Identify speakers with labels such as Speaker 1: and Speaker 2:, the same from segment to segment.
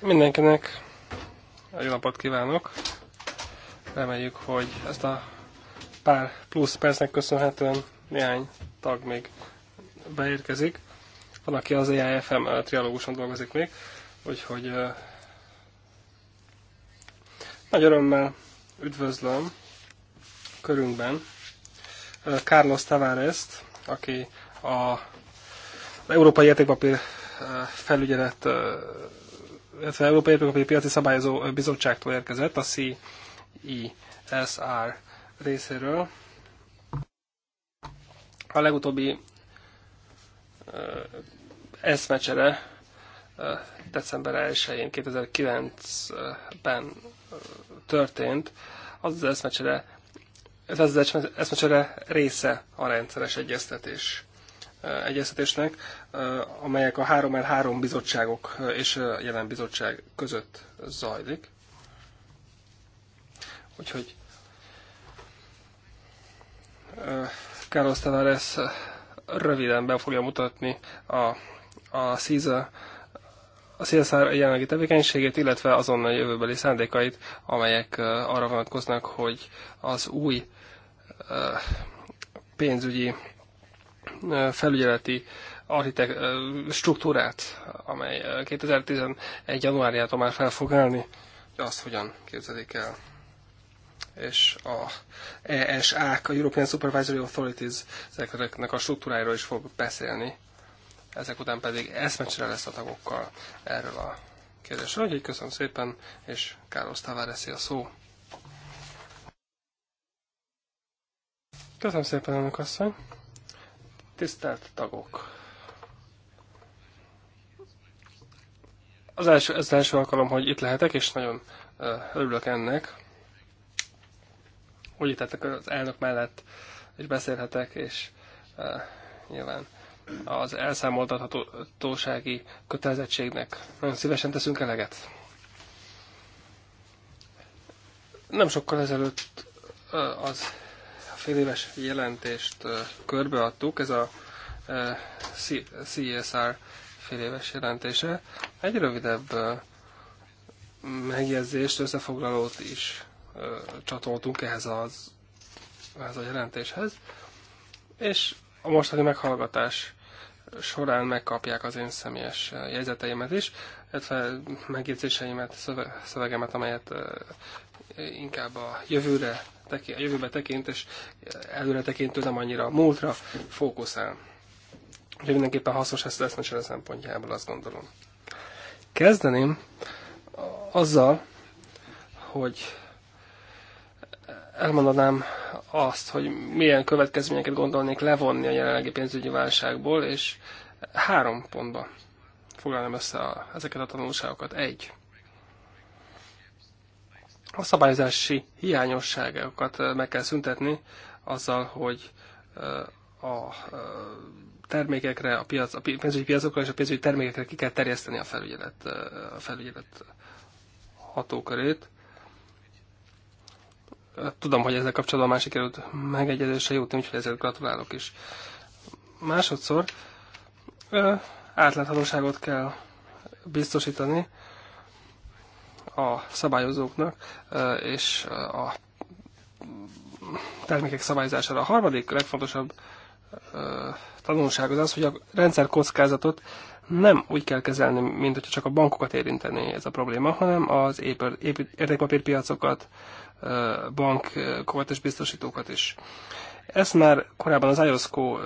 Speaker 1: Mindenkinek jó napot kívánok! Reméljük, hogy ezt a pár plusz percnek köszönhetően néhány tag még beérkezik. Van, aki az EIFM trialóguson dolgozik még, úgyhogy nagy örömmel üdvözlöm körünkben Carlos tavares aki a Európai Értékpapír felügyelet illetve Európai Európai Piaci Szabályozó Bizottságtól érkezett, a CISR e részéről. A legutóbbi eszmecsere december 1-én 2009-ben történt, az az eszmecsere, ez az eszmecsere része a rendszeres egyeztetés egyeztetésnek, eh, amelyek a 3L3 bizottságok eh, és a eh, jelen bizottság között zajlik. Úgyhogy Carlos Tavares röviden be fogja mutatni a, a CISA a CSR jelenlegi tevékenységét, illetve azon a jövőbeli szándékait, amelyek arra vonatkoznak, hogy az új pénzügyi felügyeleti architekt struktúrát, amely 2011. januárjától már fel fog állni, hogy azt hogyan képzelik el. És a esa a European Supervisory Authorities, ezeknek a struktúráiról is fog beszélni. Ezek után pedig eszmecsere lesz a tagokkal erről a kérdésről. Úgyhogy köszönöm szépen, és káros Tavareszi a szó. Köszönöm szépen, elnök asszony! Tisztelt tagok! Az első, ez az első alkalom, hogy itt lehetek, és nagyon örülök ennek, hogy itt az elnök mellett, és beszélhetek, és uh, nyilván az elszámoltathatósági kötelezettségnek nagyon szívesen teszünk eleget. Nem sokkal ezelőtt az éves jelentést körbeadtuk, ez a CSR éves jelentése. Egy rövidebb megjegyzést, összefoglalót is csatoltunk ehhez, az, ehhez a jelentéshez, és a mostani meghallgatás során megkapják az én személyes jegyzeteimet is, illetve megjegyzéseimet, szövegemet, amelyet inkább a jövőre teki, a jövőbe tekint, és előre tekintő nem annyira a múltra fókuszál. Úgyhogy mindenképpen hasznos ezt lesz mesele szempontjából, azt gondolom. Kezdeném azzal, hogy elmondanám azt, hogy milyen következményeket gondolnék levonni a jelenlegi pénzügyi válságból, és három pontba foglalnám össze a, ezeket a tanulságokat. Egy. A szabályozási hiányosságokat meg kell szüntetni azzal, hogy a termékekre, a, piac, a pénzügyi piacokra és a pénzügyi termékekre ki kell terjeszteni a felügyelet, a felügyelet hatókörét. Tudom, hogy ezzel kapcsolatban már sikerült megegyezésre jutni, úgyhogy ezért gratulálok is. Másodszor átláthatóságot kell biztosítani a szabályozóknak és a termékek szabályozására. A harmadik legfontosabb tanulság az az, hogy a rendszer kockázatot nem úgy kell kezelni, mint hogyha csak a bankokat érinteni ez a probléma, hanem az értékpapírpiacokat, bankokat és biztosítókat is. Ezt már korábban az IOSCO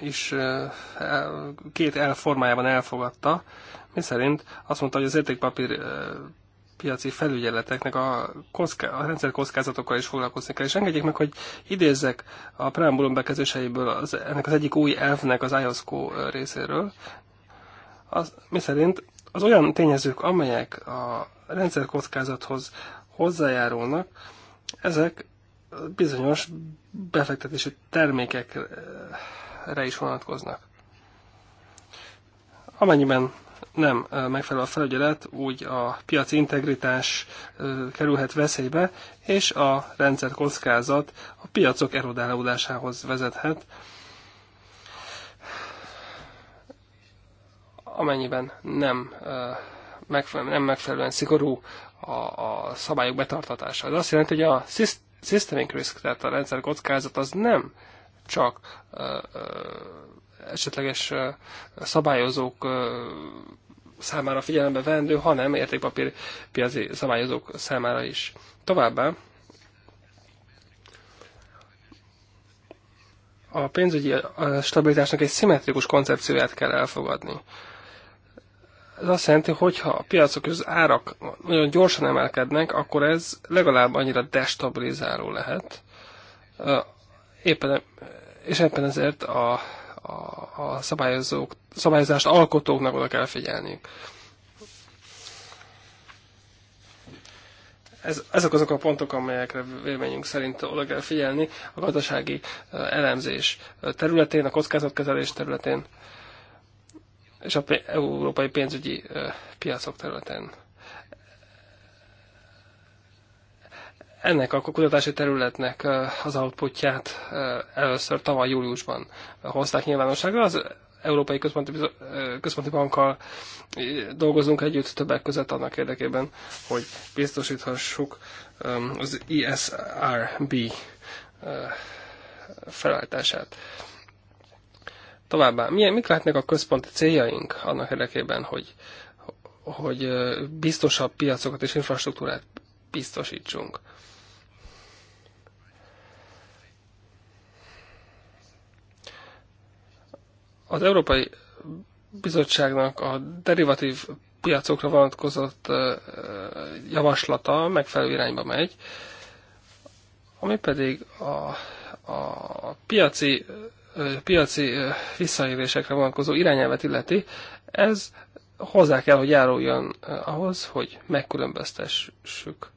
Speaker 1: is két elformájában elfogadta, mi szerint azt mondta, hogy az értékpapír piaci felügyeleteknek a, kocká, a rendszer kockázatokkal is foglalkozni kell. És engedjék meg, hogy idézzek a preambulum bekezdéseiből az, ennek az egyik új elvnek az IOSCO részéről, az, mi szerint az olyan tényezők, amelyek a rendszer kockázathoz hozzájárulnak, ezek bizonyos befektetési termékek erre is vonatkoznak. Amennyiben nem megfelel a felügyelet, úgy a piaci integritás kerülhet veszélybe, és a rendszer kockázat a piacok erodálódásához vezethet, amennyiben nem, nem megfelelően szigorú a, a szabályok betartatása. Ez azt jelenti, hogy a systemic risk, tehát a rendszer kockázat az nem csak esetleges szabályozók számára figyelembe vendő, hanem értékpapírpiaci szabályozók számára is. Továbbá a pénzügyi stabilitásnak egy szimmetrikus koncepcióját kell elfogadni. Ez azt jelenti, hogy ha a piacok és az árak nagyon gyorsan emelkednek, akkor ez legalább annyira destabilizáló lehet. Éppen és ebben ezért a, a, a szabályozók, szabályozást alkotóknak oda kell figyelniük. ez, ezek azok a pontok, amelyekre véleményünk szerint oda kell figyelni a gazdasági elemzés területén, a kockázatkezelés területén és a európai pénzügyi piacok területén. ennek a kutatási területnek eh, az outputját eh, először tavaly júliusban hozták nyilvánosságra. Az Európai Központi, eh, Központi Bankkal dolgozunk együtt többek között annak érdekében, hogy biztosíthassuk az ISRB e felállítását. Továbbá, milyen, mik lehetnek a központi céljaink annak érdekében, hogy, hogy biztosabb piacokat és infrastruktúrát biztosítsunk? Az Európai Bizottságnak a derivatív piacokra vonatkozott javaslata megfelelő irányba megy, ami pedig a, a piaci, piaci visszaélésekre vonatkozó irányelvet illeti, ez hozzá kell, hogy járuljon ahhoz, hogy megkülönböztessük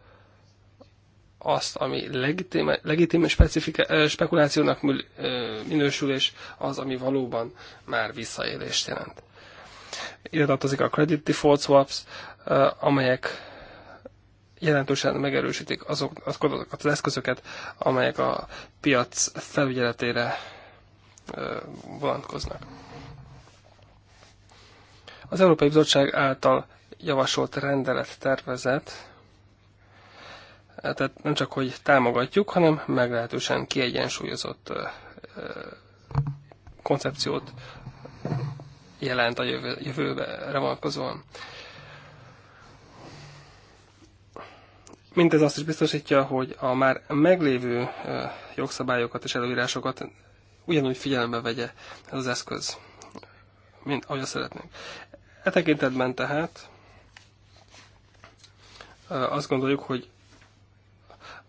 Speaker 1: azt, ami legitim, legitim spekulációnak minősül, és az, ami valóban már visszaélést jelent. Ide tartozik a credit default swaps, amelyek jelentősen megerősítik azokat az eszközöket, amelyek a piac felügyeletére vonatkoznak. Az Európai Bizottság által javasolt rendelet tervezet tehát nem csak, hogy támogatjuk, hanem meglehetősen kiegyensúlyozott koncepciót jelent a jövő, jövőre vonatkozóan. Mindez azt is biztosítja, hogy a már meglévő jogszabályokat és előírásokat ugyanúgy figyelembe vegye ez az eszköz, mint ahogy azt szeretnénk. E tekintetben tehát azt gondoljuk, hogy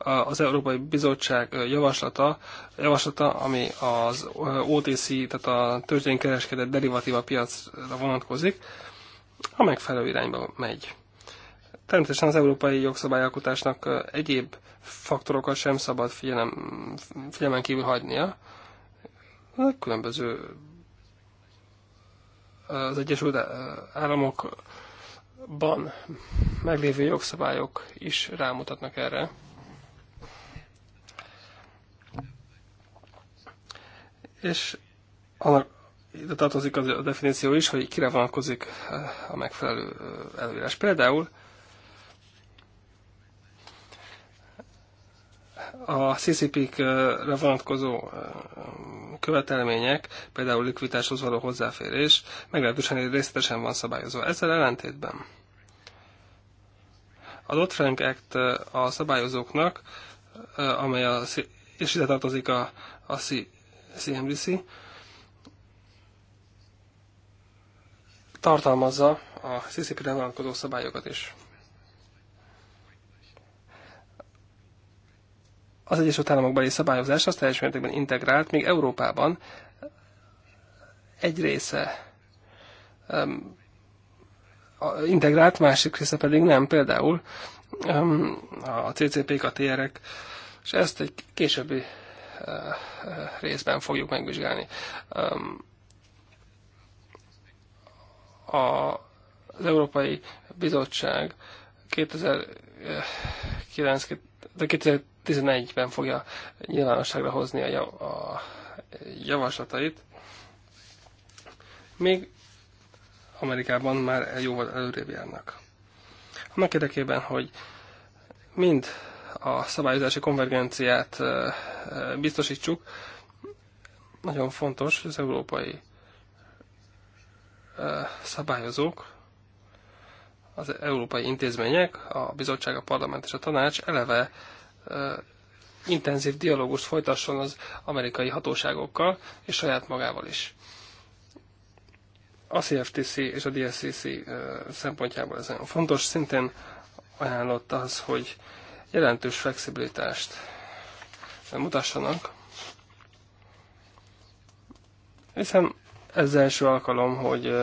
Speaker 1: az Európai Bizottság javaslata, javaslata ami az OTC, tehát a tőzsdén kereskedett derivatíva piacra vonatkozik, a megfelelő irányba megy. Természetesen az európai jogszabályalkotásnak egyéb faktorokat sem szabad figyelem, figyelmen kívül hagynia. Különböző az Egyesült Államokban meglévő jogszabályok is rámutatnak erre. és annak ide tartozik az a definíció is, hogy kire vonatkozik eh, a megfelelő eh, előírás. Például a CCP-kre vonatkozó eh, követelmények, például likviditáshoz való hozzáférés meglehetősen részletesen van szabályozva. Ezzel ellentétben a Dodd-Frank Act a szabályozóknak, amely a, és ide tartozik a, a CNBC tartalmazza a CCP-re vonatkozó szabályokat is. Az Egyesült Államok beli szabályozás az teljes mértékben integrált, még Európában egy része um, integrált, másik része pedig nem. Például um, a CCP-k, a TR-ek, és ezt egy későbbi Eh, részben fogjuk megvizsgálni. A, az Európai Bizottság 2011-ben fogja nyilvánosságra hozni a, a javaslatait. Még Amerikában már jóval előrébb járnak. Annak érdekében, hogy mind a szabályozási konvergenciát biztosítsuk, nagyon fontos, hogy az európai szabályozók, az európai intézmények, a bizottság, a parlament és a tanács eleve intenzív dialógust folytasson az amerikai hatóságokkal és saját magával is. A CFTC és a DSCC szempontjából ez nagyon fontos. Szintén ajánlott az, hogy jelentős flexibilitást mutassanak, hiszen ez az első alkalom, hogy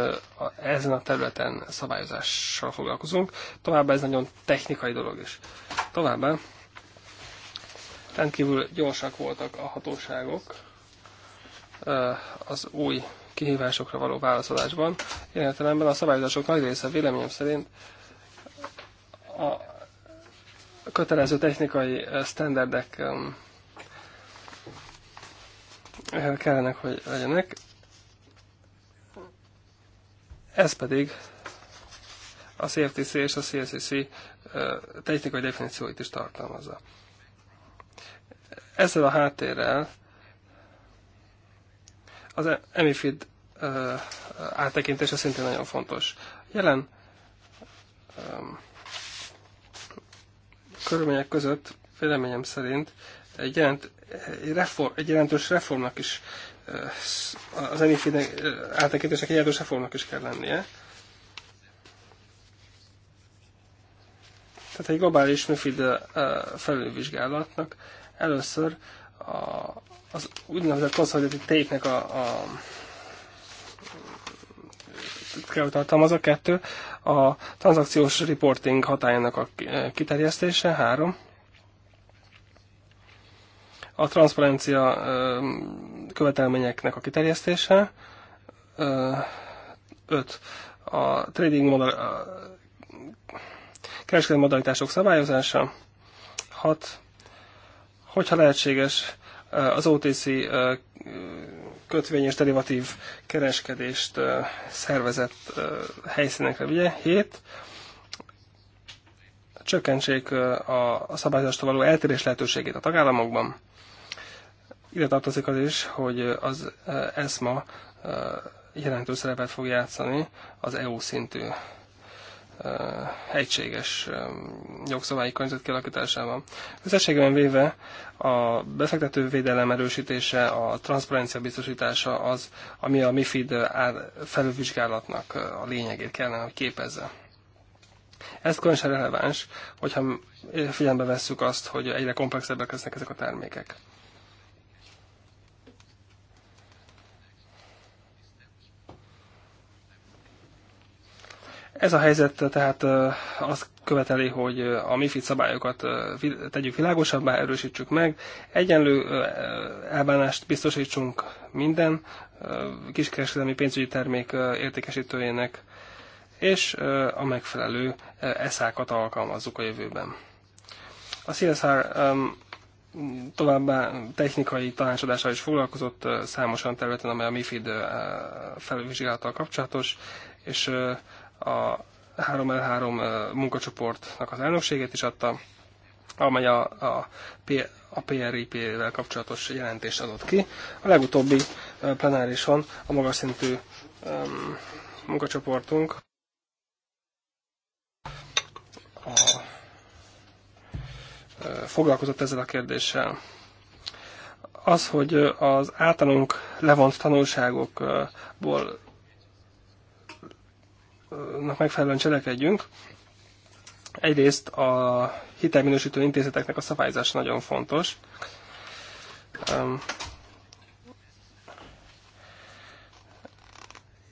Speaker 1: ezen a területen szabályozással foglalkozunk. Továbbá ez nagyon technikai dolog is. Továbbá rendkívül gyorsak voltak a hatóságok az új kihívásokra való válaszolásban. Ilyen értelemben a szabályozások nagy része véleményem szerint a kötelező technikai eh, standardek eh, kellenek, hogy legyenek. Ez pedig a CFTC és a CSCC eh, technikai definícióit is tartalmazza. Ezzel a háttérrel az EMIFID átekintése szintén nagyon fontos. Jelen körülmények között véleményem szerint egy, jelent, egy, reform, egy jelentős reformnak is, az ENIFI-nek áttekintésnek egy jelentős reformnak is kell lennie. Tehát egy globális MIFID felülvizsgálatnak először a, az úgynevezett konszolidatív tépnek a, a utaltam, az a kettő. A tranzakciós reporting hatájának a eh, kiterjesztése, három. A transzparencia eh, követelményeknek a kiterjesztése, eh, öt. A trading modal, a kereskedelmi modalitások szabályozása, hat. Hogyha lehetséges, az OTC kötvény és derivatív kereskedést szervezett helyszínekre vigye. hét. Csökkentsék a szabályozástól való eltérés lehetőségét a tagállamokban. Ide tartozik az is, hogy az ESMA jelentős szerepet fog játszani az EU szintű Eh, egységes eh, jogszabályi környezet kialakításával. Összességében véve a befektetővédelem erősítése, a transzparencia biztosítása az, ami a MIFID felülvizsgálatnak eh, a lényegét kellene, hogy képezze. Ez különösen releváns, hogyha figyelembe vesszük azt, hogy egyre komplexebbek lesznek ezek a termékek. Ez a helyzet tehát azt követeli, hogy a MIFID szabályokat tegyük világosabbá, erősítsük meg, egyenlő elbánást biztosítsunk minden kiskereskedelmi pénzügyi termék értékesítőjének, és a megfelelő eszákat alkalmazzuk a jövőben. A CSR továbbá technikai tanácsadással is foglalkozott számosan területen, amely a MIFID felülvizsgálattal kapcsolatos, és a 3L3 munkacsoportnak az elnökségét is adta, amely a, a, a PRIP-vel kapcsolatos jelentést adott ki. A legutóbbi plenárison a magas szintű um, munkacsoportunk a, foglalkozott ezzel a kérdéssel. Az, hogy az általunk levont tanulságokból megfelelően cselekedjünk. Egyrészt a hitelminősítő intézeteknek a szabályzás nagyon fontos.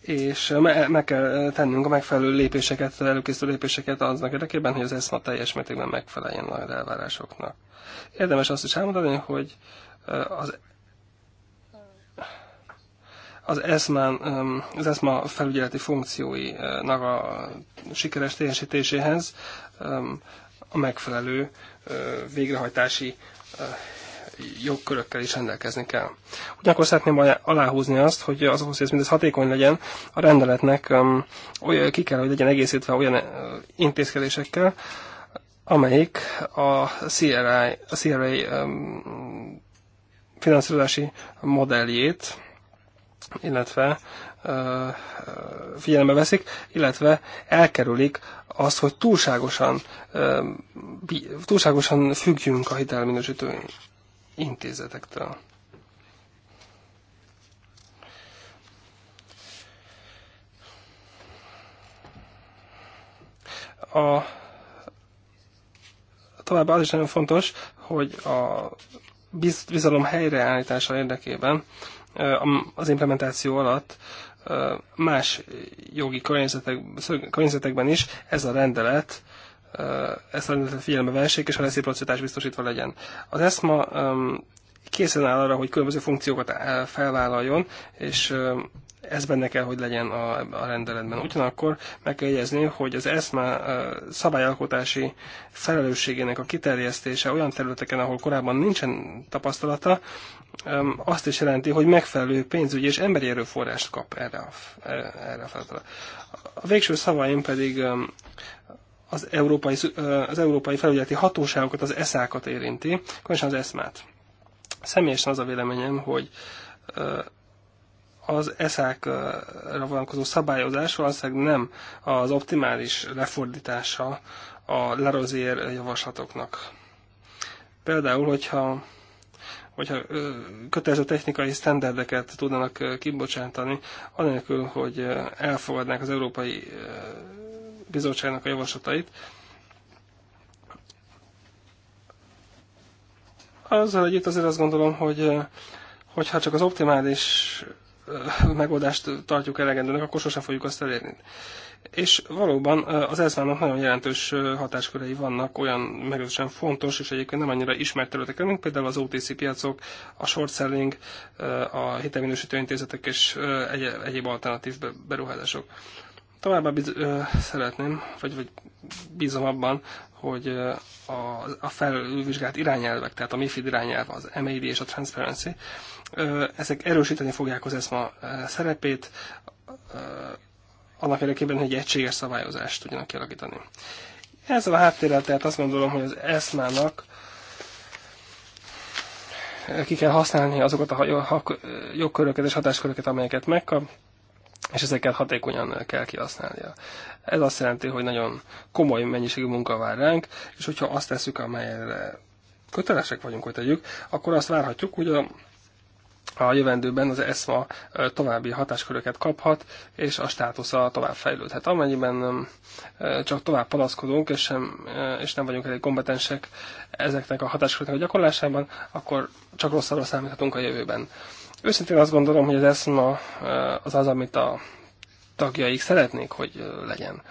Speaker 1: és meg kell tennünk a megfelelő lépéseket, előkészítő lépéseket aznak érdekében, hogy az ESMA teljes mértékben megfeleljen a elvárásoknak. Érdemes azt is elmondani, hogy az az ESMA, az ESMA felügyeleti funkcióinak a sikeres teljesítéséhez a megfelelő végrehajtási jogkörökkel is rendelkezni kell. Ugyanakkor szeretném aláhúzni azt, hogy az hogy ez mindez hatékony legyen, a rendeletnek olyan, ki kell, hogy legyen egészítve olyan intézkedésekkel, amelyik a CRI, a CRA finanszírozási modelljét illetve figyelembe veszik, illetve elkerülik azt, hogy túlságosan, túlságosan függjünk a hitelminősítő intézetektől. A, továbbá az is nagyon fontos, hogy a bizalom helyreállítása érdekében az implementáció alatt más jogi környezetek, környezetekben is ez a rendelet ezt a rendeletet figyelembe vessék, és a reciprocitás biztosítva legyen. Az ESMA készen áll arra, hogy különböző funkciókat felvállaljon, és ez benne kell, hogy legyen a, a rendeletben. Ugyanakkor meg kell jegyezni, hogy az ESMA szabályalkotási felelősségének a kiterjesztése olyan területeken, ahol korábban nincsen tapasztalata, azt is jelenti, hogy megfelelő pénzügyi és emberi erőforrást kap erre a, erre a feladatra. A végső szavaim pedig az európai, az európai felügyeleti hatóságokat, az eszákat érinti, különösen az eszmát. Személyesen az a véleményem, hogy az eszákra vonatkozó szabályozás valószínűleg nem az optimális lefordítása a lerozér javaslatoknak. Például, hogyha, hogyha kötelező technikai sztenderdeket tudnának kibocsátani, anélkül, hogy elfogadnák az Európai Bizottságnak a javaslatait, azzal együtt azért azt gondolom, hogy hogyha csak az optimális megoldást tartjuk elegendőnek, akkor sosem fogjuk azt elérni. És valóban az ESZMÁ-nak nagyon jelentős hatáskörei vannak olyan meglehetősen fontos és egyébként nem annyira ismert területeken, mint például az OTC piacok, a short selling, a hitelminősítő intézetek és egyéb alternatív beruházások. Továbbá biz- szeretném, vagy, vagy bízom abban, hogy a, a felülvizsgált irányelvek, tehát a MIFID irányelv, az MAD és a Transparency, ezek erősíteni fogják az ESMA szerepét, annak érdekében, hogy egy egységes szabályozást tudjanak kialakítani. Ezzel a háttérrel tehát azt gondolom, hogy az ESMA-nak ki kell használni azokat a jogköröket és hatásköröket, amelyeket megkap, és ezeket hatékonyan kell kihasználnia. Ez azt jelenti, hogy nagyon komoly mennyiségű munka vár ránk, és hogyha azt tesszük, amelyre kötelesek vagyunk, hogy tegyük, akkor azt várhatjuk, hogy a a jövendőben az ESMA további hatásköröket kaphat, és a státusza tovább fejlődhet. Amennyiben csak tovább panaszkodunk, és, sem, és nem vagyunk elég kompetensek ezeknek a hatásköröknek a gyakorlásában, akkor csak rosszabbra számíthatunk a jövőben. Őszintén azt gondolom, hogy az ESMA az az, amit a tagjaik szeretnék, hogy legyen.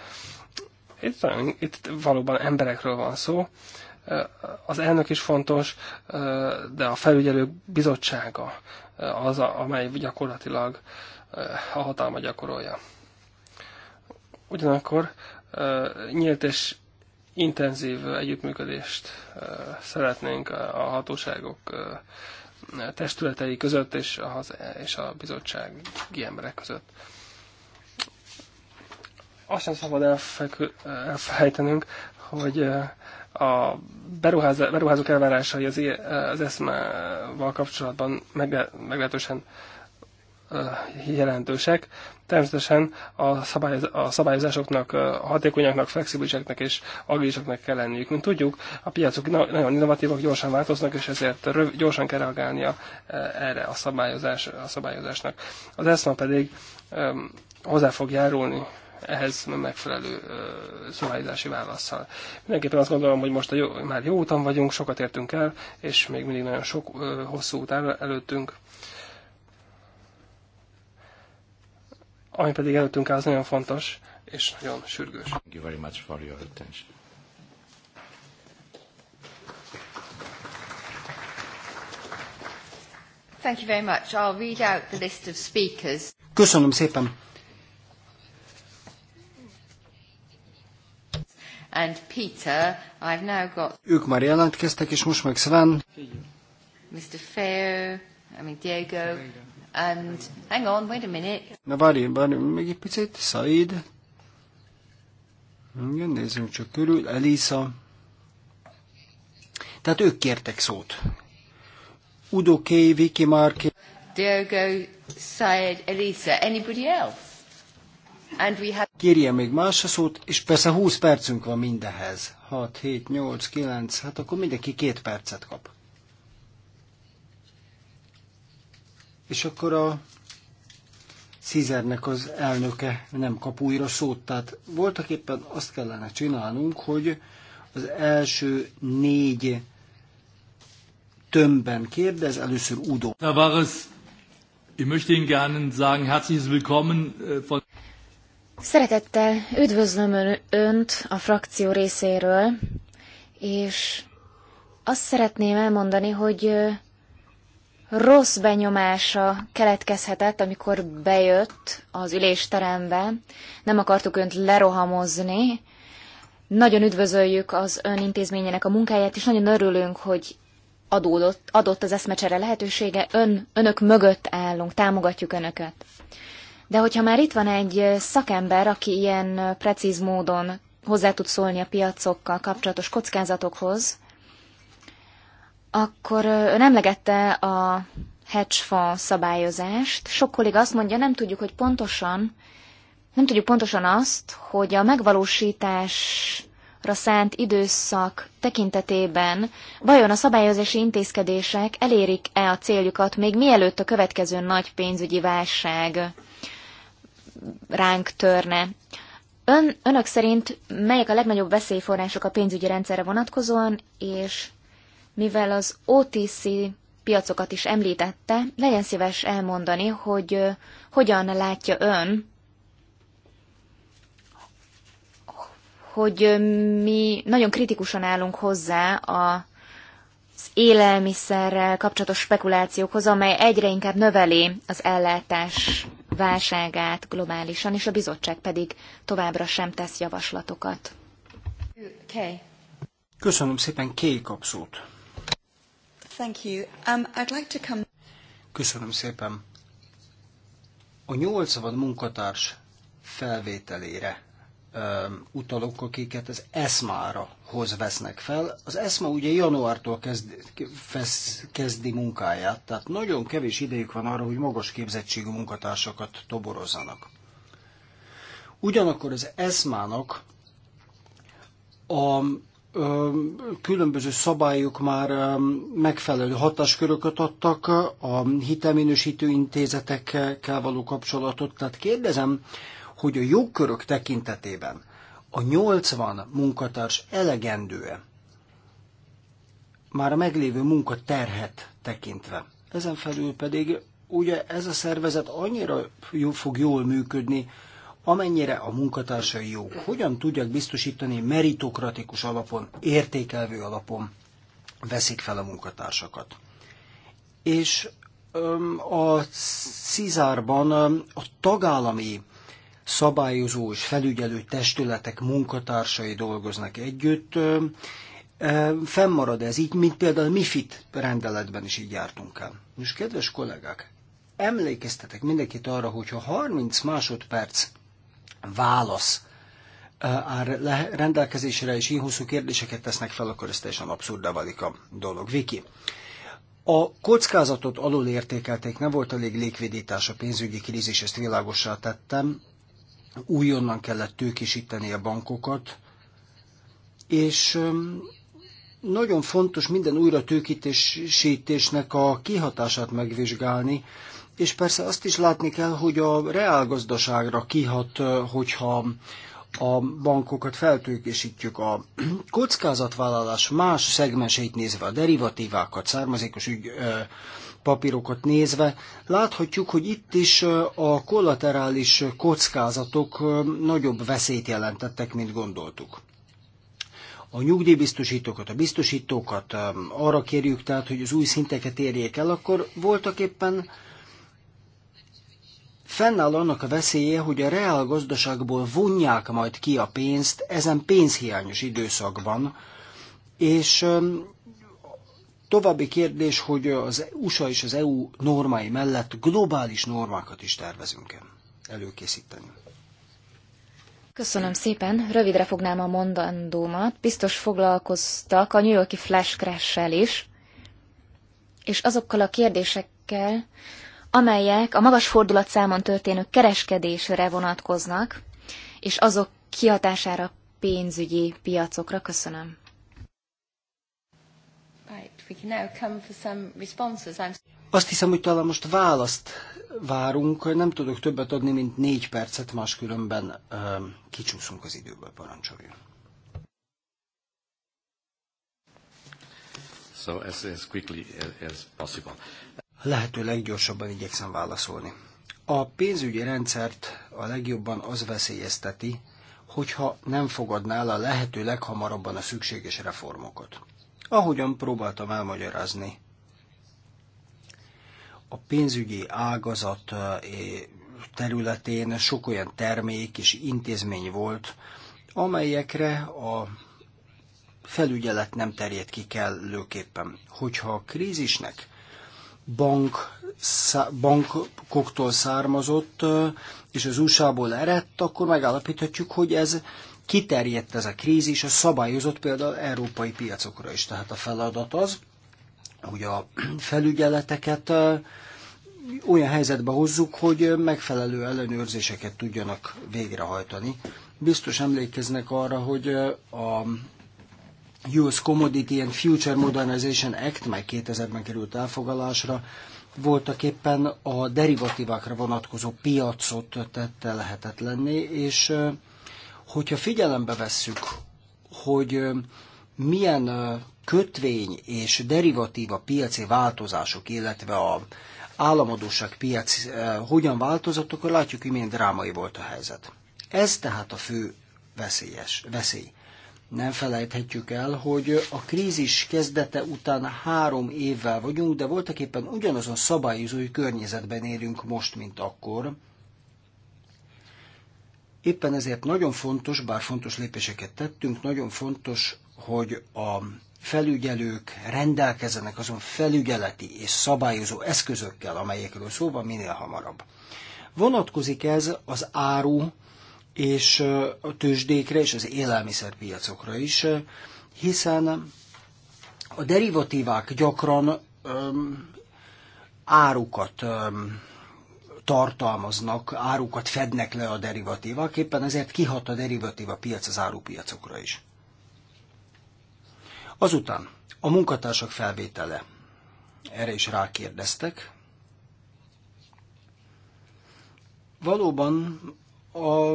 Speaker 1: Itt, itt valóban emberekről van szó. Az elnök is fontos, de a felügyelők bizottsága az, amely gyakorlatilag a hatalma gyakorolja. Ugyanakkor nyílt és intenzív együttműködést szeretnénk a hatóságok testületei között és a, és a bizottsági emberek között. Azt sem szabad elfelejtenünk, hogy eh, a beruházók elvárásai az, az eszmával kapcsolatban megle, meglehetősen jelentősek. Természetesen a, szabályoz, a szabályozásoknak, a hatékonyaknak, flexibiliseknek és agilisaknak kell lenniük. Mint tudjuk, a piacok nagyon innovatívak, gyorsan változnak, és ezért röv, gyorsan kell reagálnia erre a, szabályozás, a szabályozásnak. Az ESMA pedig hozzá fog járulni ehhez megfelelő szabályozási válaszsal. Mindenképpen azt gondolom, hogy most a jó, már jó úton vagyunk, sokat értünk el, és még mindig nagyon sok hosszú út előttünk. ami pedig előttünk áll, az nagyon fontos és nagyon sürgős. Thank you very much for your attention.
Speaker 2: Thank you very much. I'll read out the list of speakers.
Speaker 3: Köszönöm szépen.
Speaker 2: And Peter, I've now got...
Speaker 3: Ők már jelentkeztek, és most meg Sven.
Speaker 2: Mr. Feo, I mean Diego, And hang on, wait a minute.
Speaker 3: Na várj, várj, még egy picit. Said. Igen, nézzünk csak körül. Elisa. Tehát ők kértek szót. Udo K, Vicky Mark.
Speaker 2: Diogo, Said, Elisa, anybody else? And we have...
Speaker 3: Kérje még más a szót, és persze 20 percünk van mindehez. 6, 7, 8, 9, hát akkor mindenki két percet kap. És akkor a Cizernek az elnöke nem kap újra szót. Tehát voltak éppen azt kellene csinálnunk, hogy az első négy tömbben kérdez, először Udo. Tavares,
Speaker 2: ich möchte Ihnen gerne sagen, herzliches Willkommen äh, von...
Speaker 4: Szeretettel üdvözlöm Önt a frakció részéről, és azt szeretném elmondani, hogy rossz benyomása keletkezhetett, amikor bejött az ülésterembe. Nem akartuk önt lerohamozni. Nagyon üdvözöljük az ön intézményének a munkáját, és nagyon örülünk, hogy adódott, adott az eszmecsere lehetősége. Ön, önök mögött állunk, támogatjuk önöket. De hogyha már itt van egy szakember, aki ilyen precíz módon hozzá tud szólni a piacokkal kapcsolatos kockázatokhoz, akkor ön emlegette a hedge fund szabályozást. Sok kolléga azt mondja, nem tudjuk, hogy pontosan, nem tudjuk pontosan azt, hogy a megvalósításra szánt időszak tekintetében vajon a szabályozási intézkedések elérik-e a céljukat még mielőtt a következő nagy pénzügyi válság ránk törne. Ön, önök szerint melyek a legnagyobb veszélyforrások a pénzügyi rendszerre vonatkozóan, és mivel az OTC piacokat is említette, legyen szíves elmondani, hogy hogyan látja ön, hogy mi nagyon kritikusan állunk hozzá a az élelmiszerrel kapcsolatos spekulációkhoz, amely egyre inkább növeli az ellátás válságát globálisan, és a bizottság pedig továbbra sem tesz javaslatokat.
Speaker 3: Köszönöm szépen, Kéj kapszót.
Speaker 4: Thank you. Um, I'd like to come...
Speaker 3: Köszönöm szépen. A nyolc van munkatárs felvételére um, utalok, akiket az ESMA-ra hoz vesznek fel. Az ESMA ugye januártól kezd, fesz, kezdi munkáját, tehát nagyon kevés idejük van arra, hogy magas képzettségű munkatársakat toborozzanak. Ugyanakkor az ESMA-nak a különböző szabályok már megfelelő hatásköröket adtak a hitelminősítő intézetekkel való kapcsolatot. Tehát kérdezem, hogy a jogkörök tekintetében a 80 munkatárs elegendő-e már a meglévő munkaterhet tekintve. Ezen felül pedig ugye ez a szervezet annyira jó, fog jól működni, amennyire a munkatársai jók. Hogyan tudják biztosítani meritokratikus alapon, értékelvő alapon veszik fel a munkatársakat. És a Cizárban a tagállami szabályozó és felügyelő testületek munkatársai dolgoznak együtt. E, fennmarad ez így, mint például Mifit rendeletben is így jártunk el. Most kedves kollégák, emlékeztetek mindenkit arra, hogyha 30 másodperc válasz áll rendelkezésre, és hosszú kérdéseket tesznek fel, akkor ez teljesen abszurdá válik a dolog. Viki, a kockázatot alul értékelték, nem volt elég légvédítás a pénzügyi krízis, ezt világosá tettem. Újonnan kellett tőkisíteni a bankokat, és nagyon fontos minden újra tőkítésítésnek a kihatását megvizsgálni, és persze azt is látni kell, hogy a reálgazdaságra kihat, hogyha a bankokat feltőkésítjük. A kockázatvállalás más szegmenseit nézve, a derivatívákat, származékos ügy, papírokat nézve, láthatjuk, hogy itt is a kollaterális kockázatok nagyobb veszélyt jelentettek, mint gondoltuk. A nyugdíjbiztosítókat, a biztosítókat arra kérjük tehát, hogy az új szinteket érjék el, akkor voltak éppen Fennáll annak a veszélye, hogy a reál gazdaságból vonják majd ki a pénzt ezen pénzhiányos időszakban, és További kérdés, hogy az USA és az EU normái mellett globális normákat is tervezünk -e előkészíteni.
Speaker 4: Köszönöm szépen. Rövidre fognám a mondandómat. Biztos foglalkoztak a New Yorki flash crash is, és azokkal a kérdésekkel, amelyek a magas fordulatszámon történő kereskedésre vonatkoznak, és azok kihatására pénzügyi piacokra. Köszönöm.
Speaker 3: Azt hiszem, hogy talán most választ várunk, nem tudok többet adni, mint négy percet, máskülönben kicsúszunk az időből, parancsoljon. So as, as quickly as possible lehető leggyorsabban igyekszem válaszolni. A pénzügyi rendszert a legjobban az veszélyezteti, hogyha nem fogadnál a lehető leghamarabban a szükséges reformokat. Ahogyan próbáltam elmagyarázni, a pénzügyi ágazat eh, területén sok olyan termék és intézmény volt, amelyekre a felügyelet nem terjed ki kellőképpen. Hogyha a krízisnek bank, szá, bankoktól származott, és az USA-ból eredt, akkor megállapíthatjuk, hogy ez kiterjedt ez a krízis, a szabályozott például európai piacokra is. Tehát a feladat az, hogy a felügyeleteket olyan helyzetbe hozzuk, hogy megfelelő ellenőrzéseket tudjanak végrehajtani. Biztos emlékeznek arra, hogy a US Commodity and Future Modernization Act, meg 2000-ben került elfogalásra, voltak éppen a derivatívákra vonatkozó piacot tette lehetetlenné, és hogyha figyelembe vesszük, hogy milyen kötvény és derivatíva piaci változások, illetve a államadóság piac hogyan változott, akkor látjuk, hogy milyen drámai volt a helyzet. Ez tehát a fő veszélyes, veszély. Nem felejthetjük el, hogy a krízis kezdete után három évvel vagyunk, de voltak éppen ugyanazon szabályozói környezetben élünk most, mint akkor. Éppen ezért nagyon fontos, bár fontos lépéseket tettünk, nagyon fontos, hogy a felügyelők rendelkezzenek azon felügyeleti és szabályozó eszközökkel, amelyekről szó van minél hamarabb. Vonatkozik ez az áru és a tőzsdékre és az élelmiszerpiacokra is, hiszen a derivatívák gyakran öm, árukat öm, tartalmaznak, árukat fednek le a derivatívak. éppen ezért kihat a derivatíva piac az árupiacokra is. Azután a munkatársak felvétele. Erre is rákérdeztek. Valóban a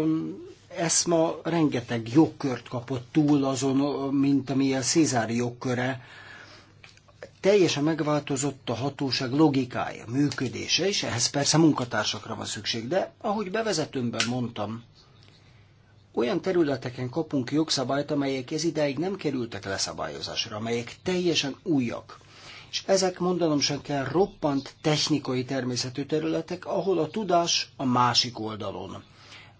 Speaker 3: ESMA rengeteg jogkört kapott túl azon, mint amilyen Szézári jogköre. Teljesen megváltozott a hatóság logikája, működése, és ehhez persze munkatársakra van szükség. De ahogy bevezetőmben mondtam, olyan területeken kapunk jogszabályt, amelyek ez ideig nem kerültek leszabályozásra, amelyek teljesen újak. És ezek mondanom sem kell roppant technikai természetű területek, ahol a tudás a másik oldalon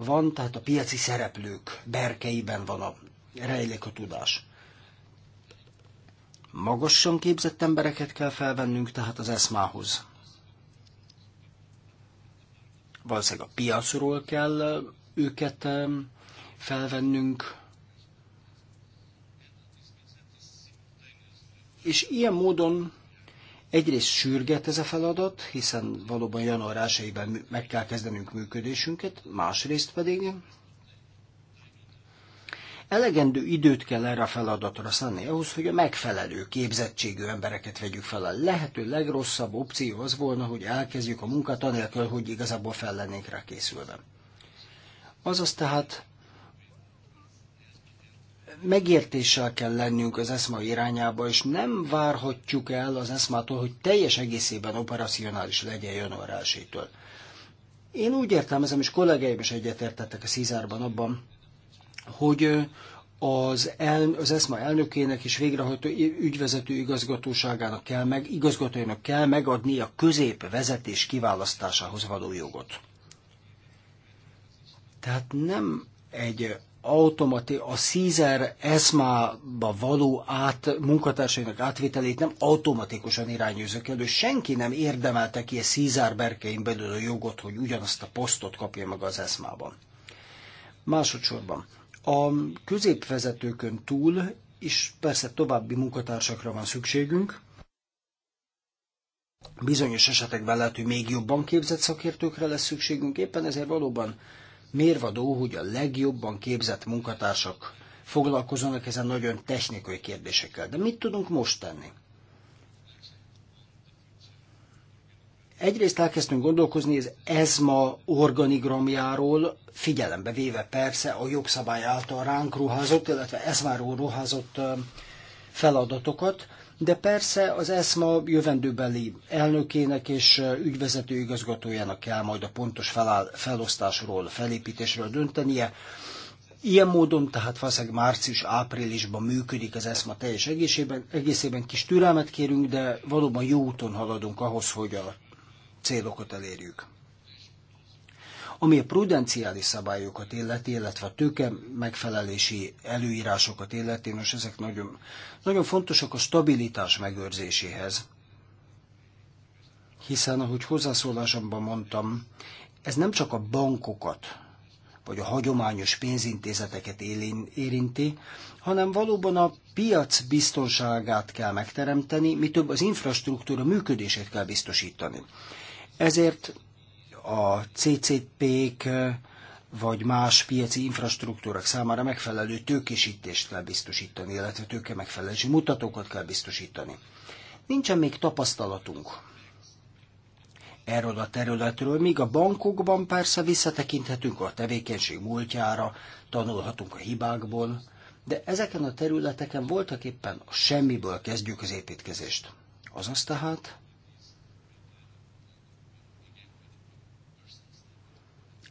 Speaker 3: van, tehát a piaci szereplők berkeiben van a rejlik a tudás. Magasan képzett embereket kell felvennünk tehát az eszmához. Valószínűleg a piacról kell őket felvennünk, és ilyen módon Egyrészt sürget ez a feladat, hiszen valóban január 1 meg kell kezdenünk működésünket, másrészt pedig elegendő időt kell erre a feladatra szánni ahhoz, hogy a megfelelő képzettségű embereket vegyük fel. A lehető legrosszabb opció az volna, hogy elkezdjük a munkát anélkül, hogy igazából fel lennénk rá készülve. Azaz tehát megértéssel kell lennünk az ESMA irányába, és nem várhatjuk el az ESMA-tól, hogy teljes egészében operacionális legyen január 1-től. Én úgy értelmezem, és kollégáim is egyetértettek a szízárban abban, hogy az, el, az ESMA elnökének és végrehajtó ügyvezető igazgatóságának kell meg, igazgatójának kell megadni a közép vezetés kiválasztásához való jogot. Tehát nem egy automati, a Caesar ESMA-ba való át, munkatársainak átvételét nem automatikusan irányozok elő. Senki nem érdemelte ki a Caesar berkein belül a jogot, hogy ugyanazt a posztot kapja meg az ESMA-ban. Másodszorban, a középvezetőkön túl, és persze további munkatársakra van szükségünk, bizonyos esetekben lehet, hogy még jobban képzett szakértőkre lesz szükségünk, éppen ezért valóban mérvadó, hogy a legjobban képzett munkatársak foglalkozzanak ezen nagyon technikai kérdésekkel. De mit tudunk most tenni? Egyrészt elkezdtünk gondolkozni az ESMA organigramjáról, figyelembe véve persze a jogszabály által ránk ruházott, illetve ESMA-ról ruházott feladatokat, de persze az ESMA jövendőbeli elnökének és ügyvezető igazgatójának kell majd a pontos feláll, felosztásról, felépítésről döntenie. Ilyen módon tehát valószínűleg március-áprilisban működik az ESMA teljes egészében. Egészében kis türelmet kérünk, de valóban jó úton haladunk ahhoz, hogy a célokat elérjük. Ami a prudenciális szabályokat illeti, illetve a tőke megfelelési előírásokat illeti, és ezek nagyon, nagyon fontosak a stabilitás megőrzéséhez. Hiszen, ahogy hozzászólásomban mondtam, ez nem csak a bankokat vagy a hagyományos pénzintézeteket érinti, hanem valóban a piac biztonságát kell megteremteni, mi több az infrastruktúra működését kell biztosítani. Ezért a CCP-k vagy más piaci infrastruktúrák számára megfelelő tőkésítést kell biztosítani, illetve tőke megfelelési mutatókat kell biztosítani. Nincsen még tapasztalatunk erről a területről, míg a bankokban persze visszatekinthetünk a tevékenység múltjára, tanulhatunk a hibákból, de ezeken a területeken voltak éppen a semmiből kezdjük az építkezést. Azaz tehát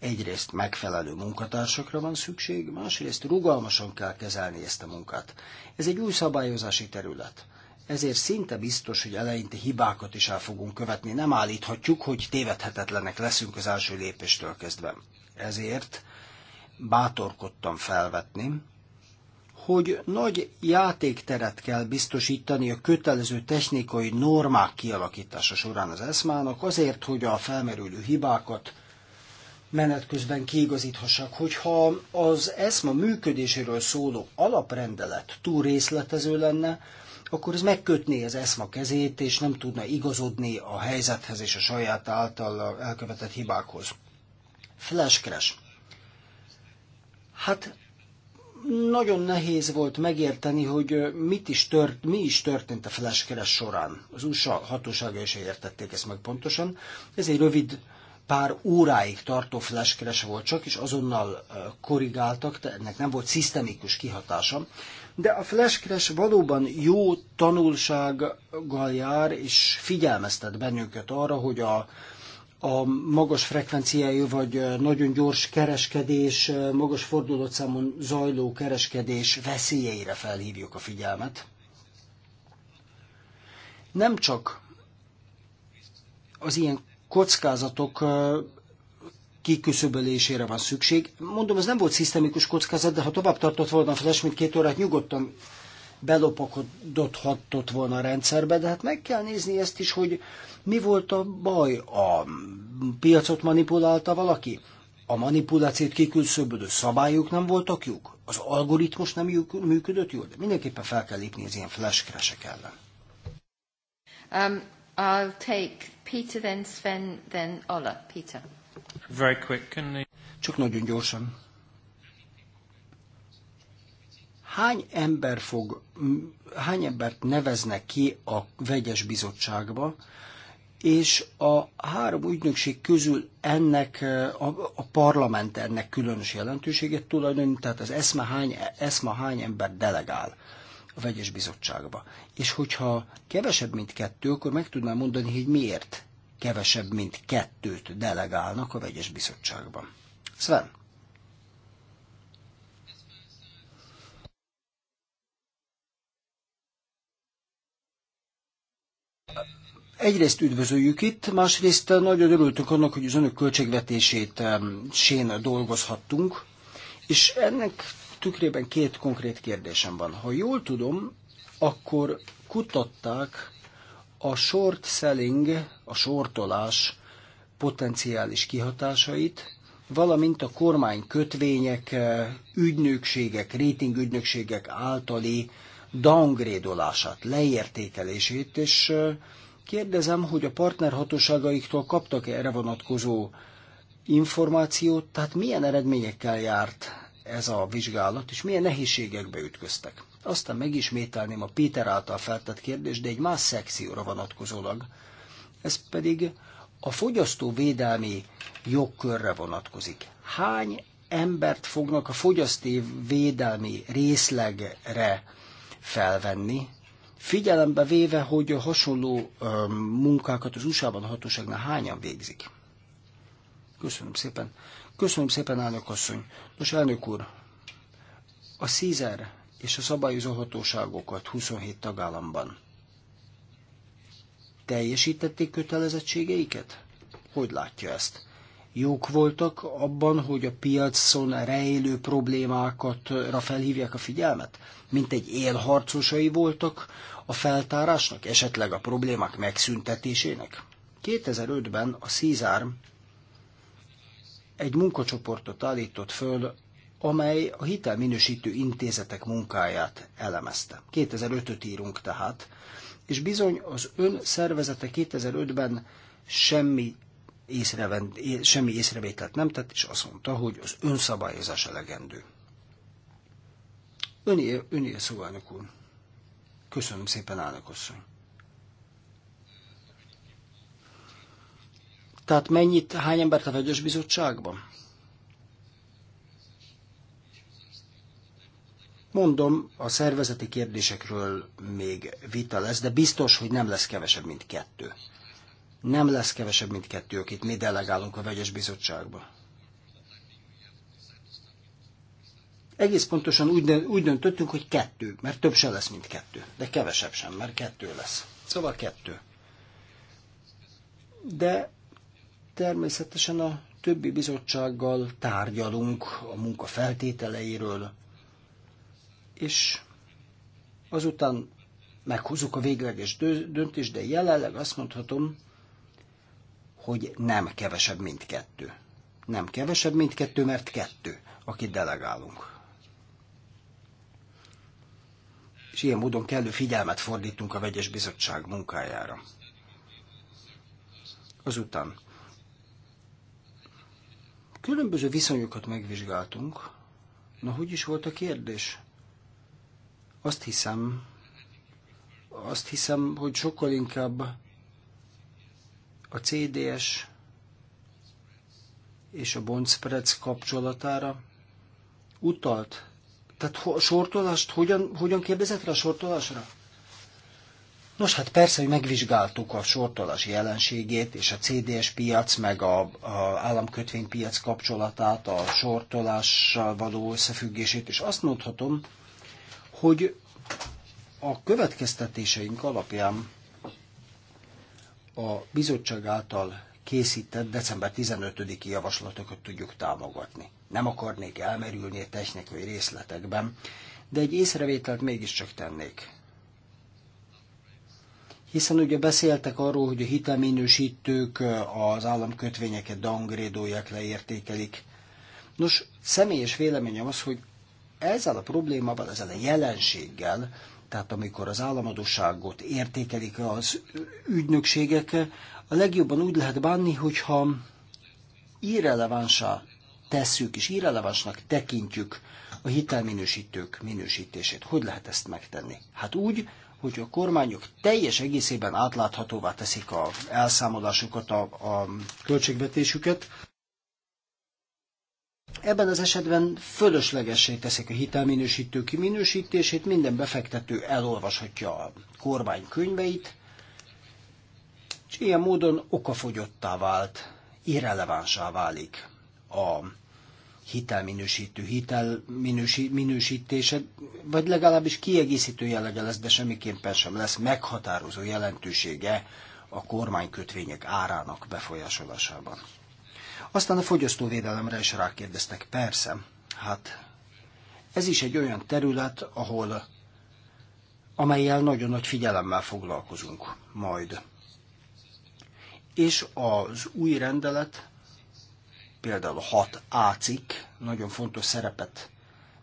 Speaker 3: Egyrészt megfelelő munkatársakra van szükség, másrészt rugalmasan kell kezelni ezt a munkát. Ez egy új szabályozási terület. Ezért szinte biztos, hogy eleinte hibákat is el fogunk követni. Nem állíthatjuk, hogy tévedhetetlenek leszünk az első lépéstől kezdve. Ezért bátorkodtam felvetni, hogy nagy játékteret kell biztosítani a kötelező technikai normák kialakítása során az eszmának, azért, hogy a felmerülő hibákat menet közben kiigazíthassak, Hogyha az ESMA működéséről szóló alaprendelet túl részletező lenne, akkor ez megkötné az ESMA kezét, és nem tudna igazodni a helyzethez és a saját által elkövetett hibákhoz. Flash crash. Hát nagyon nehéz volt megérteni, hogy mit is tört, mi is történt a flash crash során. Az USA hatósága is értették ezt meg pontosan. Ez egy rövid pár óráig tartó flash volt csak, és azonnal korrigáltak, de ennek nem volt szisztemikus kihatása. De a flash valóban jó tanulsággal jár, és figyelmeztet bennünket arra, hogy a, a magas frekvenciájú vagy nagyon gyors kereskedés, magas fordulatszámon zajló kereskedés veszélyeire felhívjuk a figyelmet. Nem csak az ilyen kockázatok kiküszöbölésére van szükség. Mondom, ez nem volt szisztemikus kockázat, de ha tovább tartott volna a flash, mint két órát, nyugodtan belopakodhatott volna a rendszerbe, de hát meg kell nézni ezt is, hogy mi volt a baj, a piacot manipulálta valaki, a manipulációt kiküszöbölő szabályok nem voltak jók, az algoritmus nem működött jól, de mindenképpen fel kell lépni az ilyen flash ellen.
Speaker 2: Um. I'll take Peter, then Sven, then Ola. Peter.
Speaker 3: Very quick. Can they... Csak nagyon gyorsan. Hány ember fog, hány embert neveznek ki a vegyes bizottságba, és a három ügynökség közül ennek e, a, a parlament ennek különös jelentőséget tulajdonít, tehát az ESMA hány, e, ESMA hány ember delegál a vegyes bizottságba. És hogyha kevesebb, mint kettő, akkor meg tudnám mondani, hogy miért kevesebb, mint kettőt delegálnak a vegyes bizottságban. Sven. Egyrészt üdvözöljük itt, másrészt nagyon örültünk annak, hogy az önök költségvetését sén dolgozhattunk, és ennek tükrében két konkrét kérdésem van. Ha jól tudom, akkor kutatták a short selling, a sortolás potenciális kihatásait, valamint a kormány kötvények, eh, ügynökségek, rétingügynökségek általi downgradeolását, leértékelését, és eh, kérdezem, hogy a partnerhatóságaiktól kaptak-e erre vonatkozó információt, tehát milyen eredményekkel járt ez a vizsgálat, és milyen nehézségekbe ütköztek. Aztán megismételném a Péter által feltett kérdést, de egy más szekcióra vonatkozólag. Ez pedig a fogyasztóvédelmi jogkörre vonatkozik. Hány embert fognak a fogyasztóvédelmi részlegre felvenni, figyelembe véve, hogy a hasonló munkákat az USA-ban hatóságnál hányan végzik? Köszönöm szépen. Köszönöm szépen, elnök asszony. Nos, elnök úr, a Cízer és a szabályozó hatóságokat 27 tagállamban teljesítették kötelezettségeiket? Hogy látja ezt? Jók voltak abban, hogy a piacon rejlő problémákatra felhívják a figyelmet? Mint egy élharcosai voltak a feltárásnak, esetleg a problémák megszüntetésének? 2005-ben a Cízár egy munkacsoportot állított föl, amely a hitelminősítő intézetek munkáját elemezte. 2005-öt írunk tehát, és bizony az ön szervezete 2005-ben semmi, észreven, semmi észrevételt nem tett, és azt mondta, hogy az önszabályozás elegendő. Önél, önél szóval, elnök úr. Köszönöm szépen, elnök asszony. Tehát mennyit, hány embert a vegyes bizottságban? Mondom, a szervezeti kérdésekről még vita lesz, de biztos, hogy nem lesz kevesebb, mint kettő. Nem lesz kevesebb, mint kettő, akit mi delegálunk a vegyes bizottságba. Egész pontosan úgy, úgy döntöttünk, hogy kettő, mert több se lesz, mint kettő. De kevesebb sem, mert kettő lesz. Szóval kettő. De Természetesen a többi bizottsággal tárgyalunk a munka feltételeiről, és azután meghozunk a végleges döntést, de jelenleg azt mondhatom, hogy nem kevesebb, mint kettő. Nem kevesebb, mint kettő, mert kettő, akit delegálunk. És ilyen módon kellő figyelmet fordítunk a vegyes bizottság munkájára. Azután Különböző viszonyokat megvizsgáltunk. Na, hogy is volt a kérdés? Azt hiszem, azt hiszem, hogy sokkal inkább a CDS és a bondspreads kapcsolatára utalt. Tehát sortolást, hogyan, hogyan kérdezett rá a sortolásra? Nos, hát persze, hogy megvizsgáltuk a sortolás jelenségét és a CDS piac, meg a, a államkötvénypiac kapcsolatát, a sortolással való összefüggését, és azt mondhatom, hogy a következtetéseink alapján a bizottság által készített december 15-i javaslatokat tudjuk támogatni. Nem akarnék elmerülni a technikai részletekben, de egy észrevételt mégiscsak tennék hiszen ugye beszéltek arról, hogy a hitelminősítők az államkötvényeket dangrédolják, leértékelik. Nos, személyes véleményem az, hogy ezzel a problémával, ezzel a jelenséggel, tehát amikor az államadóságot értékelik az ügynökségek, a legjobban úgy lehet bánni, hogyha irrelevánsá tesszük és irrelevánsnak tekintjük a hitelminősítők minősítését. Hogy lehet ezt megtenni? Hát úgy, hogy a kormányok teljes egészében átláthatóvá teszik a elszámolásukat, a, a költségvetésüket. Ebben az esetben fölöslegessé teszik a hitelminősítő kiminősítését, minden befektető elolvashatja a kormány könyveit, és ilyen módon okafogyottá vált, irrelevánsá válik a hitelminősítő, hitelminősítése, vagy legalábbis kiegészítő jellege lesz, de semmiképpen sem lesz meghatározó jelentősége a kormánykötvények árának befolyásolásában. Aztán a fogyasztóvédelemre is rákérdeztek. Persze, hát ez is egy olyan terület, ahol amelyel nagyon nagy figyelemmel foglalkozunk majd. És az új rendelet például a 6A cikk nagyon fontos szerepet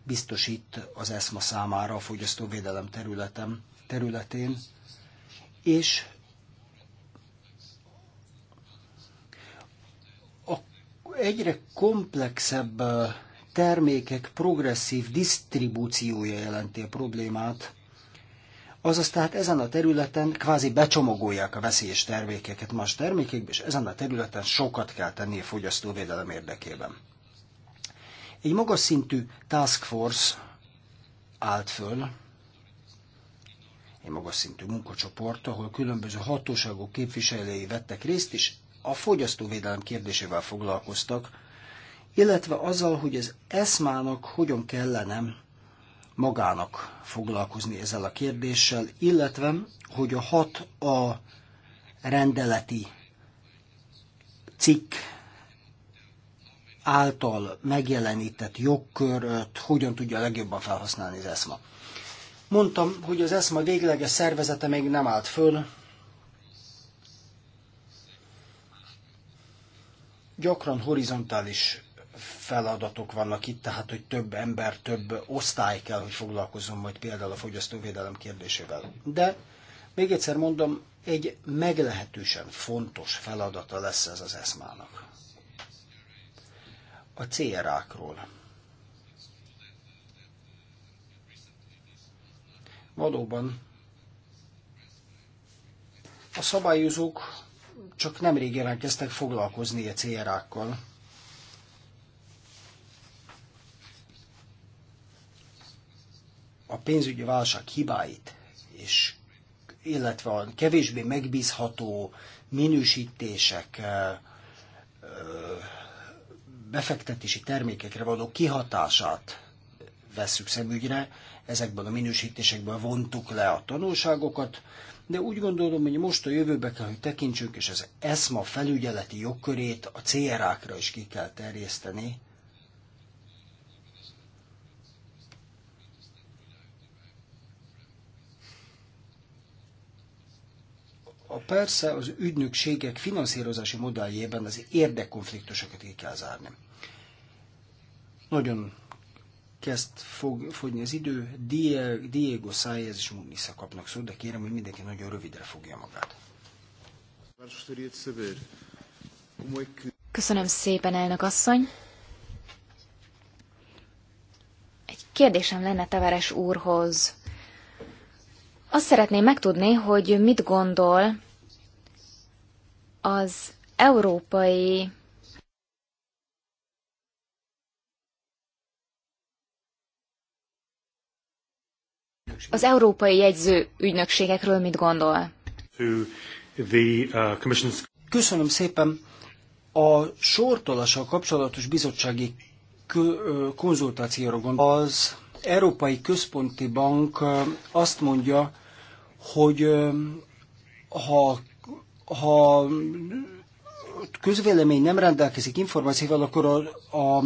Speaker 3: biztosít az ESMA számára a fogyasztóvédelem területen, területén, és a egyre komplexebb termékek progresszív disztribúciója jelenti a problémát, Azaz tehát ezen a területen kvázi becsomagolják a veszélyes termékeket más termékekbe, és ezen a területen sokat kell tenni a fogyasztóvédelem érdekében. Egy magas szintű task force állt föl, egy magas szintű munkacsoport, ahol különböző hatóságok képviselői vettek részt, és a fogyasztóvédelem kérdésével foglalkoztak, illetve azzal, hogy az eszmának hogyan kellene magának foglalkozni ezzel a kérdéssel, illetve hogy a hat a rendeleti cikk által megjelenített jogköröt hogyan tudja legjobban felhasználni az ESMA. Mondtam, hogy az ESMA végleges szervezete még nem állt föl. Gyakran horizontális feladatok vannak itt, tehát hogy több ember, több osztály kell, hogy foglalkozzon majd például a fogyasztóvédelem kérdésével. De még egyszer mondom, egy meglehetősen fontos feladata lesz ez az eszmának. A CRA-król. Valóban a szabályozók csak nem jelentkeztek foglalkozni a CRA-kkal, a pénzügyi válság hibáit, és illetve a kevésbé megbízható minősítések, befektetési termékekre való kihatását vesszük szemügyre, ezekben a minősítésekben vontuk le a tanulságokat, de úgy gondolom, hogy most a jövőbe kell, hogy tekintsünk, és az ESMA felügyeleti jogkörét a CRA-kra er is ki kell terjeszteni, A persze az ügynökségek finanszírozási modelljében az érdekkonfliktusokat ki kell zárni. Nagyon kezd fog, fogni az idő. Diego Sáez és Munisza kapnak szót, de kérem, hogy mindenki nagyon rövidre fogja magát.
Speaker 4: Köszönöm szépen, elnök asszony. Egy kérdésem lenne Teveres úrhoz. Azt szeretném megtudni, hogy mit gondol az európai az európai jegyző ügynökségekről mit gondol?
Speaker 3: Uh, Köszönöm szépen. A sortolással kapcsolatos bizottsági konzultációra gondol. Az Európai Központi Bank azt mondja, hogy ha, ha közvélemény nem rendelkezik információval, akkor a, a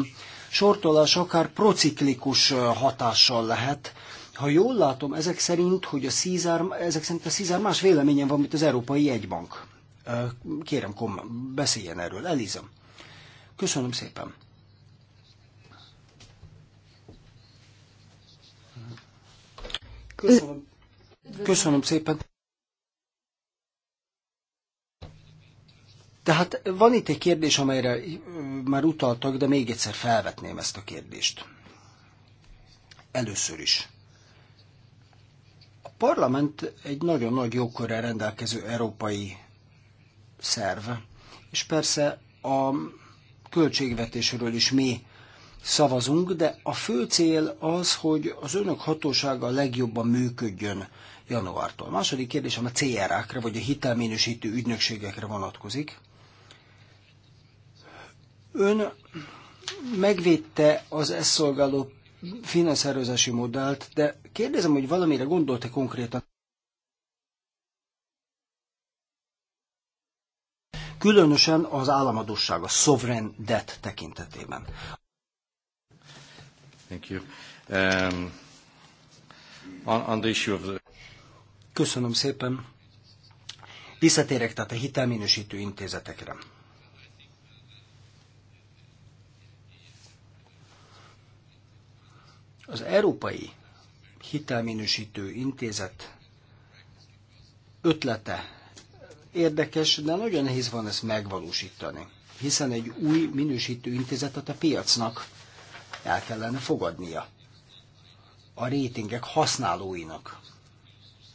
Speaker 3: sortolás akár prociklikus hatással lehet. Ha jól látom, ezek szerint, hogy a Cízár, ezek szerint a Cízár más véleményen van, mint az Európai egybank. Kérem, kom, beszéljen erről. Eliza. Köszönöm szépen. Köszönöm. Köszönöm szépen. Tehát van itt egy kérdés, amelyre már utaltak, de még egyszer felvetném ezt a kérdést. Először is. A parlament egy nagyon nagy jogkörrel rendelkező európai szerv, és persze a költségvetésről is mi szavazunk, de a fő cél az, hogy az önök hatósága legjobban működjön januártól. Második kérdésem a CRA-kra, vagy a hitelminősítő ügynökségekre vonatkozik. Ön megvédte az ezt szolgáló finanszírozási modellt, de kérdezem, hogy valamire gondolt-e konkrétan? Különösen az államadóság, a sovereign debt tekintetében. Thank you. Um, on, on the issue of the... Köszönöm szépen. Visszatérek tehát a hitelminősítő intézetekre. Az Európai Hitelminősítő Intézet ötlete érdekes, de nagyon nehéz van ezt megvalósítani, hiszen egy új minősítő intézetet a piacnak el kellene fogadnia, a rétingek használóinak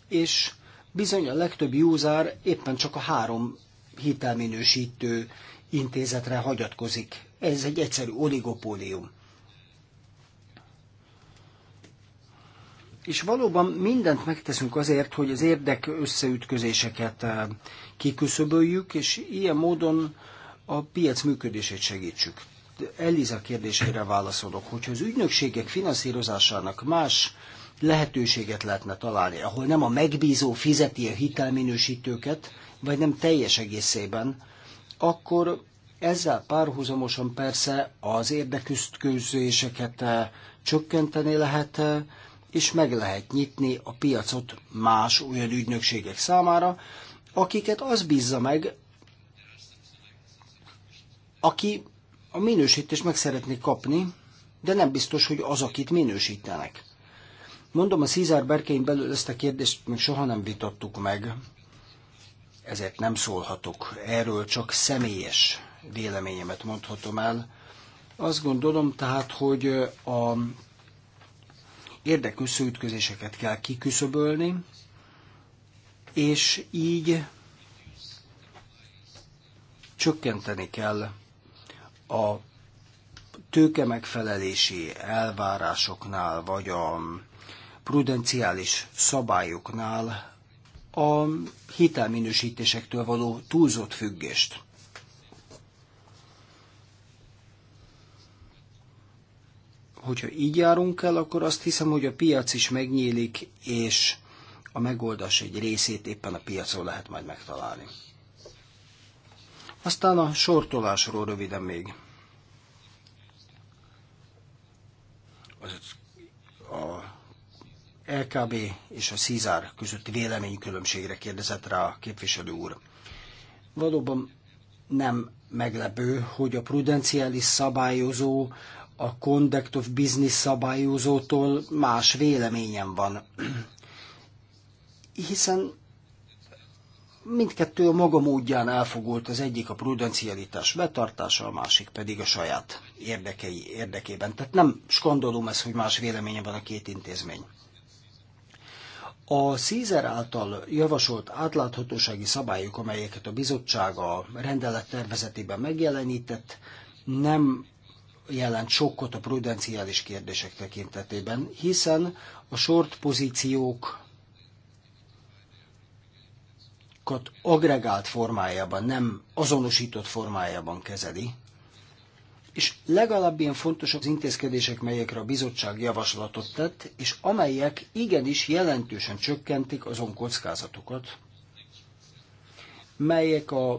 Speaker 3: és bizony a legtöbb user éppen csak a három hitelminősítő intézetre hagyatkozik. Ez egy egyszerű oligopólium. És valóban mindent megteszünk azért, hogy az érdek összeütközéseket eh, kiküszöböljük, és ilyen módon a piac működését segítsük. Eliza kérdésére válaszolok, hogyha az ügynökségek finanszírozásának más lehetőséget lehetne találni, ahol nem a megbízó fizeti a hitelminősítőket, vagy nem teljes egészében, akkor ezzel párhuzamosan persze az érdeküsztkőzéseket eh, csökkenteni lehet, eh, és meg lehet nyitni a piacot más olyan ügynökségek számára, akiket az bízza meg, aki a minősítést meg szeretné kapni, de nem biztos, hogy az, akit minősítenek. Mondom, a Cézár berkein belül ezt a kérdést még soha nem vitattuk meg, ezért nem szólhatok. Erről csak személyes véleményemet mondhatom el. Azt gondolom tehát, hogy a ütközéseket kell kiküszöbölni, és így csökkenteni kell a tőke megfelelési elvárásoknál, vagy a prudenciális szabályoknál a hitelminősítésektől való túlzott függést. Hogyha így járunk el, akkor azt hiszem, hogy a piac is megnyílik, és a megoldás egy részét éppen a piacon lehet majd megtalálni. Aztán a sortolásról röviden még. Az, a LKB és a CISAR közötti véleménykülönbségre kérdezett rá a képviselő úr. Valóban nem meglepő, hogy a prudenciális szabályozó a Conduct of Business szabályozótól más véleményem van. Hiszen mindkettő a maga módján elfogult, az egyik a prudencialitás betartása, a másik pedig a saját érdekei érdekében. Tehát nem skandalom ez, hogy más véleménye van a két intézmény. A Caesar által javasolt átláthatósági szabályok, amelyeket a bizottság a rendelet tervezetében megjelenített, nem jelent sokkot a prudenciális kérdések tekintetében, hiszen a short pozíciók agregált formájában, nem azonosított formájában kezeli, és legalább ilyen fontosak az intézkedések, melyekre a bizottság javaslatot tett, és amelyek igenis jelentősen csökkentik azon kockázatokat, melyek a,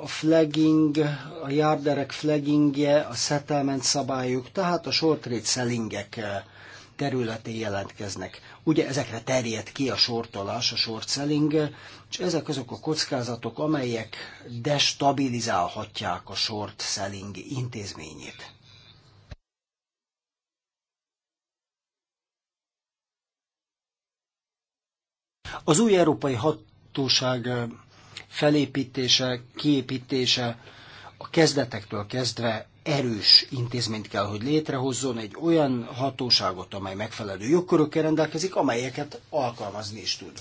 Speaker 3: a flagging, a járderek flaggingje, a settlement szabályok, tehát a short rate sellingek eh, területén jelentkeznek ugye ezekre terjed ki a sortolás, a short selling, és ezek azok a kockázatok, amelyek destabilizálhatják a short selling intézményét. Az új európai hatóság eh, felépítése, kiépítése a kezdetektől kezdve erős intézményt kell, hogy létrehozzon, egy olyan hatóságot, amely megfelelő jogkörökkel rendelkezik, amelyeket alkalmazni is tud.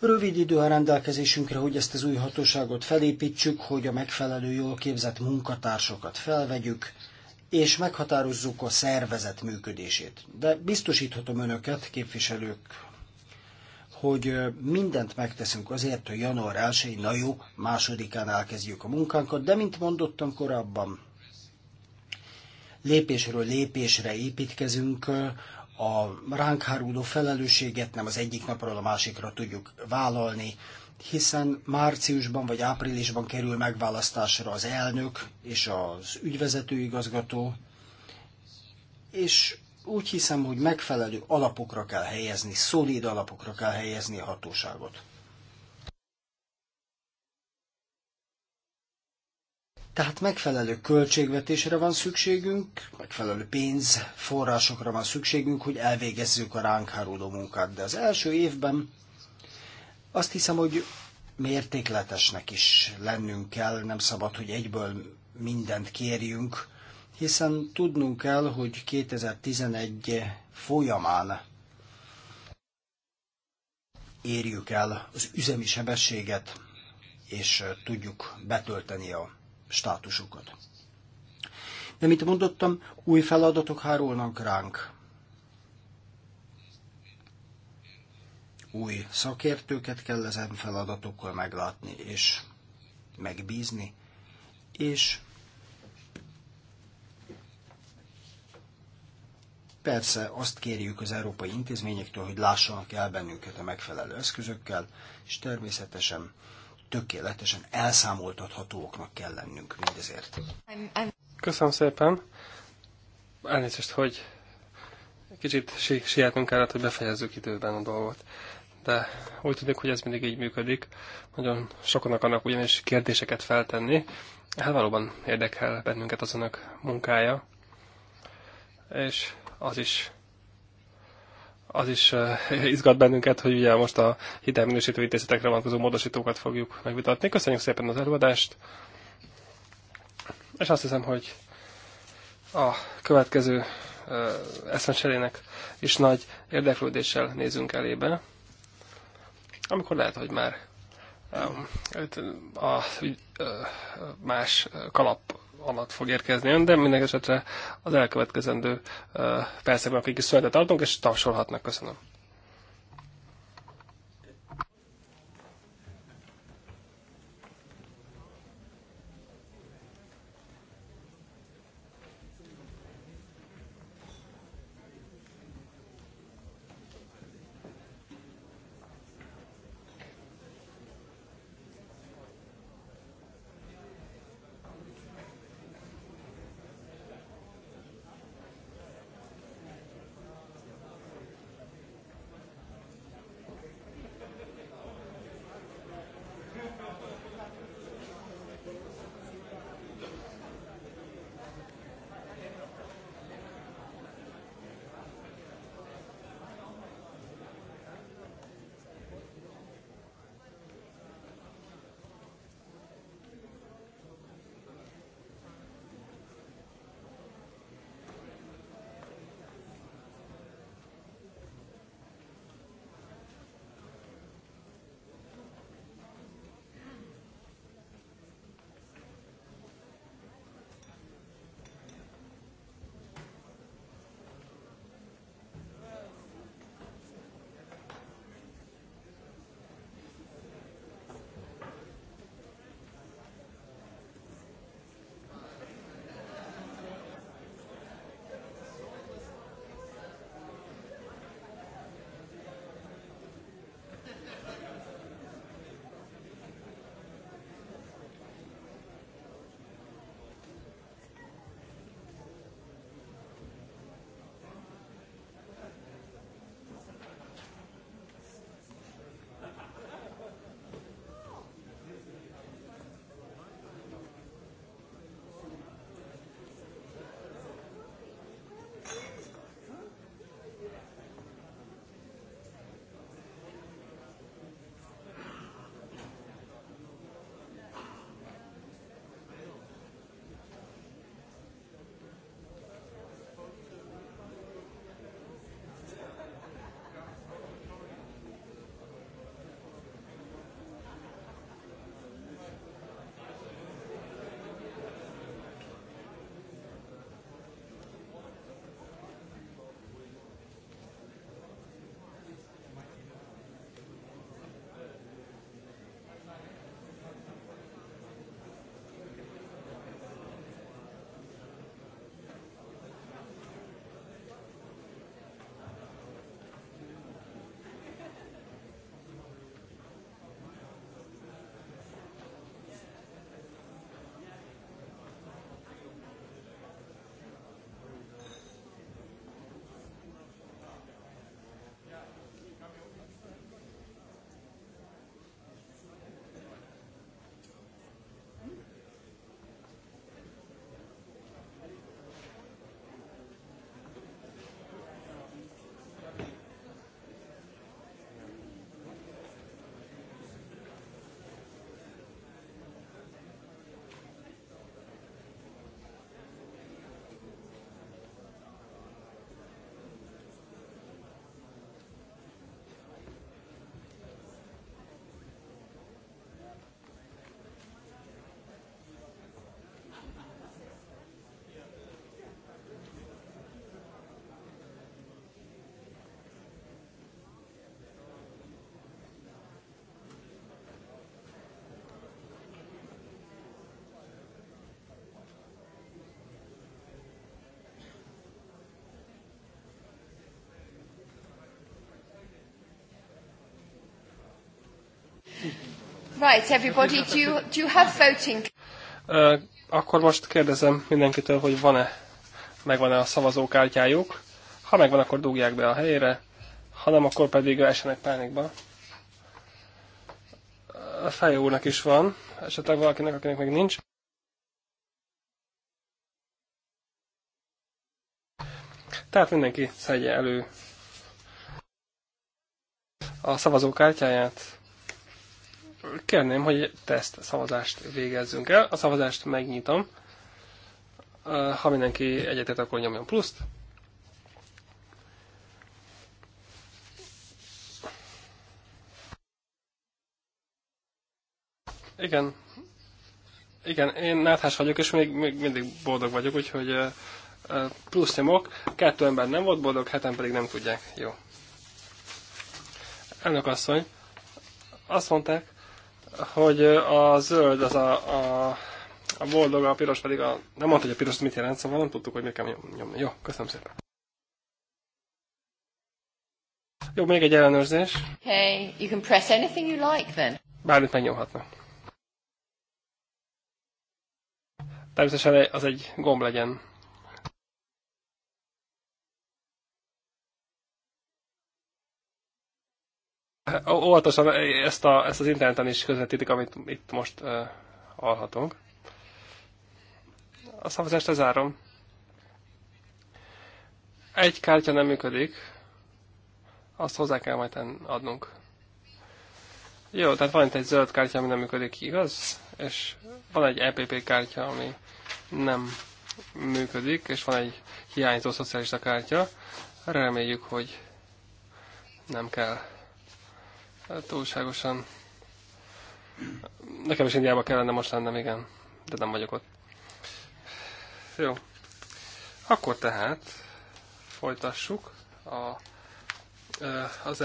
Speaker 3: Rövid idő a rendelkezésünkre, hogy ezt az új hatóságot felépítsük, hogy a megfelelő jól képzett munkatársokat felvegyük, és meghatározzuk a szervezet működését. De biztosíthatom önöket, képviselők, hogy mindent megteszünk azért, hogy január 1-i, na jó, másodikán elkezdjük a munkánkat, de mint mondottam korábban, lépésről lépésre építkezünk, a ránk háruló felelősséget nem az egyik napról a másikra tudjuk vállalni, hiszen márciusban vagy áprilisban kerül megválasztásra az elnök és az ügyvezető igazgató, és úgy hiszem, hogy megfelelő alapokra kell helyezni, szolíd alapokra kell helyezni a hatóságot. Tehát megfelelő költségvetésre van szükségünk, megfelelő pénz, forrásokra van szükségünk, hogy elvégezzük a ránk munkát. De az első évben azt hiszem, hogy mértékletesnek is lennünk kell, nem szabad, hogy egyből mindent kérjünk, hiszen tudnunk kell, hogy 2011 folyamán érjük el az üzemi sebességet, és tudjuk betölteni a státusukat. De mint mondottam, új feladatok hárulnak ránk. Új szakértőket kell ezen feladatokkal meglátni és megbízni, és Persze azt kérjük az európai intézményektől, hogy lássanak el bennünket a megfelelő eszközökkel, és természetesen tökéletesen elszámoltathatóknak kell lennünk
Speaker 1: mindezért. Köszönöm szépen. Elnézést, hogy kicsit si sietnünk kellett, hát, hogy befejezzük időben a dolgot. De úgy tudjuk, hogy ez mindig így működik. Nagyon sokan akarnak ugyanis kérdéseket feltenni. Hát valóban érdekel bennünket az önök munkája. És az is az is izgat bennünket, hogy ugye most a hitelminősítő intézetekre vonatkozó módosítókat fogjuk megvitatni. Köszönjük szépen az előadást, és azt hiszem, hogy a következő eszmecserének is nagy érdeklődéssel nézünk elébe, amikor lehet, hogy már a más kalap alatt fog érkezni ön, de minden esetre az elkövetkezendő percekben, akik is szünetet tartunk, és tapsolhatnak. Köszönöm.
Speaker 2: Right, everybody, do you, do you have voting?
Speaker 1: Uh, akkor most kérdezem mindenkitől, hogy van-e, megvan-e a szavazókártyájuk. Ha megvan, akkor dugják be a helyére, ha nem, akkor pedig esenek pánikba. A fejó úrnak is van, esetleg valakinek, akinek még nincs. Tehát mindenki szedje elő a szavazókártyáját. Kérném, hogy teszt szavazást végezzünk el. A szavazást megnyitom. Ha mindenki egyetet, akkor nyomjon pluszt. Igen. Igen, én náthás vagyok, és még, még mindig boldog vagyok, úgyhogy plusz nyomok. Kettő ember nem volt boldog, heten pedig nem tudják. Jó. Elnök asszony, azt mondták, hogy a zöld az a, a, a boldog, a piros pedig a... Nem mondta, hogy a piros mit jelent, szóval nem tudtuk, hogy mi kell nyomni. Jó, köszönöm szépen. Jó, még egy ellenőrzés.
Speaker 2: Okay, you can press anything you like
Speaker 1: then. Bármit megnyomhatna. Természetesen az egy gomb legyen. Óvatosan ezt, a, ezt az interneten is közvetítik, amit itt most uh, hallhatunk. A szavazást lezárom. Egy kártya nem működik. Azt hozzá kell majd adnunk. Jó, tehát van itt egy zöld kártya, ami nem működik, igaz? És van egy EPP kártya, ami nem működik, és van egy hiányzó szocialista kártya. Reméljük, hogy nem kell Hát túlságosan. Nekem is Indiába kellene, most lennem, igen. De nem vagyok ott. Jó. Akkor tehát folytassuk a, az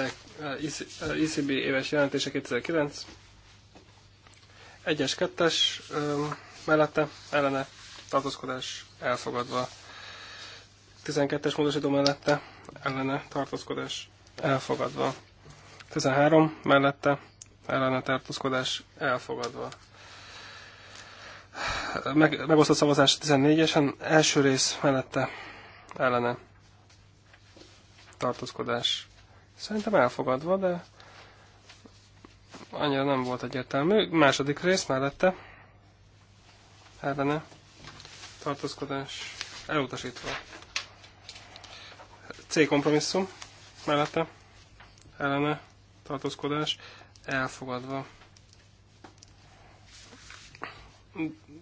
Speaker 1: ECB éves jelentése 2009. Egyes kettes mellette ellene tartózkodás elfogadva. 12-es módosító mellette ellene tartózkodás elfogadva. 13 mellette ellene tartózkodás elfogadva. Meg, megosztott szavazás 14-esen, első rész mellette ellene tartózkodás. Szerintem elfogadva, de annyira nem volt egyértelmű. Második rész mellette ellene tartózkodás elutasítva. C kompromisszum mellette ellene tartózkodás elfogadva.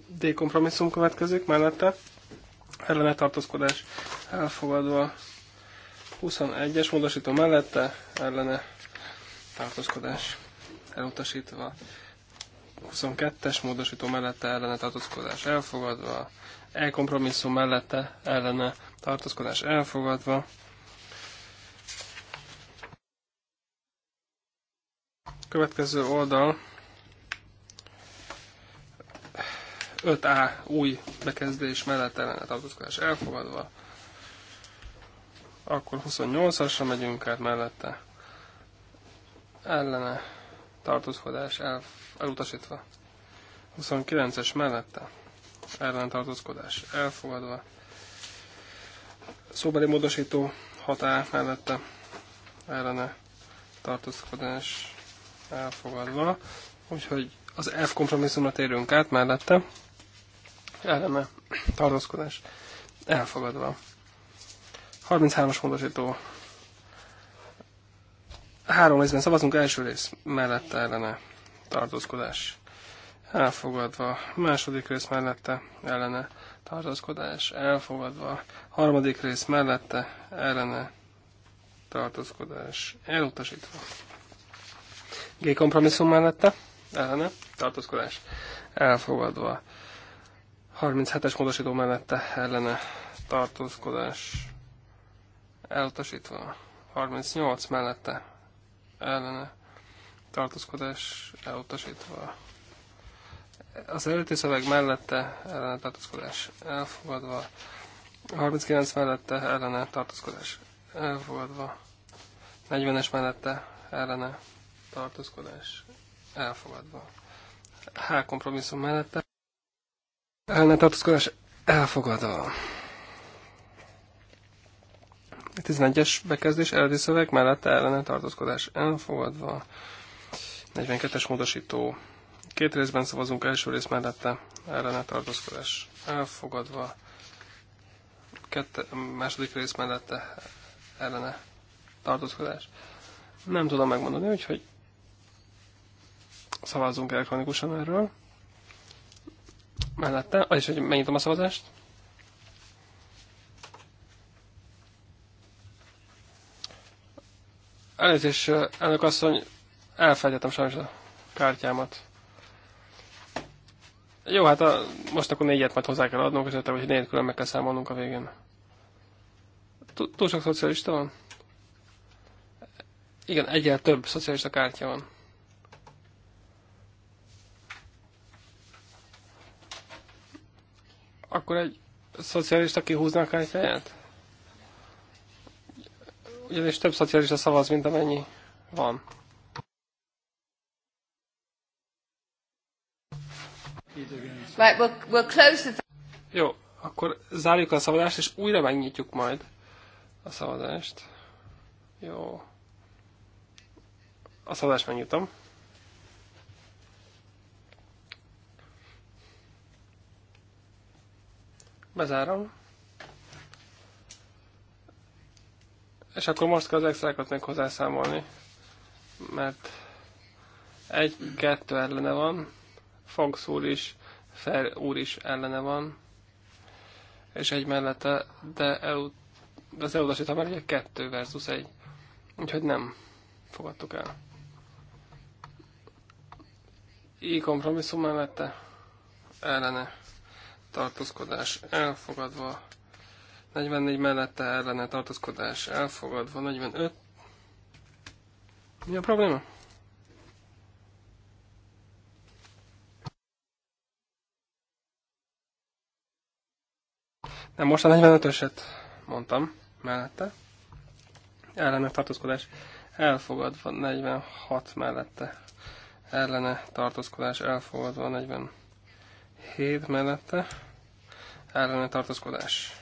Speaker 1: D kompromisszum következik mellette, ellene tartózkodás elfogadva. 21-es módosító mellette, ellene tartózkodás elutasítva. 22-es módosító mellette ellene tartózkodás elfogadva, e kompromisszum mellette ellene tartózkodás elfogadva, Következő oldal 5A új bekezdés mellett ellene tartózkodás elfogadva. Akkor 28-asra megyünk át mellette. Ellene tartózkodás el, elutasítva. 29-es mellette tartózkodás elfogadva. Szóbeli módosító 6A mellette ellene tartózkodás elfogadva, úgyhogy az F kompromisszumra térünk át mellette, Eleme tartózkodás elfogadva. 33-as módosító. Három részben szavazunk, első rész mellette ellene tartózkodás elfogadva, második rész mellette ellene tartózkodás elfogadva, harmadik rész mellette ellene tartózkodás elutasítva. G kompromisszum mellette, ellene, tartózkodás elfogadva. 37-es módosító mellette ellene tartózkodás elutasítva. 38 mellette ellene tartózkodás elutasítva. Az előtti szöveg mellette ellene tartózkodás elfogadva. 39 mellette ellene tartózkodás elfogadva. 40-es mellette ellene tartózkodás elfogadva. H kompromisszum mellette ne tartózkodás elfogadva. 11-es bekezdés eredeti szöveg mellette ellene tartózkodás elfogadva. 42-es módosító. Két részben szavazunk első rész mellette ellene tartózkodás elfogadva. Kette, második rész mellette ellene tartózkodás. Nem tudom megmondani, úgyhogy Szavazunk elektronikusan erről. Mellette, és hogy megnyitom a szavazást. Elnézést, elnök asszony, elfelejtettem sajnos a kártyámat. Jó, hát a, most akkor négyet majd hozzá kell adnunk, és hogy négyet külön meg kell számolnunk a végén. Túl sok szocialista van? Igen, egyel több szocialista kártya van. akkor egy szocialista kihúzna a kártyáját? Ugyanis több szocialista szavaz, mint amennyi van.
Speaker 2: Right, we'll, close the...
Speaker 1: Jó, akkor zárjuk a szavazást, és újra megnyitjuk majd a szavazást. Jó. A szavazást megnyitom. Bezárom. És akkor most kell az extrákat még hozzászámolni, mert egy-kettő ellene van, Fox úr is, Fer úr is ellene van, és egy mellette, de, el, de az elutasítom már egy kettő versus egy. Úgyhogy nem fogadtuk el. Így kompromisszum mellette ellene tartózkodás elfogadva, 44 mellette ellene tartózkodás elfogadva, 45. Mi a probléma? Nem, most a 45-öset mondtam mellette. Ellene tartózkodás elfogadva, 46 mellette ellene tartózkodás elfogadva, 47 7 mellette ellene tartozkodás.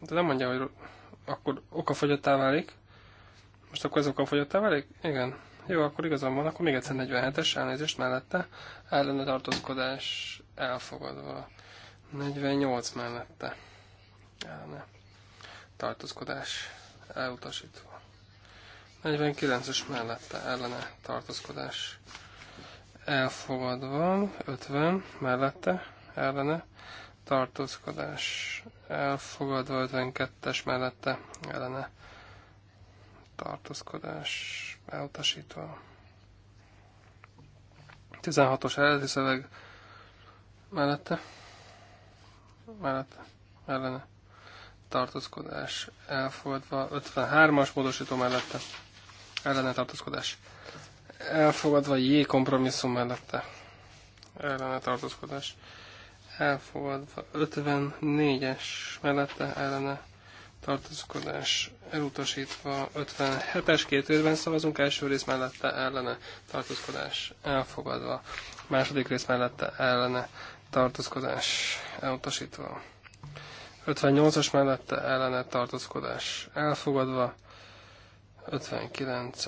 Speaker 1: De nem mondja, hogy akkor okafogyottá válik. Most akkor ez okafogyottá válik? Igen. Jó, akkor igazam van, akkor még egyszer 47-es elnézést mellette ellene tartozkodás elfogadva. 48 mellette ellene tartozkodás elutasítva. 49-es mellette ellene tartózkodás elfogadva, 50 mellette ellene tartózkodás elfogadva, 52-es mellette ellene tartózkodás elutasítva. 16-os eredeti szöveg mellette, mellette, ellene tartózkodás elfogadva, 53-as módosító mellette ellene tartózkodás elfogadva, J kompromisszum mellette ellene tartózkodás elfogadva, 54-es mellette ellene tartózkodás elutasítva, 57-es két őrben szavazunk, első rész mellette ellene tartózkodás elfogadva, második rész mellette ellene tartózkodás elutasítva. 58-as mellette ellene tartózkodás elfogadva, 59-es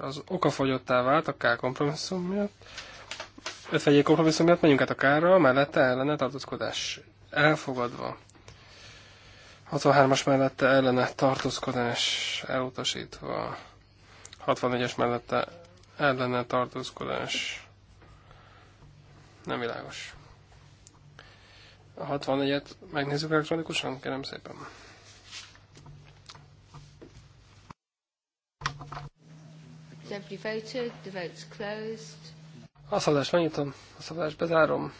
Speaker 1: az okafogyottá vált a K kompromisszum miatt. 51 kompromisszum miatt menjünk át a K-ra, mellette ellene tartózkodás elfogadva. 63-as mellette ellene tartózkodás elutasítva. 64-es mellette ellene tartózkodás nem világos. A 64-et megnézzük elektronikusan, kérem szépen.
Speaker 2: voted? The vote's closed.
Speaker 1: A szavazást megnyitom, a szavazást bezárom.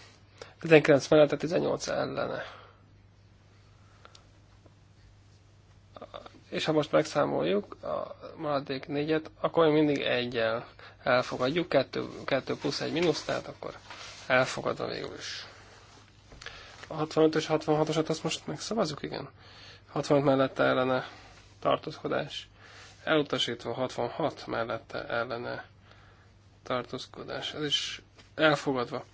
Speaker 1: 19 mellette, 18 ellene. És ha most megszámoljuk a maradék négyet, akkor mindig egyel elfogadjuk, 2, 2 plusz 1 mínusz, tehát akkor elfogadom végül is. A 65 és 66-osat azt most megszavazzuk, igen. 65 mellette ellene tartózkodás elutasítva 66 mellette ellene tartózkodás. Ez is elfogadva.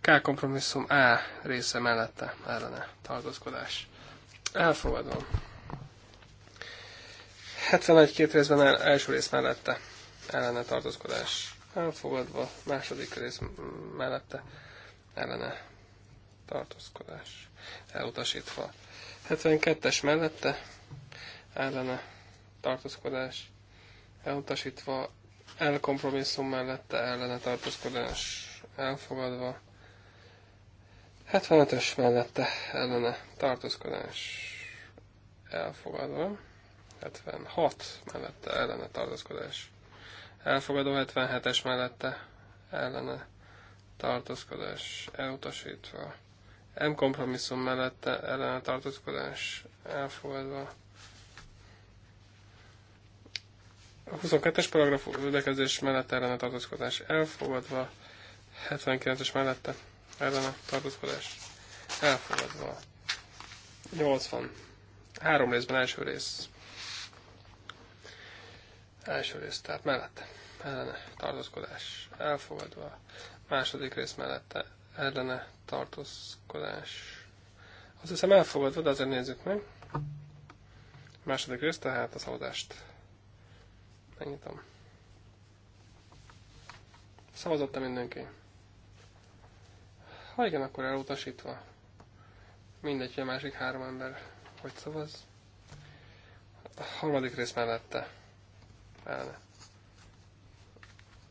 Speaker 1: K kompromisszum A része mellette ellene tartózkodás. Elfogadva. 71 két részben el, első rész mellette ellene tartózkodás. Elfogadva második rész mellette ellene tartózkodás. Elutasítva. 72-es mellette ellene tartózkodás elutasítva, elkompromisszum mellette ellene tartózkodás elfogadva, 75-ös mellette ellene tartózkodás elfogadva, 76 mellette ellene tartózkodás elfogadva 77-es mellette ellene tartózkodás elutasítva, M kompromisszum mellette ellene tartózkodás elfogadva, A 22-es paragrafú üldekezés mellett ellene tartózkodás elfogadva, 79-es mellette ellene tartózkodás elfogadva. 80. Három részben első rész. Első rész, tehát mellette ellene tartózkodás elfogadva. Második rész mellette ellene tartózkodás. Azt hiszem elfogadva, de azért nézzük meg. Második rész, tehát a szavazást Megnyitom. Szavazott-e mindenki? Ha igen, akkor elutasítva. Mindegy, hogy a másik három ember hogy szavaz. A harmadik rész mellette. Elne.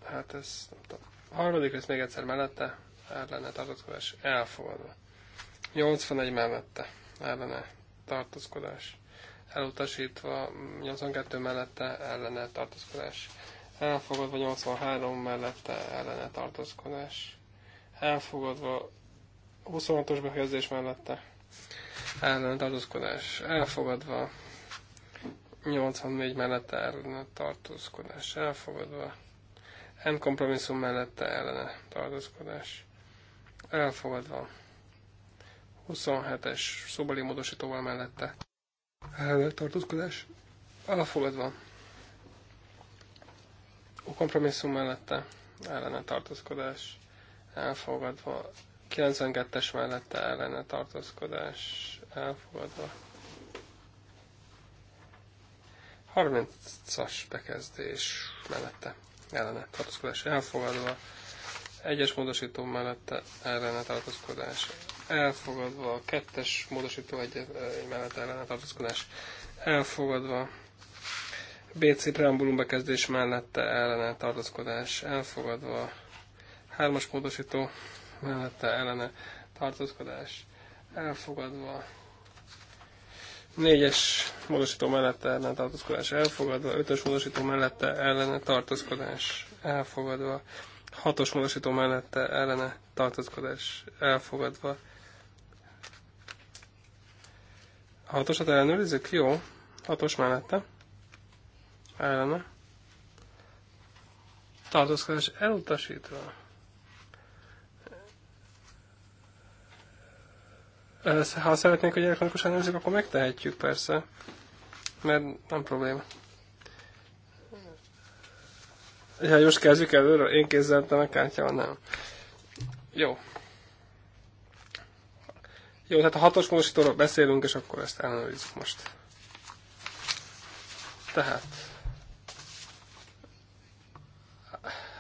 Speaker 1: Hát ez, nem tudom. A harmadik rész még egyszer mellette. El lenne tartózkodás elfogadva. 81 mellette. lenne tartózkodás elutasítva, 82 mellette ellene tartózkodás. Elfogadva 83 mellette ellene tartózkodás. Elfogadva 26-os befejezés mellette ellene tartózkodás. Elfogadva 84 mellette ellene tartózkodás. Elfogadva M kompromisszum mellette ellene tartózkodás. Elfogadva 27-es szobali módosítóval mellette tartózkodás elfogadva. A kompromisszum mellette ellene tartózkodás elfogadva. 92-es mellette ellene tartózkodás elfogadva. 30-as bekezdés mellette ellene tartózkodás elfogadva. Egyes módosító mellette ellene tartózkodás elfogadva, a kettes módosító egy, egy mellett ellene tartózkodás elfogadva, BC preambulum bekezdés mellette ellene tartózkodás elfogadva, hármas módosító mellette ellene tartózkodás elfogadva, négyes módosító mellette ellene tartózkodás elfogadva, ötös módosító mellette ellene tartózkodás elfogadva, hatos módosító mellette ellene tartózkodás elfogadva, A Hatosat ellenőrizzük? Jó. Hatos mellette. Ellene. Tartózkodás elutasítva. Ha szeretnénk, hogy elektronikusan nézzük, akkor megtehetjük persze, mert nem probléma. Ja, most kezdjük előről, én kézzel, te kártyával nem. Jó. Jó, tehát a hatos módosítóról beszélünk, és akkor ezt ellenőrizzük most. Tehát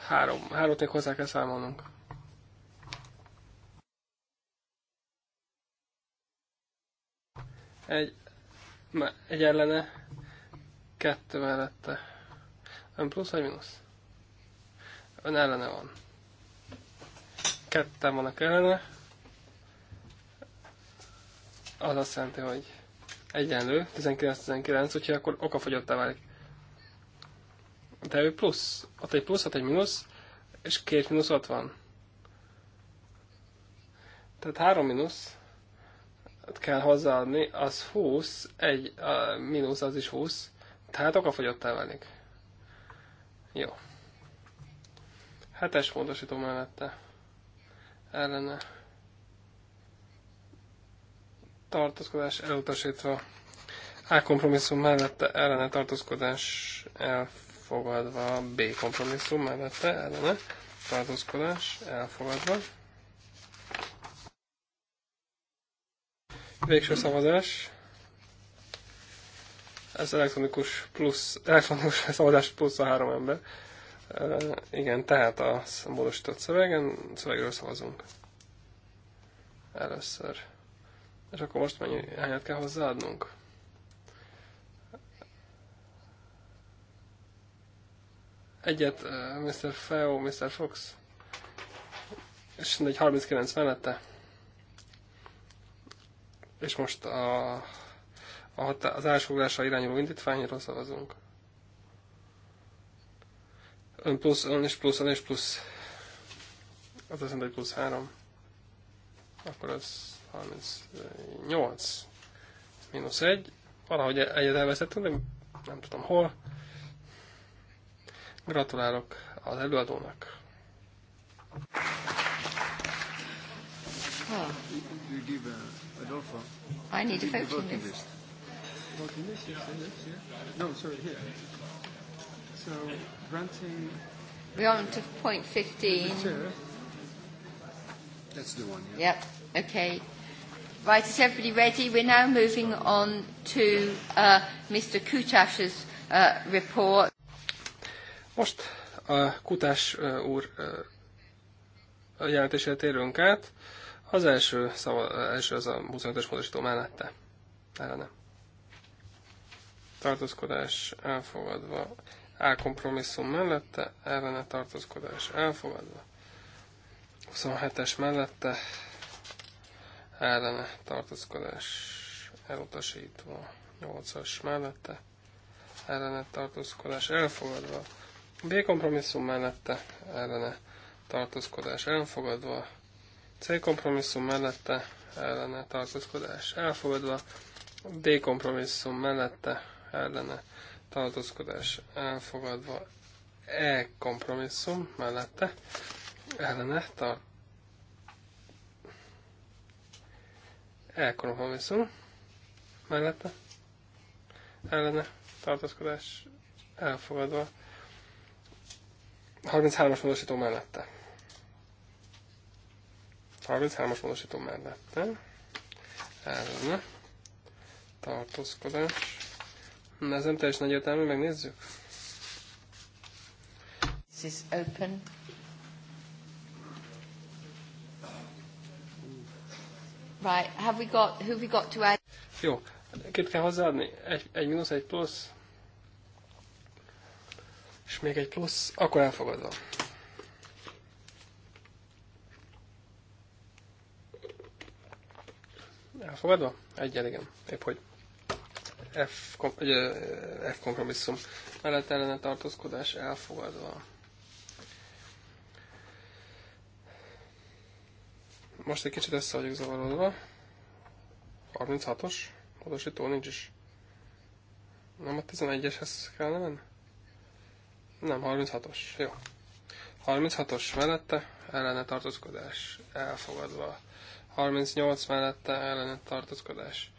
Speaker 1: három, Hárót még hozzá kell számolnunk. Egy, egy ellene, kettő mellette. Ön plusz vagy minusz? Ön ellene van. Ketten vannak ellene az azt jelenti, hogy egyenlő, 19-19, úgyhogy akkor okafogyottá válik. De ő plusz, ott egy plusz, ott egy mínusz, és két mínusz ott van. Tehát három mínusz kell hozzáadni, az 20, egy a mínusz az is 20, tehát okafogyottá válik. Jó. Hetes módosító mellette. Ellene tartózkodás elutasítva. A kompromisszum mellette ellene tartózkodás elfogadva. B kompromisszum mellette ellene tartózkodás elfogadva. Végső szavazás. Ez elektronikus plusz, elektronikus szavazás plusz a három ember. E, igen, tehát a módosított szövegen, szövegről szavazunk. Először. És akkor most mennyi helyet kell hozzáadnunk? Egyet, eh, Mr. Feo, Mr. Fox. És egy 39 mellette. És most a, a hatá- az elsőgrásra irányuló indítványról szavazunk. Ön plusz, ön és plusz, ön és plusz. Az azt mondja, hogy plusz 3. Akkor az 38 mínusz 1, valahogy egyet elveszettem, de nem tudom hol. Gratulálok az előadónak.
Speaker 3: Oh. I
Speaker 1: need a So, granting... We're on to point 15. That's the one,
Speaker 2: yeah. Yep, okay. Right, is everybody ready? We're now moving on to uh, Mr. Kutash's uh, report.
Speaker 1: Most a Kutás uh, úr uh, a jelentésére térünk át. Az első, szava, uh, első az a 25-ös módosító mellette. Ellene. Tartózkodás elfogadva. A kompromisszum mellette, ellene tartózkodás elfogadva. 27-es mellette, ellene tartózkodás elutasítva, 8-as mellette ellene tartózkodás elfogadva, B kompromisszum mellette ellene tartózkodás elfogadva, C kompromisszum mellette ellene tartózkodás elfogadva, D kompromisszum mellette ellene tartózkodás elfogadva, E kompromisszum mellette ellene tartózkodás Elkorom hamiszul. Mellette. Ellene. Tartózkodás elfogadva. 33-as módosító mellette. 33-as módosító mellette. Ellene. Tartózkodás. Na, ez nem teljesen egyértelmű, megnézzük.
Speaker 2: This is open. Right, have we got, who we got to add?
Speaker 1: Jó, két kell hozzáadni? Egy, egy mínusz, egy plusz. És még egy plusz, akkor elfogadva. Elfogadva? Egy igen. Épp hogy F, kom, F kompromisszum. Mellett ellene tartózkodás elfogadva. Most egy kicsit össze vagyok zavarodva. 36-os módosító nincs is. Nem a 11-eshez kellene menni? Nem, 36-os. Jó. 36-os mellette ellene tartózkodás elfogadva. 38 mellette ellene tartózkodás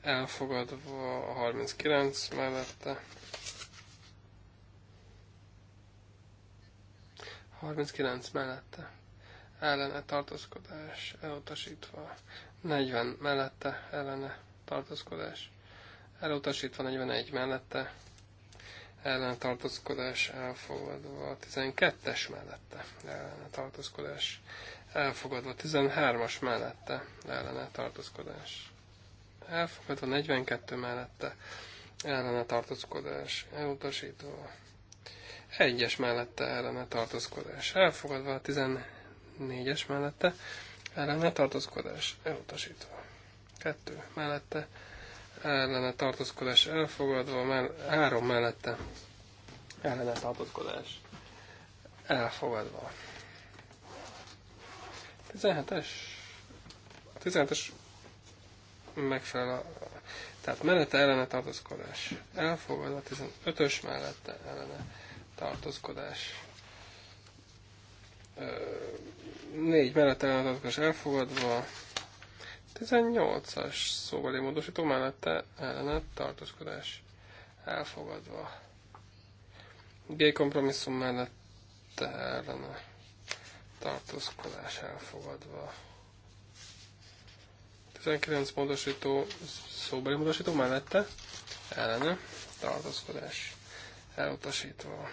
Speaker 1: elfogadva. 39 mellette 39 mellette ellene tartózkodás elutasítva, 40 mellette ellene tartózkodás elutasítva, 41 mellette ellene tartózkodás elfogadva, 12-es mellette ellene tartózkodás elfogadva, 13-as mellette ellene tartózkodás elfogadva, 42 mellette ellene tartózkodás elutasítva, 1-es mellette ellene tartózkodás elfogadva, 14 négyes mellette, ellene tartózkodás elutasítva. Kettő mellette, ellene tartózkodás elfogadva, mell- három mellette, ellene tartózkodás elfogadva. 17-es, a 17-es megfelel a, tehát mellette ellene tartózkodás elfogadva, 15-ös mellette ellene tartózkodás négy mellett elfogadva, 18-as szóbeli módosító mellette ellenet tartózkodás elfogadva. G kompromisszum mellette ellene tartózkodás elfogadva. 19 módosító szóbeli módosító mellette ellene tartózkodás elutasítva.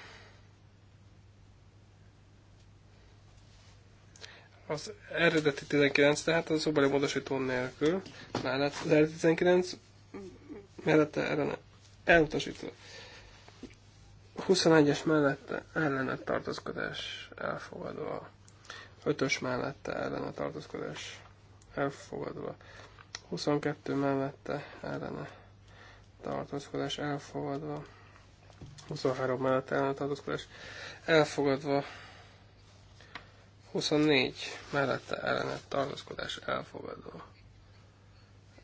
Speaker 1: az eredeti 19, tehát az szóbeli módosító nélkül, mellett az eredeti 19, mellette ellene Elutasító. 21-es mellette ellene tartózkodás elfogadva. 5-ös mellette ellene tartózkodás elfogadva. 22 mellette ellene tartózkodás elfogadva. 23 mellette ellene tartózkodás elfogadva. 24 mellette ellenet tartózkodás elfogadó.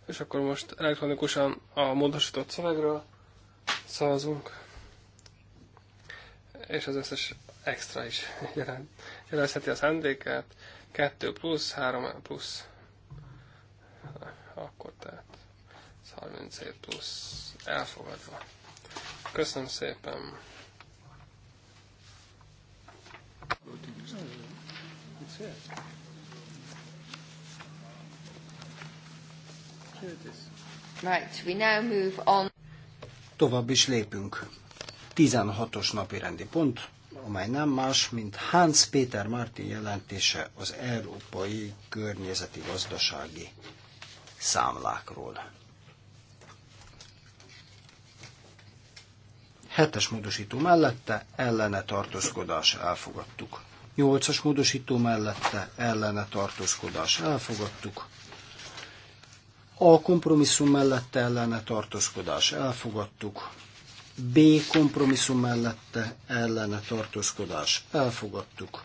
Speaker 1: És akkor most elektronikusan a módosított szövegről szavazunk, és az összes extra is jelent, jelezheti a szándékát. 2 plusz, 3 plusz. Akkor tehát 37 plusz elfogadva. Köszönöm szépen! Thank you
Speaker 3: it
Speaker 2: Right, we now move on.
Speaker 3: Tovább is lépünk. 16-os napi rendi pont, amely nem más, mint Hans Péter Martin jelentése az európai környezeti gazdasági számlákról. Hetes módosító mellette ellene tartózkodás elfogadtuk. 8-as módosító mellette ellene tartózkodás. Elfogadtuk. A kompromisszum mellette ellene tartózkodás. Elfogadtuk. B kompromisszum mellette ellene tartózkodás. Elfogadtuk.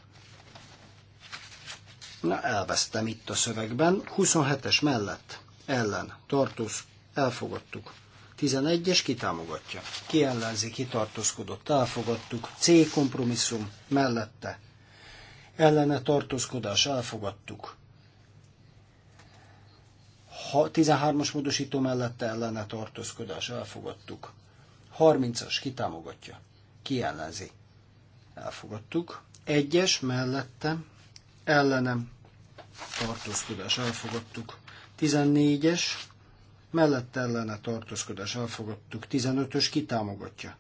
Speaker 3: Na, elvesztem itt a szövegben. 27-es mellett ellen tartóz. Elfogadtuk. 11-es kitámogatja. Ki ellenzi, kitartózkodott, elfogadtuk. C kompromisszum mellette ellene tartózkodás elfogadtuk. 13-as módosító mellette ellene tartózkodás elfogadtuk. 30-as kitámogatja, kiellenzi. Elfogadtuk. 1-es mellette ellenem tartózkodás elfogadtuk. 14-es mellette ellene tartózkodás elfogadtuk. 15-ös kitámogatja.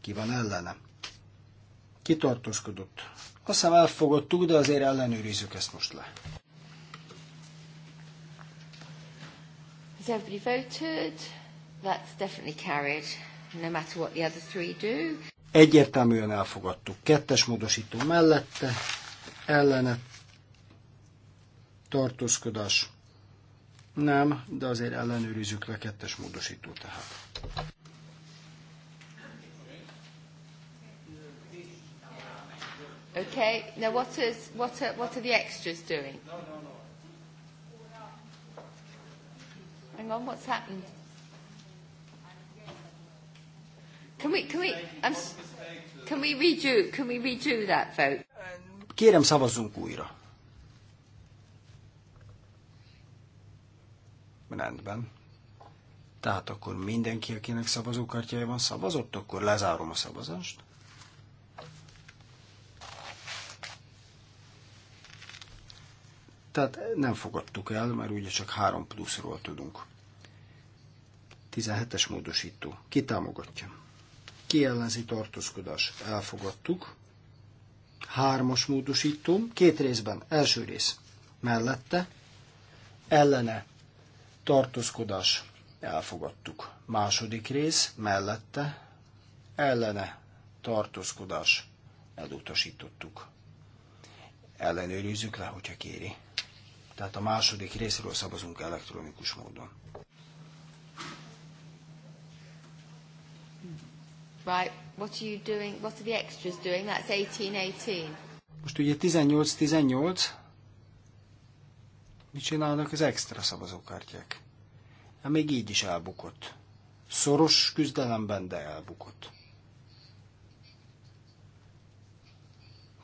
Speaker 3: Ki van ellene? Kitartózkodott. Azt hiszem elfogadtuk, de azért ellenőrizzük ezt most le.
Speaker 2: Has everybody voted? That's definitely carried, no matter what the other three do.
Speaker 3: Egyértelműen elfogadtuk. Kettes módosító mellette, ellene, tartózkodás. Nem, de azért ellenőrizzük le kettes módosító tehát.
Speaker 2: Okay. Now, what is what are what are the extras doing? No, no, no. Hang on. What's happened? Can we can we I'm, can we redo can we redo that vote?
Speaker 3: Kérem szavazzunk újra. Rendben. Tehát akkor mindenki, akinek szavazókártyája van, szavazott, akkor lezárom a szavazást. Tehát nem fogadtuk el, mert ugye csak 3 pluszról tudunk. 17-es módosító. Ki támogatja? Ki ellenzi tartózkodás? Elfogadtuk. Hármas módosító. Két részben. Első rész. Mellette. Ellene. Tartózkodás. Elfogadtuk. Második rész. Mellette. Ellene. Tartózkodás. Elutasítottuk ellenőrizzük le, hogyha kéri. Tehát a második részről szavazunk elektronikus módon.
Speaker 2: Right, what are you doing? What are the extras doing? That's 18-18.
Speaker 3: Most ugye 18-18. Mit csinálnak az extra szavazókártyák? Na, hát még így is elbukott. Szoros küzdelemben, de elbukott.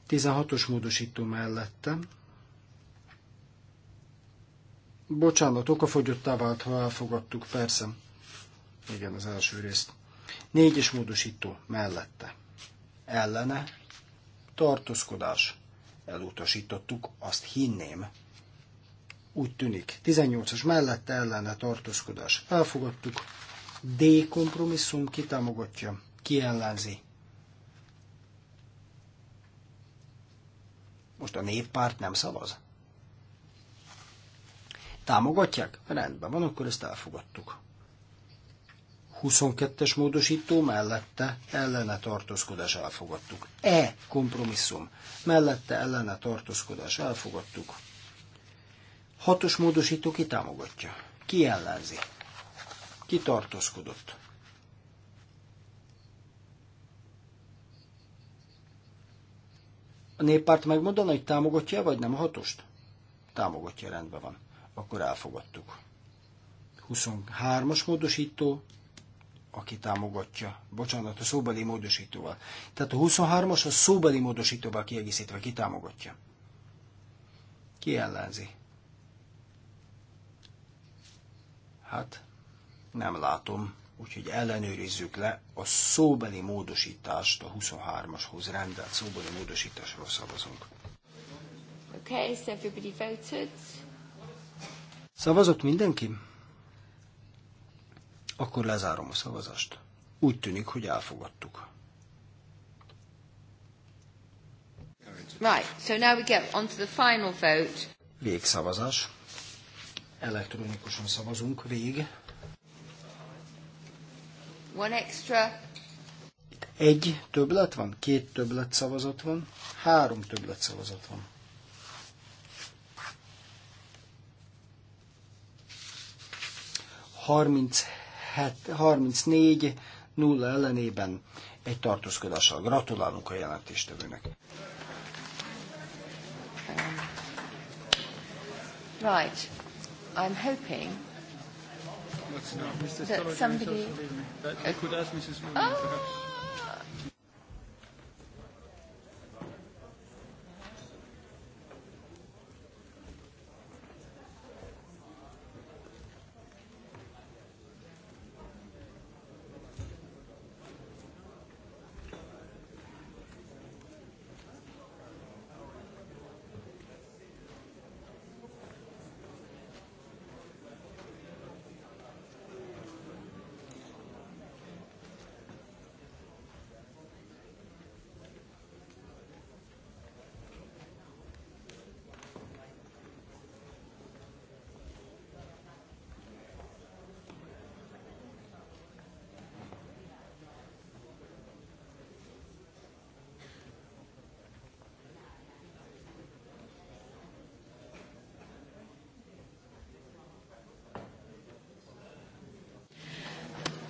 Speaker 3: 16-os módosító mellettem Bocsánat, okafogyottá vált, ha elfogadtuk, persze. Igen, az első részt. Négyes módosító mellette. Ellene. Tartózkodás. Elutasítottuk, azt hinném. Úgy tűnik. 18-as mellette ellene tartózkodás. Elfogadtuk. D kompromisszum kitámogatja, kiellenzi. Most a néppárt nem szavaz? Támogatják? Rendben van, akkor ezt elfogadtuk. 22-es módosító mellette ellene tartózkodás elfogadtuk. E kompromisszum mellette ellene tartózkodás elfogadtuk. Hatos módosító ki támogatja? Ki ellenzi? Ki tartózkodott? A néppárt megmondaná, hogy támogatja vagy nem a hatost? Támogatja, rendben van akkor elfogadtuk. 23-as módosító, aki támogatja, bocsánat, a szóbeli módosítóval. Tehát a 23-as a szóbeli módosítóval kiegészítve, ki támogatja. Ki ellenzi? Hát, nem látom, úgyhogy ellenőrizzük le a szóbeli módosítást a 23-ashoz rendelt szóbeli módosításról szavazunk.
Speaker 2: Okay, so everybody voted.
Speaker 3: Szavazott mindenki? Akkor lezárom a szavazást. Úgy tűnik, hogy elfogadtuk.
Speaker 2: Right, so now we get on to the final vote.
Speaker 3: Végszavazás. Elektronikusan szavazunk, vég.
Speaker 2: One extra.
Speaker 3: Itt egy többlet van, két többlet szavazat van, három többlet szavazat van. 37, 34 0 ellenében egy tartózkodással. Gratulálunk a jelentéstevőnek. Um,
Speaker 2: right. I'm hoping that somebody... Uh, oh.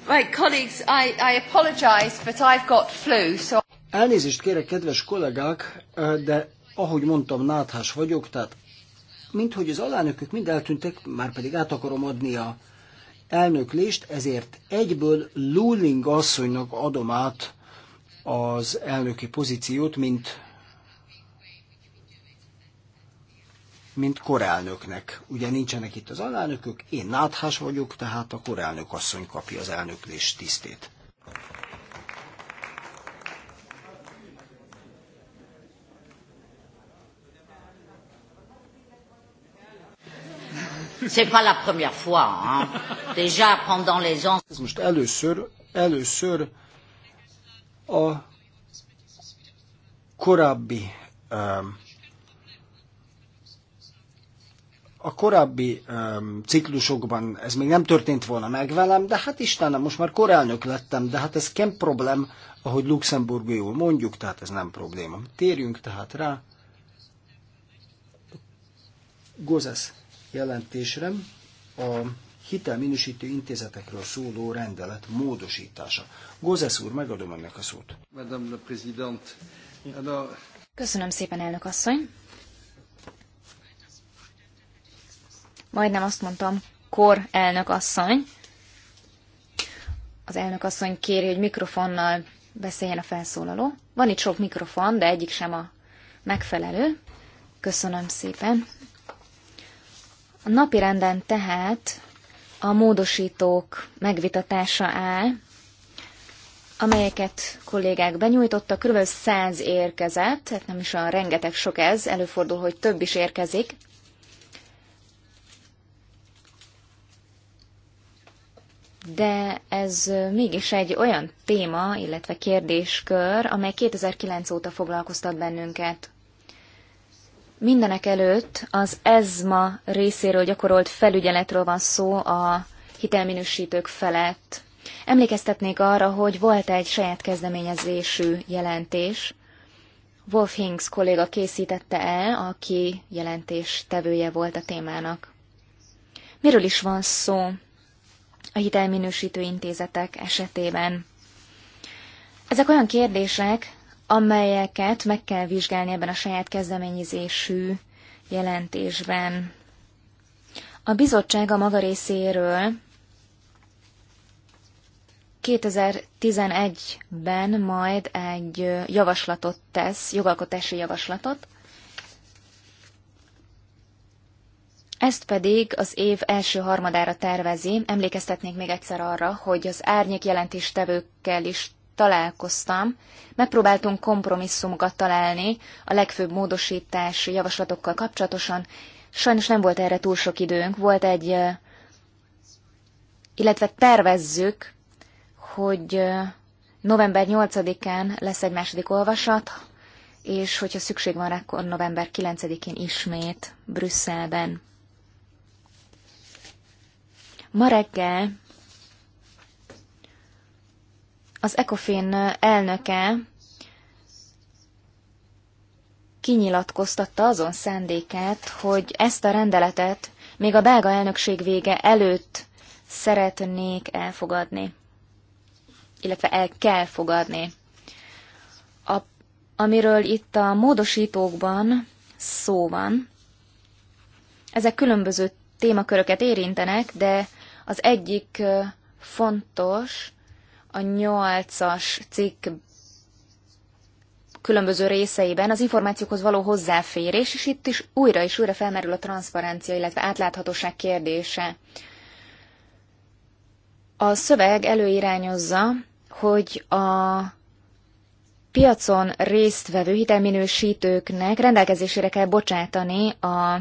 Speaker 2: Right, colleagues, I, I apologize, but I've got flu, so...
Speaker 3: Elnézést kérek, kedves kollégák, de ahogy mondtam, náthás vagyok, tehát minthogy az alánökök mind eltűntek, már pedig át akarom adni a elnöklést, ezért egyből Luling asszonynak adom át az elnöki pozíciót, mint mint korelnöknek. Ugye nincsenek itt az alelnökök, én náthás vagyok, tehát a korelnök asszony kapja az elnöklés tisztét.
Speaker 2: C'est pas la première fois, hein. Déjà pendant les ans.
Speaker 3: Ez most először, először a korábbi um, a korábbi um, ciklusokban ez még nem történt volna meg velem, de hát Istenem, most már korelnök lettem, de hát ez nem problém, ahogy jól mondjuk, tehát ez nem probléma. Térjünk tehát rá Gozes jelentésre, a hitelminősítő intézetekről szóló rendelet módosítása. Gozes úr, megadom ennek a szót.
Speaker 4: Köszönöm szépen, elnök asszony. majdnem azt mondtam, kor elnök asszony. Az elnök asszony kéri, hogy mikrofonnal beszéljen a felszólaló. Van itt sok mikrofon, de egyik sem a megfelelő. Köszönöm szépen. A napi renden tehát a módosítók megvitatása áll, amelyeket kollégák benyújtottak, kb. 100 érkezett, tehát nem is olyan rengeteg sok ez, előfordul, hogy több is érkezik. de ez mégis egy olyan téma, illetve kérdéskör, amely 2009 óta foglalkoztat bennünket. Mindenek előtt az ESMA részéről gyakorolt felügyeletről van szó a hitelminősítők felett. Emlékeztetnék arra, hogy volt egy saját kezdeményezésű jelentés. Wolf Hinks kolléga készítette el, aki jelentés tevője volt a témának. Miről is van szó? a hitelminősítő intézetek esetében. Ezek olyan kérdések, amelyeket meg kell vizsgálni ebben a saját kezdeményezésű jelentésben. A bizottság a maga részéről 2011-ben majd egy javaslatot tesz, jogalkotási javaslatot, Ezt pedig az év első harmadára tervezi. Emlékeztetnék még egyszer arra, hogy az árnyék jelentéstevőkkel is találkoztam. Megpróbáltunk kompromisszumokat találni a legfőbb módosítási javaslatokkal kapcsolatosan. Sajnos nem volt erre túl sok időnk. Volt egy, illetve tervezzük, hogy november 8-án lesz egy második olvasat, és hogyha szükség van rá, akkor november 9-én ismét Brüsszelben Ma reggel az ECOFIN elnöke kinyilatkoztatta azon szándékát, hogy ezt a rendeletet még a belga elnökség vége előtt szeretnék elfogadni, illetve el kell fogadni. A, amiről itt a módosítókban szó van, ezek különböző témaköröket érintenek, de az egyik fontos, a nyolcas cikk különböző részeiben az információkhoz való hozzáférés, és itt is újra és újra felmerül a transzparencia, illetve átláthatóság kérdése. A szöveg előirányozza, hogy a piacon résztvevő hitelminősítőknek rendelkezésére kell bocsátani a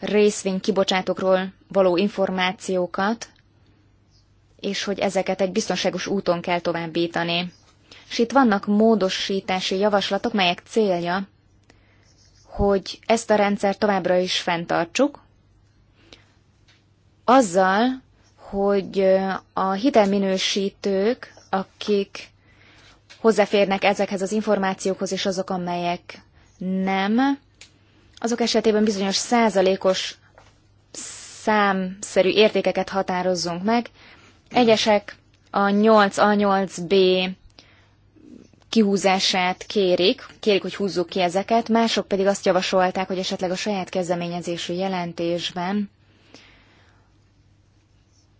Speaker 4: részvény való információkat, és hogy ezeket egy biztonságos úton kell továbbítani. És itt vannak módosítási javaslatok, melyek célja, hogy ezt a rendszer továbbra is fenntartsuk, azzal, hogy a hitelminősítők, akik hozzáférnek ezekhez az információkhoz, és azok, amelyek nem, azok esetében bizonyos százalékos számszerű értékeket határozzunk meg. Egyesek a 8A8B kihúzását kérik, kérik, hogy húzzuk ki ezeket, mások pedig azt javasolták, hogy esetleg a saját kezdeményezésű jelentésben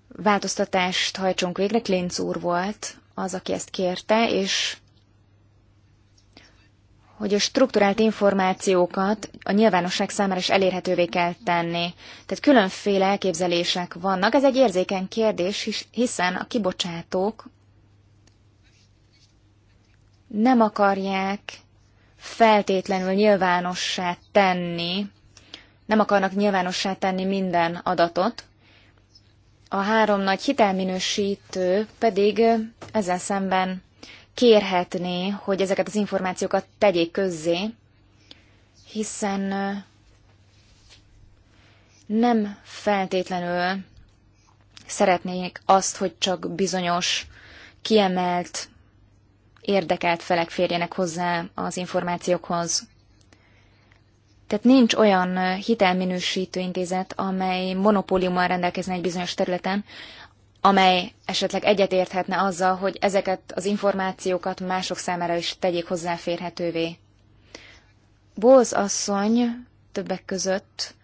Speaker 4: változtatást hajtsunk végre. Klinc úr volt az, aki ezt kérte, és hogy a strukturált információkat a nyilvánosság számára is elérhetővé kell tenni. Tehát különféle elképzelések vannak. Ez egy érzékeny kérdés, hiszen a kibocsátók nem akarják feltétlenül nyilvánossá tenni, nem akarnak nyilvánossá tenni minden adatot. A három nagy hitelminősítő pedig ezzel szemben kérhetné, hogy ezeket az információkat tegyék közzé, hiszen nem feltétlenül szeretnék azt, hogy csak bizonyos, kiemelt, érdekelt felek férjenek hozzá az információkhoz. Tehát nincs olyan hitelminősítő intézet, amely monopóliummal rendelkezne egy bizonyos területen, amely esetleg egyetérthetne azzal, hogy ezeket az információkat mások számára is tegyék hozzáférhetővé. Bóz asszony többek között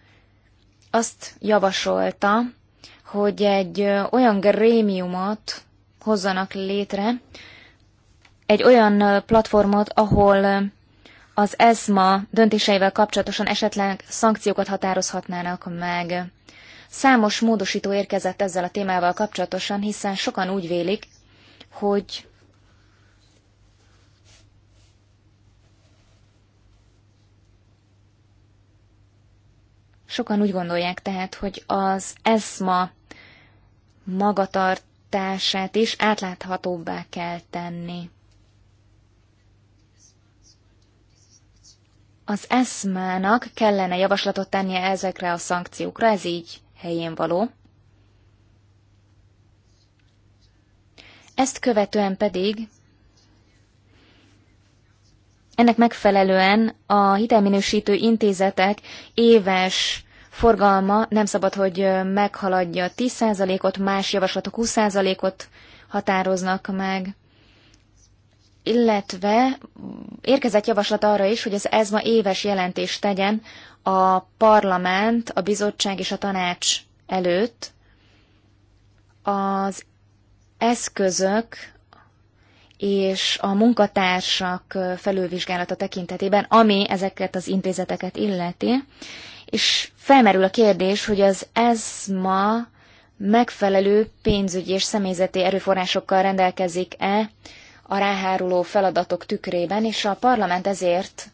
Speaker 4: azt javasolta, hogy egy olyan grémiumot hozzanak létre, egy olyan platformot, ahol az ESMA döntéseivel kapcsolatosan esetleg szankciókat határozhatnának meg. Számos módosító érkezett ezzel a témával kapcsolatosan, hiszen sokan úgy vélik, hogy sokan úgy gondolják tehát, hogy az ESMA magatartását is átláthatóbbá kell tenni. Az ESMA-nak kellene javaslatot tennie ezekre a szankciókra, ez így helyén való. Ezt követően pedig ennek megfelelően a hitelminősítő intézetek éves forgalma nem szabad, hogy meghaladja 10%-ot, más javaslatok 20%-ot határoznak meg illetve érkezett javaslat arra is, hogy az ESMA éves jelentést tegyen a parlament, a bizottság és a tanács előtt az eszközök és a munkatársak felülvizsgálata tekintetében, ami ezeket az intézeteket illeti, és felmerül a kérdés, hogy az ESMA megfelelő pénzügyi és személyzeti erőforrásokkal rendelkezik-e a ráháruló feladatok tükrében, és a parlament ezért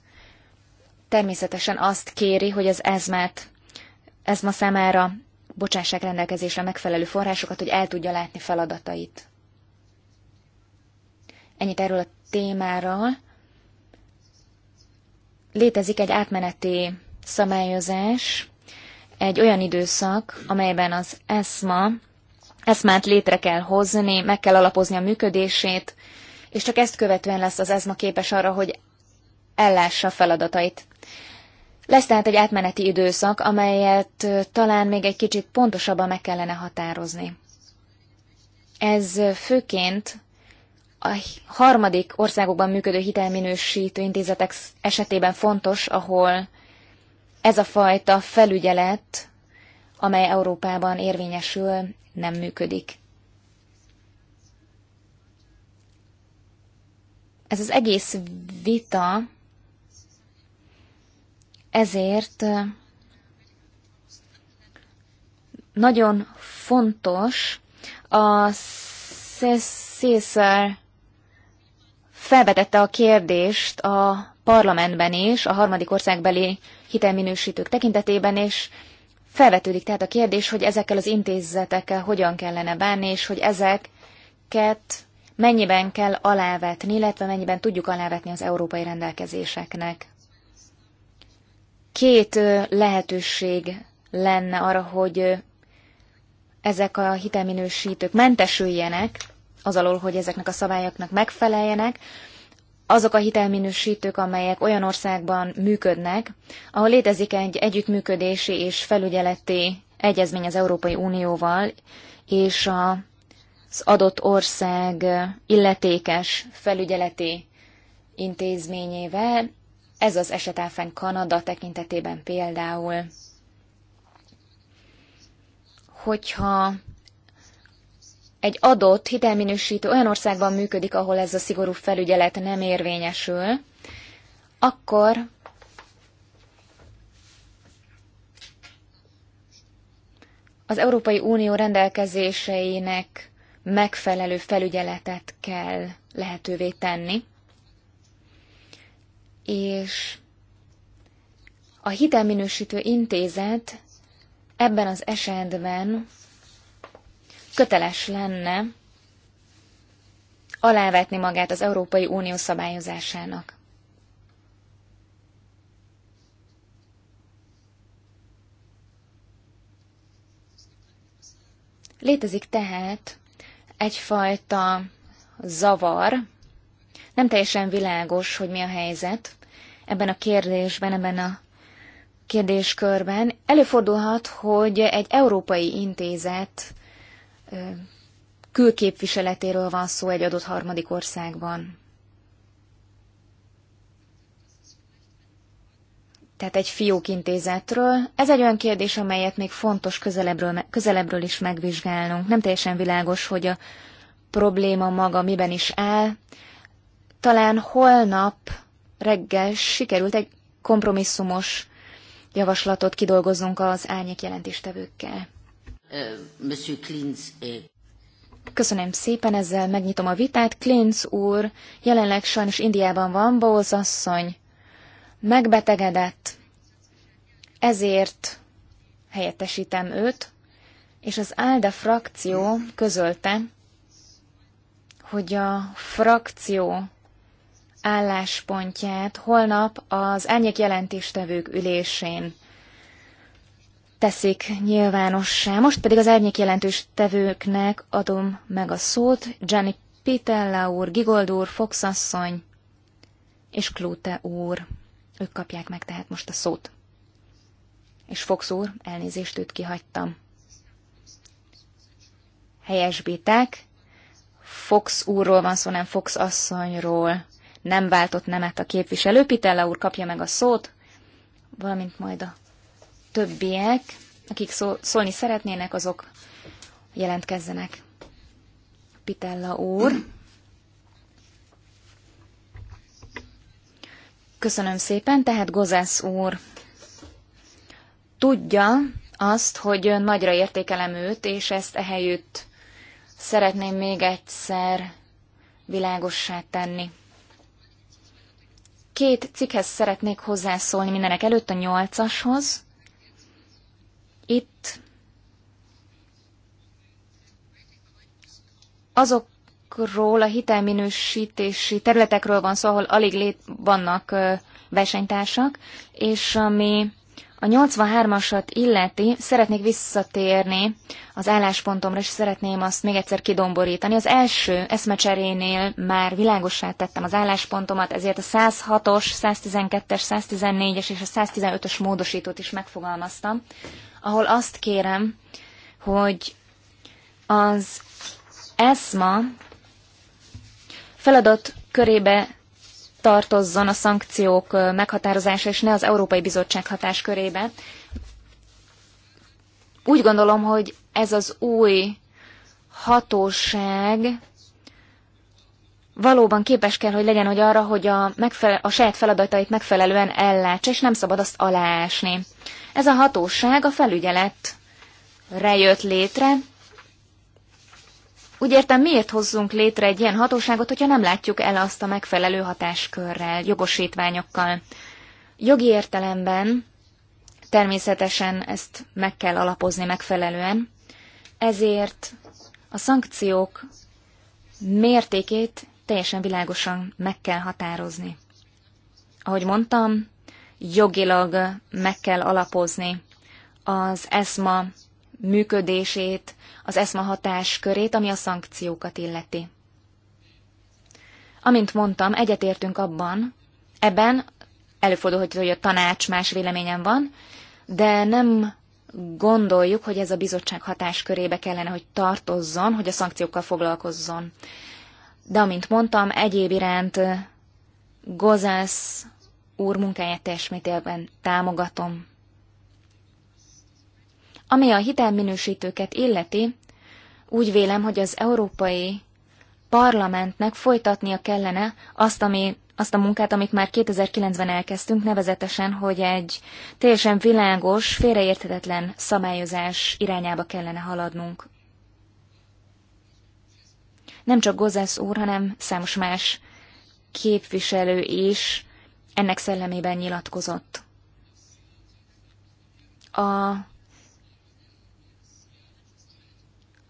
Speaker 4: természetesen azt kéri, hogy az ezmát, ezma számára bocsássák rendelkezésre megfelelő forrásokat, hogy el tudja látni feladatait. Ennyit erről a témáról. Létezik egy átmeneti szabályozás, egy olyan időszak, amelyben az ESMA, ESMA-t létre kell hozni, meg kell alapozni a működését, és csak ezt követően lesz az ezma képes arra, hogy ellássa feladatait. Lesz tehát egy átmeneti időszak, amelyet talán még egy kicsit pontosabban meg kellene határozni. Ez főként a harmadik országokban működő hitelminősítő intézetek esetében fontos, ahol ez a fajta felügyelet, amely Európában érvényesül, nem működik. Ez az egész vita ezért nagyon fontos a Cészár felvetette a kérdést a parlamentben is, a harmadik országbeli hitelminősítők tekintetében, és felvetődik tehát a kérdés, hogy ezekkel az intézetekkel hogyan kellene bánni, és hogy ezeket mennyiben kell alávetni, illetve mennyiben tudjuk alávetni az európai rendelkezéseknek. Két lehetőség lenne arra, hogy ezek a hitelminősítők mentesüljenek, az alól, hogy ezeknek a szabályoknak megfeleljenek, azok a hitelminősítők, amelyek olyan országban működnek, ahol létezik egy együttműködési és felügyeleti egyezmény az Európai Unióval, és a az adott ország illetékes felügyeleti intézményével. Ez az esetáfán Kanada tekintetében például, hogyha egy adott hitelminősítő olyan országban működik, ahol ez a szigorú felügyelet nem érvényesül, akkor az Európai Unió rendelkezéseinek megfelelő felügyeletet kell lehetővé tenni, és a hitelminősítő intézet ebben az esetben köteles lenne alávetni magát az Európai Unió szabályozásának. Létezik tehát egyfajta zavar, nem teljesen világos, hogy mi a helyzet ebben a kérdésben, ebben a kérdéskörben. Előfordulhat, hogy egy európai intézet külképviseletéről van szó egy adott harmadik országban. tehát egy fiók intézetről. Ez egy olyan kérdés, amelyet még fontos közelebbről, közelebbről is megvizsgálnunk. Nem teljesen világos, hogy a probléma maga miben is áll. Talán holnap reggel sikerült egy kompromisszumos javaslatot kidolgozunk az álnyék jelentéstevőkkel. Köszönöm szépen, ezzel megnyitom a vitát. Klinz úr jelenleg sajnos Indiában van, Bowles asszony megbetegedett, ezért helyettesítem őt, és az ALDE frakció közölte, hogy a frakció álláspontját holnap az elnyek jelentéstevők ülésén teszik nyilvánossá. Most pedig az árnyék jelentős tevőknek adom meg a szót. Jenny Pitella úr, Gigold úr, Foxasszony és Klute úr. Ők kapják meg tehát most a szót. És Fox úr, elnézést őt kihagytam. Helyesbítek. Fox úrról van szó, nem Fox asszonyról. Nem váltott nemet a képviselő. Pitella úr kapja meg a szót, valamint majd a többiek, akik szó, szólni szeretnének, azok jelentkezzenek. Pitella úr. Köszönöm szépen, tehát Gozász úr tudja azt, hogy nagyra értékelem őt, és ezt ehelyütt szeretném még egyszer világossá tenni. Két cikkhez szeretnék hozzászólni mindenek előtt a nyolcashoz. Itt azok azokról a hitelminősítési területekről van szó, ahol alig lét vannak versenytársak, és ami a 83-asat illeti, szeretnék visszatérni az álláspontomra, és szeretném azt még egyszer kidomborítani. Az első eszmecserénél már világossá tettem az álláspontomat, ezért a 106-os, 112-es, 114-es és a 115-ös módosítót is megfogalmaztam, ahol azt kérem, hogy az ESMA feladat körébe tartozzon a szankciók meghatározása, és ne az Európai Bizottság hatáskörébe. Úgy gondolom, hogy ez az új hatóság valóban képes kell, hogy legyen, hogy arra, hogy a, megfele- a saját feladatait megfelelően ellátsa, és nem szabad azt aláásni. Ez a hatóság a felügyelet rejött létre, úgy értem, miért hozzunk létre egy ilyen hatóságot, hogyha nem látjuk el azt a megfelelő hatáskörrel, jogosítványokkal? Jogi értelemben természetesen ezt meg kell alapozni megfelelően, ezért a szankciók mértékét teljesen világosan meg kell határozni. Ahogy mondtam, jogilag meg kell alapozni az ESMA működését, az ESMA hatáskörét, ami a szankciókat illeti. Amint mondtam, egyetértünk abban, ebben előfordulhat, hogy a tanács más véleményen van, de nem gondoljuk, hogy ez a bizottság hatáskörébe kellene, hogy tartozzon, hogy a szankciókkal foglalkozzon. De amint mondtam, egyéb iránt eh, Gozász úr munkáját teljes támogatom. Ami a hitelminősítőket illeti, úgy vélem, hogy az Európai Parlamentnek folytatnia kellene azt, ami, azt a munkát, amit már 2009-ben elkezdtünk, nevezetesen, hogy egy teljesen világos, félreérthetetlen szabályozás irányába kellene haladnunk. Nem csak Gozesz úr, hanem számos más képviselő is ennek szellemében nyilatkozott. A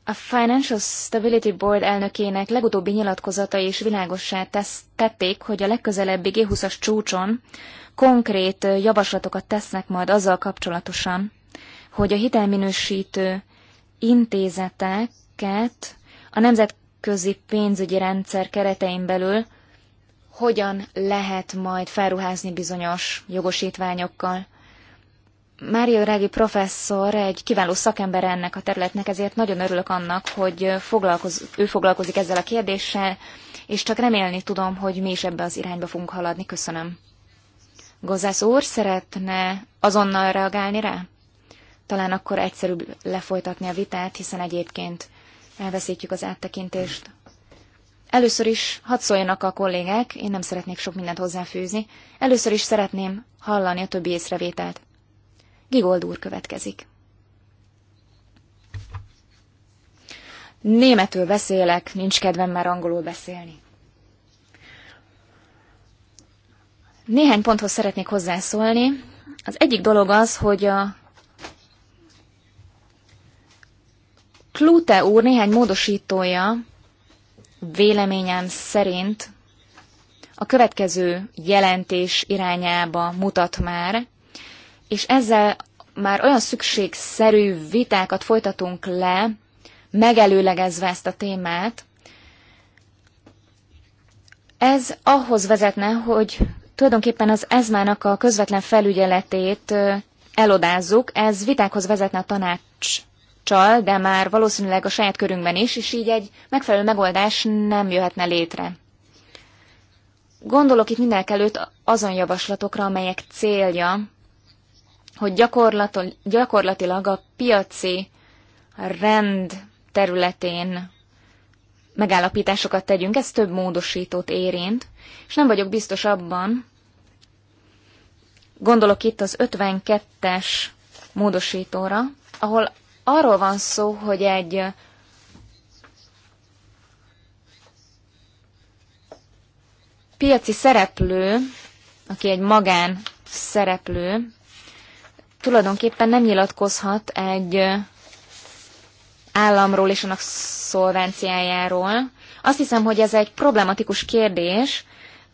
Speaker 4: A Financial Stability Board elnökének legutóbbi nyilatkozata is világossá tesz, tették, hogy a legközelebbi G20-as csúcson konkrét javaslatokat tesznek majd azzal kapcsolatosan, hogy a hitelminősítő intézeteket a nemzetközi pénzügyi rendszer keretein belül hogyan lehet majd felruházni bizonyos jogosítványokkal. Mário Rági professzor egy kiváló szakember ennek a területnek, ezért nagyon örülök annak, hogy foglalkoz, ő foglalkozik ezzel a kérdéssel, és csak remélni tudom, hogy mi is ebbe az irányba fogunk haladni. Köszönöm. Gozász úr szeretne azonnal reagálni rá? Talán akkor egyszerűbb lefolytatni a vitát, hiszen egyébként elveszítjük az áttekintést. Először is hadd szóljanak a kollégák, én nem szeretnék sok mindent hozzáfűzni. Először is szeretném hallani a többi észrevételt. Gigold úr következik. Németül beszélek, nincs kedvem már angolul beszélni. Néhány ponthoz szeretnék hozzászólni. Az egyik dolog az, hogy a Klute úr néhány módosítója véleményem szerint a következő jelentés irányába mutat már, és ezzel már olyan szükségszerű vitákat folytatunk le, megelőlegezve ezt a témát, ez ahhoz vezetne, hogy tulajdonképpen az ezmának a közvetlen felügyeletét elodázzuk, ez vitákhoz vezetne a tanácssal, de már valószínűleg a saját körünkben is, és így egy megfelelő megoldás nem jöhetne létre. Gondolok itt mindenek előtt azon javaslatokra, amelyek célja hogy gyakorlatilag a piaci rend területén megállapításokat tegyünk, ez több módosítót érint, és nem vagyok biztos abban, gondolok itt az 52-es módosítóra, ahol arról van szó, hogy egy piaci szereplő, aki egy magán szereplő, tulajdonképpen nem nyilatkozhat egy államról és annak szolvenciájáról. Azt hiszem, hogy ez egy problematikus kérdés.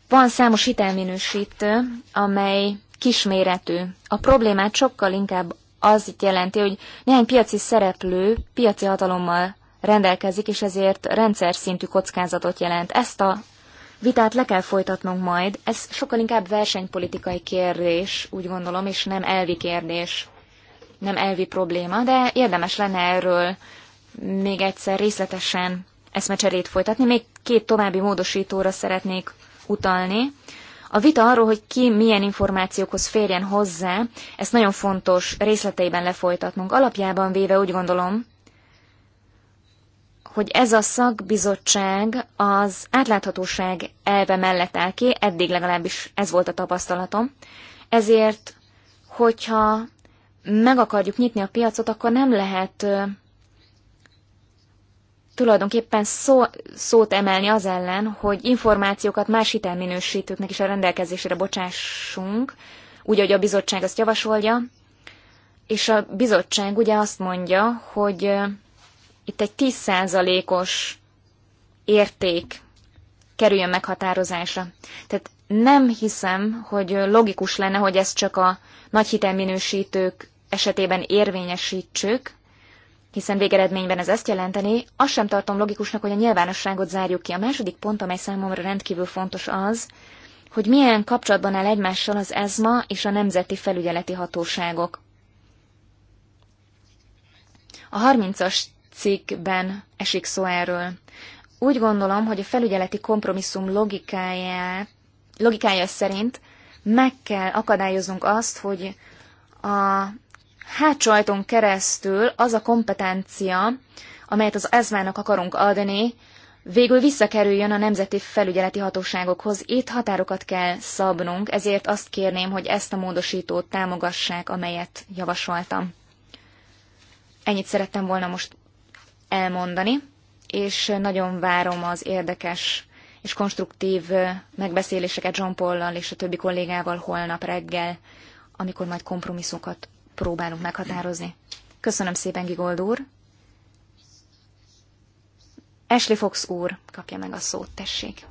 Speaker 4: Van számos hitelminősítő, amely kisméretű. A problémát sokkal inkább az itt jelenti, hogy néhány piaci szereplő piaci hatalommal rendelkezik, és ezért rendszer szintű kockázatot jelent. Ezt a vitát le kell folytatnunk majd. Ez sokkal inkább versenypolitikai kérdés, úgy gondolom, és nem elvi kérdés, nem elvi probléma, de érdemes lenne erről még egyszer részletesen eszmecserét folytatni. Még két további módosítóra szeretnék utalni. A vita arról, hogy ki milyen információkhoz férjen hozzá, ezt nagyon fontos részleteiben lefolytatnunk. Alapjában véve úgy gondolom, hogy ez a szakbizottság az átláthatóság elve mellett áll ki, eddig legalábbis ez volt a tapasztalatom. Ezért, hogyha meg akarjuk nyitni a piacot, akkor nem lehet tulajdonképpen szó, szót emelni az ellen, hogy információkat más hitelminősítőknek is a rendelkezésére bocsássunk, úgy, ahogy a bizottság azt javasolja, és a bizottság ugye azt mondja, hogy itt egy 10%-os érték kerüljön meghatározásra. Tehát nem hiszem, hogy logikus lenne, hogy ezt csak a nagy hitelminősítők esetében érvényesítsük, hiszen végeredményben ez ezt jelenteni, azt sem tartom logikusnak, hogy a nyilvánosságot zárjuk ki. A második pont, amely számomra rendkívül fontos az, hogy milyen kapcsolatban áll egymással az ESMA és a nemzeti felügyeleti hatóságok. A 30-as cikkben esik szó erről. Úgy gondolom, hogy a felügyeleti kompromisszum logikája, logikája szerint meg kell akadályoznunk azt, hogy a hátsó ajtón keresztül az a kompetencia, amelyet az ezmának akarunk adni, végül visszakerüljön a nemzeti felügyeleti hatóságokhoz. Itt határokat kell szabnunk, ezért azt kérném, hogy ezt a módosítót támogassák, amelyet javasoltam. Ennyit szerettem volna most elmondani, és nagyon várom az érdekes és konstruktív megbeszéléseket John Paul-lal és a többi kollégával holnap reggel, amikor majd kompromisszokat próbálunk meghatározni. Köszönöm szépen, Gigold úr! Ashley Fox úr kapja meg a szót, tessék.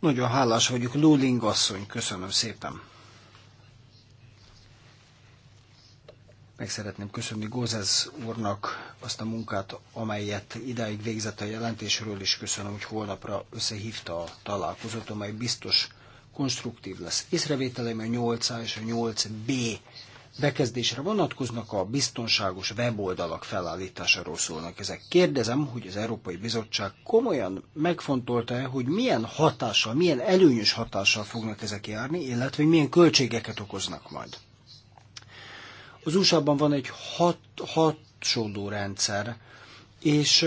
Speaker 3: Nagyon hálás vagyok, lulling asszony, köszönöm szépen. Meg szeretném köszönni Gózez úrnak azt a munkát, amelyet idáig végzett a jelentésről, és köszönöm, hogy holnapra összehívta a találkozót, amely biztos konstruktív lesz. Észrevételeim a 8A és a 8B bekezdésre vonatkoznak, a biztonságos weboldalak felállításáról szólnak ezek. Kérdezem, hogy az Európai Bizottság komolyan megfontolta-e, hogy milyen hatással, milyen előnyös hatással fognak ezek járni, illetve hogy milyen költségeket okoznak majd. Az USA-ban van egy hat, hat rendszer, és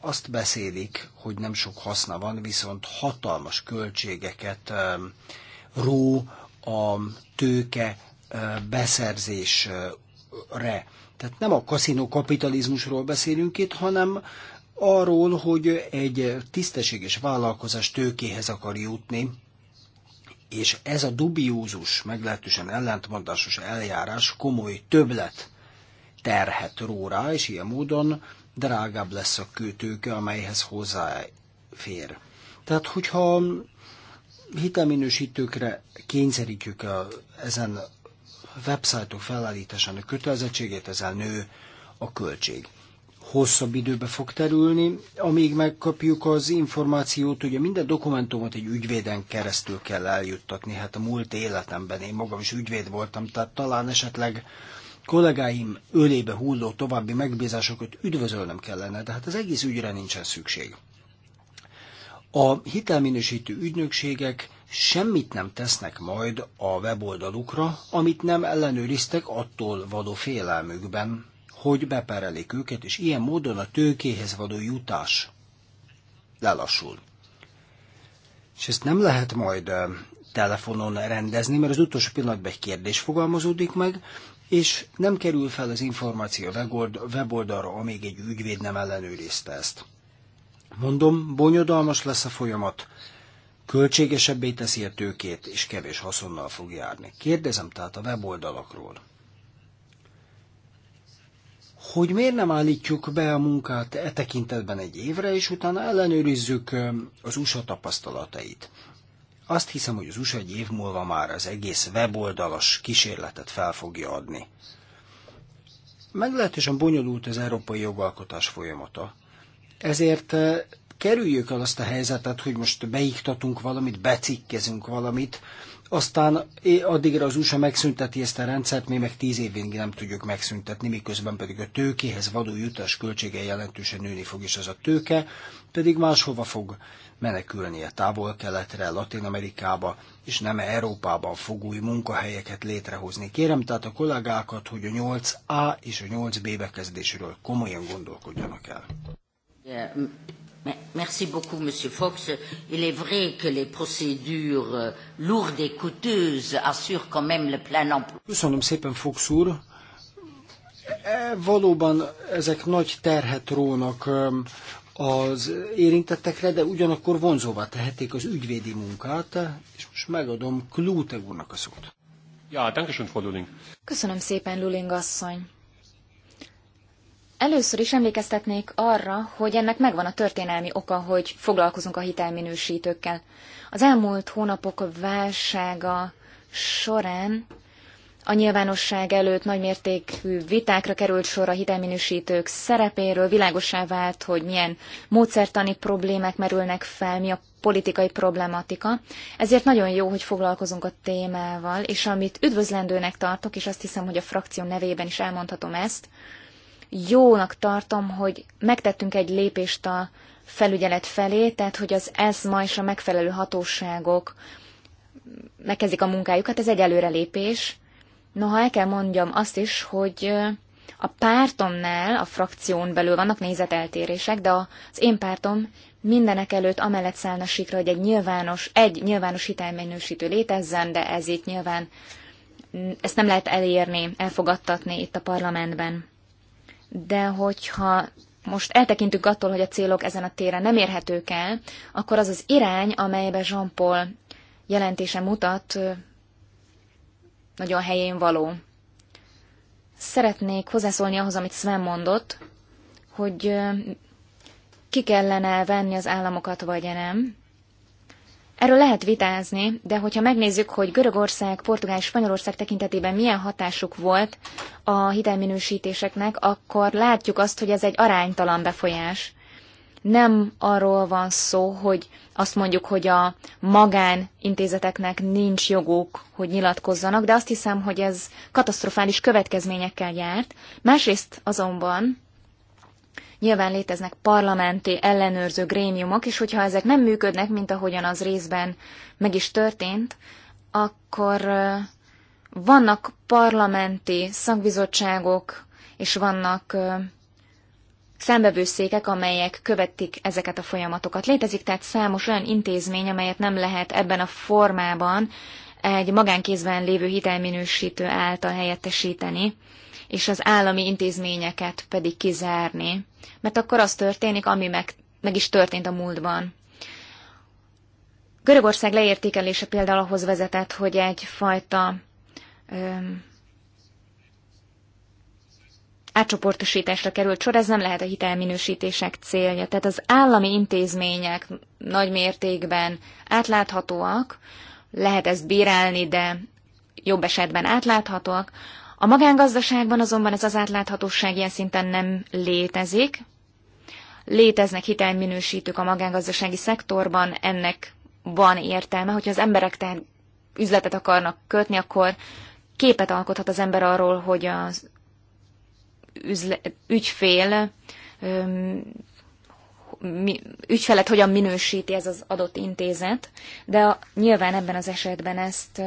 Speaker 3: azt beszélik, hogy nem sok haszna van, viszont hatalmas költségeket ró a tőke beszerzésre. Tehát nem a kaszinó kapitalizmusról beszélünk itt, hanem arról, hogy egy tisztességes vállalkozás tőkéhez akar jutni, és ez a dubiózus, meglehetősen ellentmondásos eljárás komoly többlet terhet róra, és ilyen módon drágább lesz a kötőke, amelyhez hozzáfér. Tehát, hogyha hitelminősítőkre kényszerítjük a, ezen websájtok felállításának kötelezettségét, ezzel nő a költség hosszabb időbe fog terülni, amíg megkapjuk az információt, ugye minden dokumentumot egy ügyvéden keresztül kell eljuttatni. Hát a múlt életemben én magam is ügyvéd voltam, tehát talán esetleg kollégáim ölébe hulló további megbízásokat üdvözölnem kellene, de hát az egész ügyre nincsen szükség. A hitelminősítő ügynökségek semmit nem tesznek majd a weboldalukra, amit nem ellenőriztek attól való félelmükben, hogy beperelik őket, és ilyen módon a tőkéhez való jutás lelassul. És ezt nem lehet majd telefonon rendezni, mert az utolsó pillanatban egy kérdés fogalmazódik meg, és nem kerül fel az információ weboldalra, amíg egy ügyvéd nem ellenőrizte ezt. Mondom, bonyodalmas lesz a folyamat, költségesebbé teszi a tőkét, és kevés haszonnal fog járni. Kérdezem tehát a weboldalakról hogy miért nem állítjuk be a munkát e tekintetben egy évre, és utána ellenőrizzük az USA tapasztalatait. Azt hiszem, hogy az USA egy év múlva már az egész weboldalas kísérletet fel fogja adni. Meglehetősen bonyolult az európai jogalkotás folyamata. Ezért kerüljük el azt a helyzetet, hogy most beiktatunk valamit, becikkezünk valamit, aztán addigra az USA megszünteti ezt a rendszert, mi meg tíz évig nem tudjuk megszüntetni, miközben pedig a tőkéhez való jutás költsége jelentősen nőni fog, és ez a tőke pedig máshova fog menekülni a távol-keletre, Latin-Amerikába, és nem Európában fog új munkahelyeket létrehozni. Kérem tehát a kollégákat, hogy a 8A és a 8B bekezdésről komolyan gondolkodjanak el. Merci beaucoup, Monsieur Fox. Il est vrai que les procédures euh, lourdes et coûteuses assurent quand même le plein emploi. Köszönöm szépen, Fox úr. E, valóban ezek nagy terhet rónak az érintettekre, de ugyanakkor vonzóvá tehetik az ügyvédi munkát, és most megadom Klúte úrnak a szót.
Speaker 1: Ja, danke schön, Frau Luling.
Speaker 4: Köszönöm szépen, Luling asszony. Először is emlékeztetnék arra, hogy ennek megvan a történelmi oka, hogy foglalkozunk a hitelminősítőkkel. Az elmúlt hónapok válsága során a nyilvánosság előtt nagymértékű vitákra került sor a hitelminősítők szerepéről, világosá vált, hogy milyen módszertani problémák merülnek fel, mi a politikai problematika. Ezért nagyon jó, hogy foglalkozunk a témával, és amit üdvözlendőnek tartok, és azt hiszem, hogy a frakció nevében is elmondhatom ezt, jónak tartom, hogy megtettünk egy lépést a felügyelet felé, tehát hogy az ESMA és a megfelelő hatóságok megkezdik a munkájukat, hát ez egy előrelépés. Noha el kell mondjam azt is, hogy a pártomnál, a frakción belül vannak nézeteltérések, de az én pártom mindenek előtt amellett szállna sikra, hogy egy nyilvános, egy nyilvános hitelminősítő létezzen, de ez itt nyilván ezt nem lehet elérni, elfogadtatni itt a parlamentben de hogyha most eltekintünk attól, hogy a célok ezen a téren nem érhetők el, akkor az az irány, amelybe Jean-Paul jelentése mutat, nagyon helyén való. Szeretnék hozzászólni ahhoz, amit Sven mondott, hogy ki kellene venni az államokat, vagy nem. Erről lehet vitázni, de hogyha megnézzük, hogy Görögország, Portugál és Spanyolország tekintetében milyen hatásuk volt a hitelminősítéseknek, akkor látjuk azt, hogy ez egy aránytalan befolyás. Nem arról van szó, hogy azt mondjuk, hogy a magánintézeteknek nincs joguk, hogy nyilatkozzanak, de azt hiszem, hogy ez katasztrofális következményekkel járt. Másrészt azonban Nyilván léteznek parlamenti ellenőrző grémiumok, és hogyha ezek nem működnek, mint ahogyan az részben meg is történt, akkor vannak parlamenti szakbizottságok, és vannak szembevőszékek, amelyek követik ezeket a folyamatokat. Létezik tehát számos olyan intézmény, amelyet nem lehet ebben a formában egy magánkézben lévő hitelminősítő által helyettesíteni, és az állami intézményeket pedig kizárni, mert akkor az történik, ami meg, meg is történt a múltban. Görögország leértékelése például ahhoz vezetett, hogy egyfajta öm, átcsoportosításra került sor, ez nem lehet a hitelminősítések célja. Tehát az állami intézmények nagy mértékben átláthatóak, lehet ezt bírálni, de jobb esetben átláthatóak, a magángazdaságban azonban ez az átláthatóság ilyen szinten nem létezik. Léteznek hitelminősítők a magángazdasági szektorban, ennek van értelme, hogyha az emberek tehát üzletet akarnak kötni, akkor képet alkothat az ember arról, hogy az üzle, ügyfél öm, mi, ügyfelet hogyan minősíti ez az adott intézet, de a, nyilván ebben az esetben ezt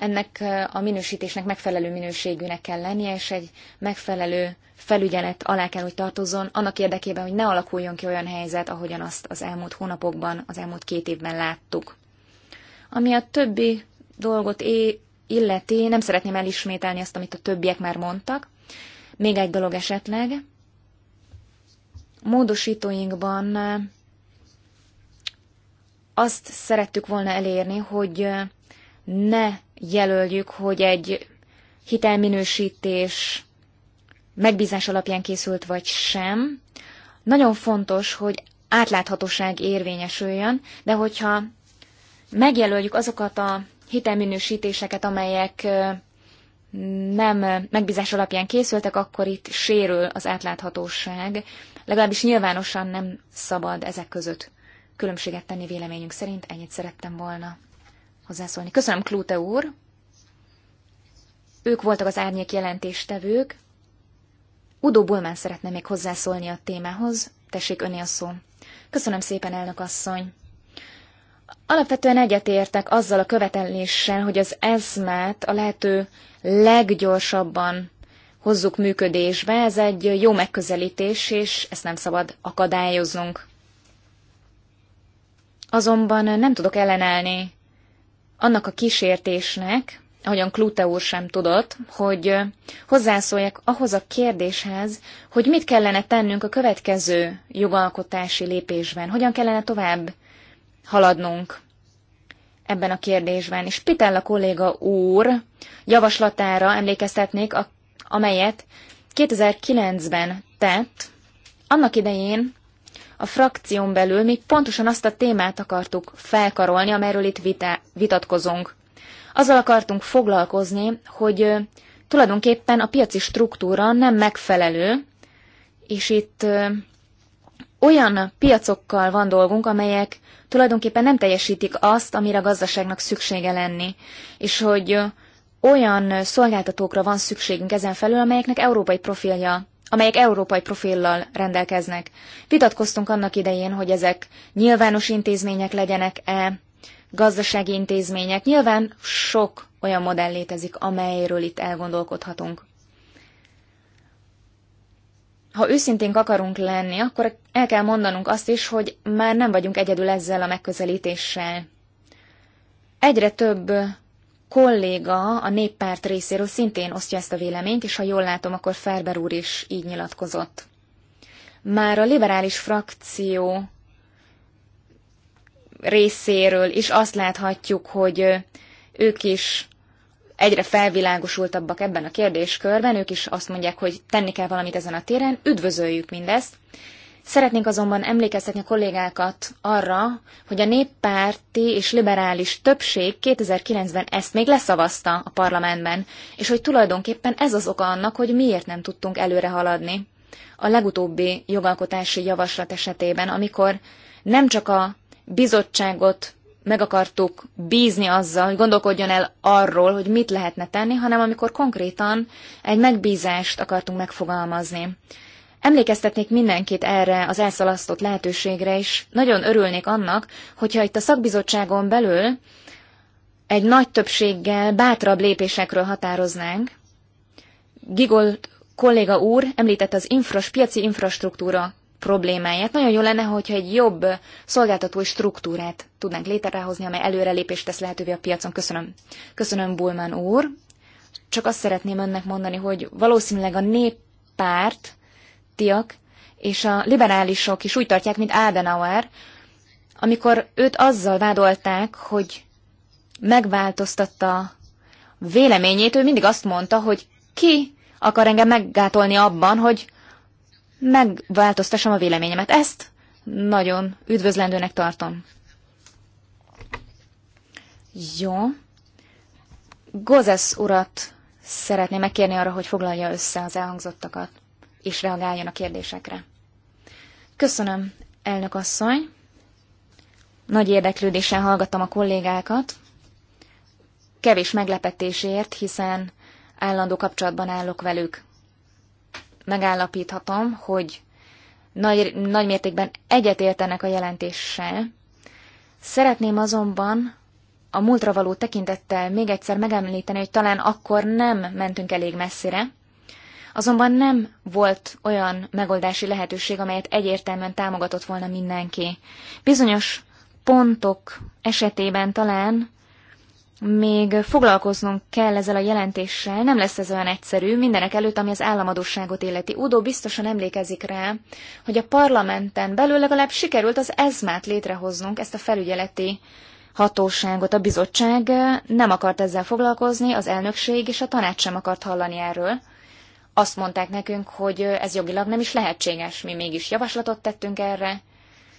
Speaker 4: ennek a minősítésnek megfelelő minőségűnek kell lennie, és egy megfelelő felügyelet alá kell, hogy tartozzon, annak érdekében, hogy ne alakuljon ki olyan helyzet, ahogyan azt az elmúlt hónapokban, az elmúlt két évben láttuk. Ami a többi dolgot é- illeti, nem szeretném elismételni azt, amit a többiek már mondtak. Még egy dolog esetleg. Módosítóinkban azt szerettük volna elérni, hogy ne jelöljük, hogy egy hitelminősítés megbízás alapján készült vagy sem. Nagyon fontos, hogy átláthatóság érvényesüljön, de hogyha megjelöljük azokat a hitelminősítéseket, amelyek nem megbízás alapján készültek, akkor itt sérül az átláthatóság. Legalábbis nyilvánosan nem szabad ezek között különbséget tenni véleményünk szerint. Ennyit szerettem volna hozzászólni. Köszönöm, Klute úr! Ők voltak az árnyék jelentéstevők. Udó Bulmán szeretne még hozzászólni a témához. Tessék, öné a szó. Köszönöm szépen, elnök asszony! Alapvetően egyetértek azzal a követeléssel, hogy az eszmát a lehető leggyorsabban hozzuk működésbe. Ez egy jó megközelítés, és ezt nem szabad akadályoznunk. Azonban nem tudok ellenállni annak a kísértésnek, ahogyan Klute úr sem tudott, hogy hozzászóljak ahhoz a kérdéshez, hogy mit kellene tennünk a következő jogalkotási lépésben, hogyan kellene tovább haladnunk ebben a kérdésben. És Pitella kolléga úr javaslatára emlékeztetnék, amelyet 2009-ben tett, annak idején a frakción belül mi pontosan azt a témát akartuk felkarolni, amelyről itt vita, vitatkozunk. Azzal akartunk foglalkozni, hogy tulajdonképpen a piaci struktúra nem megfelelő, és itt olyan piacokkal van dolgunk, amelyek tulajdonképpen nem teljesítik azt, amire a gazdaságnak szüksége lenni, és hogy olyan szolgáltatókra van szükségünk ezen felül, amelyeknek európai profilja amelyek európai profillal rendelkeznek. Vitatkoztunk annak idején, hogy ezek nyilvános intézmények legyenek-e, gazdasági intézmények. Nyilván sok olyan modell létezik, amelyről itt elgondolkodhatunk. Ha őszintén akarunk lenni, akkor el kell mondanunk azt is, hogy már nem vagyunk egyedül ezzel a megközelítéssel. Egyre több kolléga a néppárt részéről szintén osztja ezt a véleményt, és ha jól látom, akkor Ferber úr is így nyilatkozott. Már a liberális frakció részéről is azt láthatjuk, hogy ők is egyre felvilágosultabbak ebben a kérdéskörben, ők is azt mondják, hogy tenni kell valamit ezen a téren, üdvözöljük mindezt, Szeretnénk azonban emlékeztetni a kollégákat arra, hogy a néppárti és liberális többség 2009-ben ezt még leszavazta a parlamentben, és hogy tulajdonképpen ez az oka annak, hogy miért nem tudtunk előre haladni. A legutóbbi jogalkotási javaslat esetében, amikor nem csak a bizottságot meg akartuk bízni azzal, hogy gondolkodjon el arról, hogy mit lehetne tenni, hanem amikor konkrétan egy megbízást akartunk megfogalmazni. Emlékeztetnék mindenkit erre az elszalasztott lehetőségre is. Nagyon örülnék annak, hogyha itt a szakbizottságon belül egy nagy többséggel bátrabb lépésekről határoznánk. Gigolt kolléga úr említett az infras, piaci infrastruktúra problémáját. Nagyon jó lenne, hogyha egy jobb szolgáltatói struktúrát tudnánk létrehozni, amely előrelépést tesz lehetővé a piacon. Köszönöm. Köszönöm, Bulman úr. Csak azt szeretném önnek mondani, hogy valószínűleg a néppárt nyugatiak és a liberálisok is úgy tartják, mint Adenauer, amikor őt azzal vádolták, hogy megváltoztatta véleményét, ő mindig azt mondta, hogy ki akar engem meggátolni abban, hogy megváltoztassam a véleményemet. Ezt nagyon üdvözlendőnek tartom. Jó. Gozesz urat szeretném megkérni arra, hogy foglalja össze az elhangzottakat és reagáljon a kérdésekre. Köszönöm, elnök asszony. Nagy érdeklődéssel hallgattam a kollégákat. Kevés meglepetésért, hiszen állandó kapcsolatban állok velük. Megállapíthatom, hogy nagy, nagy mértékben egyetértenek a jelentéssel. Szeretném azonban a múltra való tekintettel még egyszer megemlíteni, hogy talán akkor nem mentünk elég messzire, Azonban nem volt olyan megoldási lehetőség, amelyet egyértelműen támogatott volna mindenki. Bizonyos pontok esetében talán még foglalkoznunk kell ezzel a jelentéssel, nem lesz ez olyan egyszerű, mindenek előtt, ami az államadóságot életi Udo biztosan emlékezik rá, hogy a parlamenten belül legalább sikerült az ezmát létrehoznunk, ezt a felügyeleti hatóságot. A bizottság nem akart ezzel foglalkozni, az elnökség és a tanács sem akart hallani erről. Azt mondták nekünk, hogy ez jogilag nem is lehetséges, mi mégis javaslatot tettünk erre,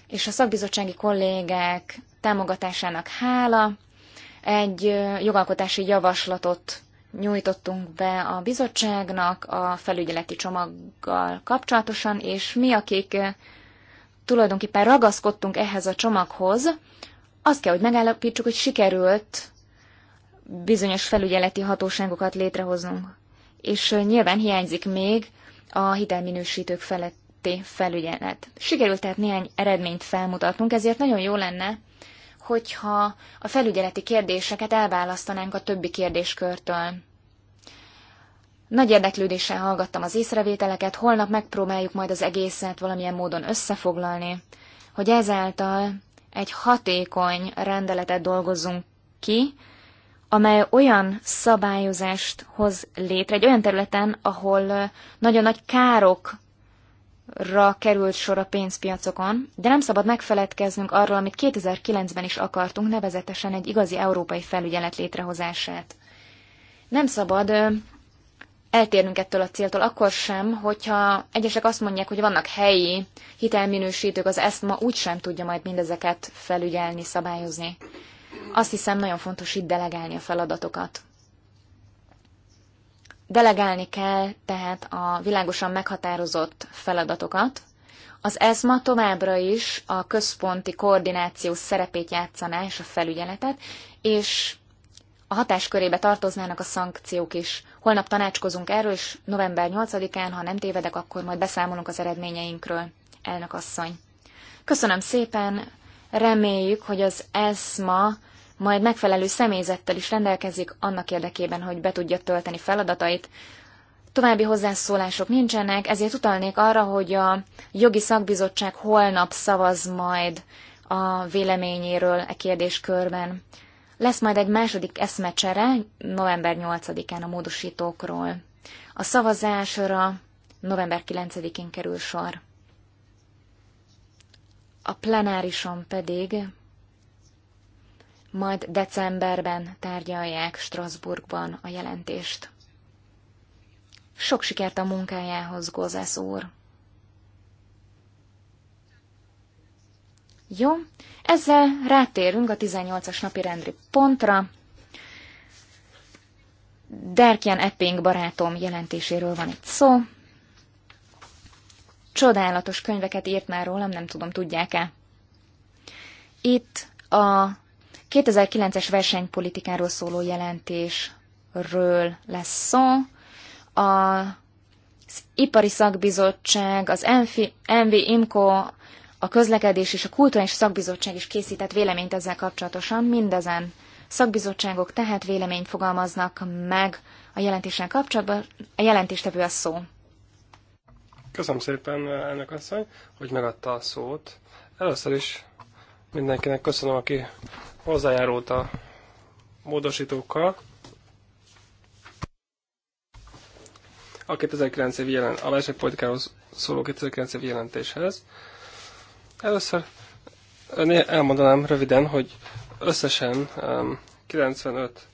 Speaker 4: és a szakbizottsági kollégák támogatásának hála egy jogalkotási javaslatot nyújtottunk be a bizottságnak a felügyeleti csomaggal kapcsolatosan, és mi, akik tulajdonképpen ragaszkodtunk ehhez a csomaghoz, azt kell, hogy megállapítsuk, hogy sikerült bizonyos felügyeleti hatóságokat létrehoznunk és nyilván hiányzik még a hitelminősítők feletti felügyelet. Sikerült tehát néhány eredményt felmutatnunk, ezért nagyon jó lenne, hogyha a felügyeleti kérdéseket elválasztanánk a többi kérdéskörtől. Nagy érdeklődéssel hallgattam az észrevételeket, holnap megpróbáljuk majd az egészet valamilyen módon összefoglalni, hogy ezáltal egy hatékony rendeletet dolgozzunk ki, amely olyan szabályozást hoz létre, egy olyan területen, ahol nagyon nagy károk ra került sor a pénzpiacokon, de nem szabad megfeledkeznünk arról, amit 2009-ben is akartunk, nevezetesen egy igazi európai felügyelet létrehozását. Nem szabad eltérnünk ettől a céltól akkor sem, hogyha egyesek azt mondják, hogy vannak helyi hitelminősítők, az ma úgysem tudja majd mindezeket felügyelni, szabályozni. Azt hiszem, nagyon fontos itt delegálni a feladatokat. Delegálni kell tehát a világosan meghatározott feladatokat. Az ESMA továbbra is a központi koordináció szerepét játszaná és a felügyeletet, és a hatáskörébe tartoznának a szankciók is. Holnap tanácskozunk erről, és november 8-án, ha nem tévedek, akkor majd beszámolunk az eredményeinkről, elnök asszony. Köszönöm szépen, reméljük, hogy az ESMA majd megfelelő személyzettel is rendelkezik annak érdekében, hogy be tudja tölteni feladatait. További hozzászólások nincsenek, ezért utalnék arra, hogy a jogi szakbizottság holnap szavaz majd a véleményéről e kérdéskörben. Lesz majd egy második eszmecsere november 8-án a módosítókról. A szavazásra november 9-én kerül sor. A plenárison pedig majd decemberben tárgyalják Strasbourgban a jelentést. Sok sikert a munkájához, Gozász úr! Jó, ezzel rátérünk a 18-as napi rendri pontra. Derkian Epping barátom jelentéséről van itt szó. Csodálatos könyveket írt már rólam, nem tudom, tudják-e. Itt a 2009-es versenypolitikáról szóló jelentésről lesz szó. A az Ipari Szakbizottság, az MV IMCO, a Közlekedés és a Kulturális Szakbizottság is készített véleményt ezzel kapcsolatosan. Mindezen szakbizottságok tehát véleményt fogalmaznak meg a jelentéssel kapcsolatban. A jelentéstevő a szó.
Speaker 1: Köszönöm szépen, elnök asszony, hogy megadta a szót. Először is mindenkinek köszönöm, aki hozzájárult a módosítókkal. A 2009 év jelent, a versenypolitikához szóló 2009 év jelentéshez. Először elmondanám röviden, hogy összesen 95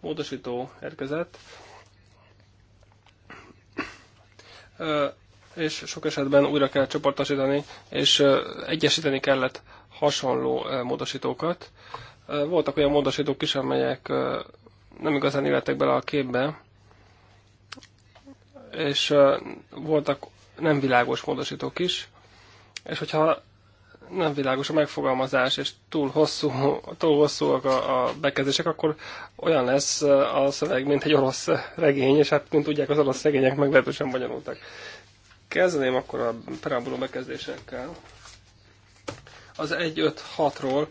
Speaker 1: módosító érkezett, és sok esetben újra kell csoportosítani, és egyesíteni kellett hasonló módosítókat. Voltak olyan módosítók is, amelyek nem igazán illetek bele a képbe, és voltak nem világos módosítók is, és hogyha nem világos a megfogalmazás, és túl, hosszú, túl hosszúak a, a bekezdések, akkor olyan lesz a szöveg, mint egy orosz regény, és hát, mint tudják, az orosz regények meglehetősen bonyolultak. Kezdeném akkor a perambuló bekezdésekkel. Az 1.5.6-ról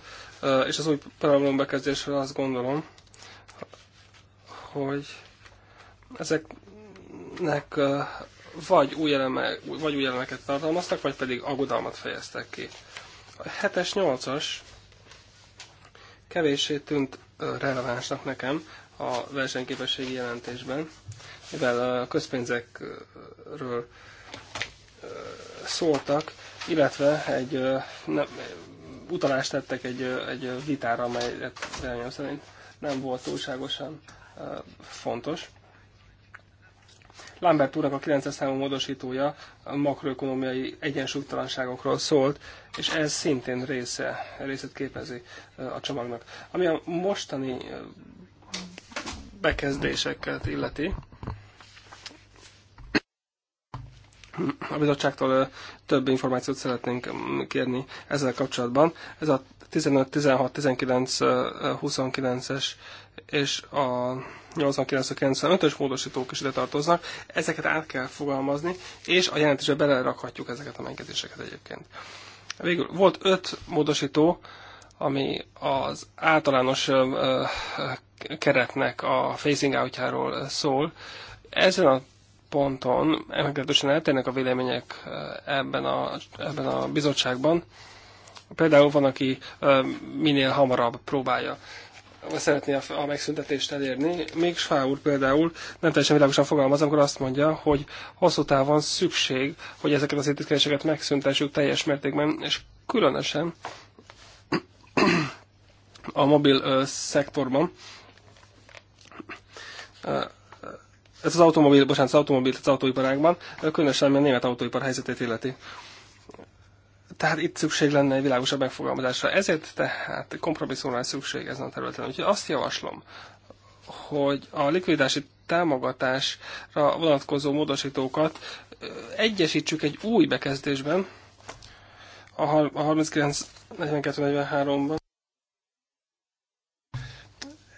Speaker 1: és az új preambulum bekezdésről azt gondolom, hogy ezeknek vagy új, eleme, vagy új elemeket tartalmaztak, vagy pedig aggodalmat fejeztek ki. A 7-es, 8-as kevéssé tűnt relevánsnak nekem a versenyképességi jelentésben, mivel a közpénzekről szóltak, illetve egy ne, utalást tettek egy, egy vitára, amelyet remélem szerint nem volt túlságosan fontos. Lambert úrnak a 9 számú módosítója a makroökonomiai egyensúlytalanságokról szólt, és ez szintén része, részét képezi a csomagnak. Ami a mostani bekezdéseket illeti, A bizottságtól több információt szeretnénk mm, kérni ezzel kapcsolatban. Ez a 15, 16, 19, 29-es és a 89-95-ös módosítók is ide tartoznak. Ezeket át kell fogalmazni, és a jelentésre belerakhatjuk ezeket a megkezdéseket egyébként. Végül volt öt módosító, ami az általános keretnek a phasing outjáról szól. Ezen a ponton meglehetősen eltérnek a vélemények ebben a, ebben a bizottságban. Például van, aki minél hamarabb próbálja szeretné a, megszüntetést elérni. Még Svá úr például nem teljesen világosan fogalmaz, amikor azt mondja, hogy hosszú távon szükség, hogy ezeket az intézkedéseket megszüntessük teljes mértékben, és különösen a mobil ö, szektorban ez az automobil, bocsánat, az automobil, az autóiparágban, különösen a német autóipar helyzetét illeti. Tehát itt szükség lenne egy világosabb megfogalmazásra. Ezért tehát kompromisszumra szükség ezen a területen. Úgyhogy azt javaslom, hogy a likvidási támogatásra vonatkozó módosítókat egyesítsük egy új bekezdésben, a 39.42.43-ban.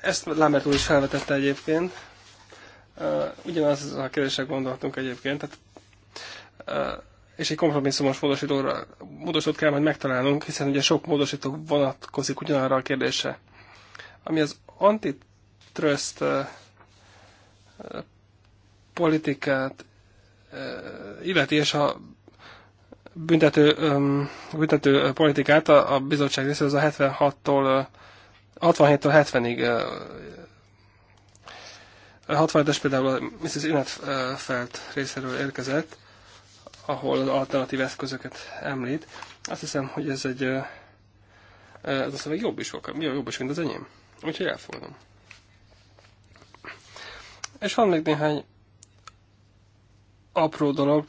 Speaker 1: Ezt Lambert úr is felvetette egyébként ugyanaz a kérdésre gondoltunk egyébként, tehát és egy kompromisszumos módosítóra, módosítót kell majd megtalálnunk, hiszen ugye sok módosító vonatkozik ugyanarra a kérdésre. Ami az antitrust politikát illeti, és a büntető, büntető politikát a, a bizottság részéről az a 76-tól 67-től 70-ig 65-es például a Mrs. Inetfeld részéről érkezett, ahol az alternatív eszközöket említ. Azt hiszem, hogy ez egy, ez a szöveg jobb is, jobb is, mint az enyém. Úgyhogy elfogadom. És van még néhány apró dolog,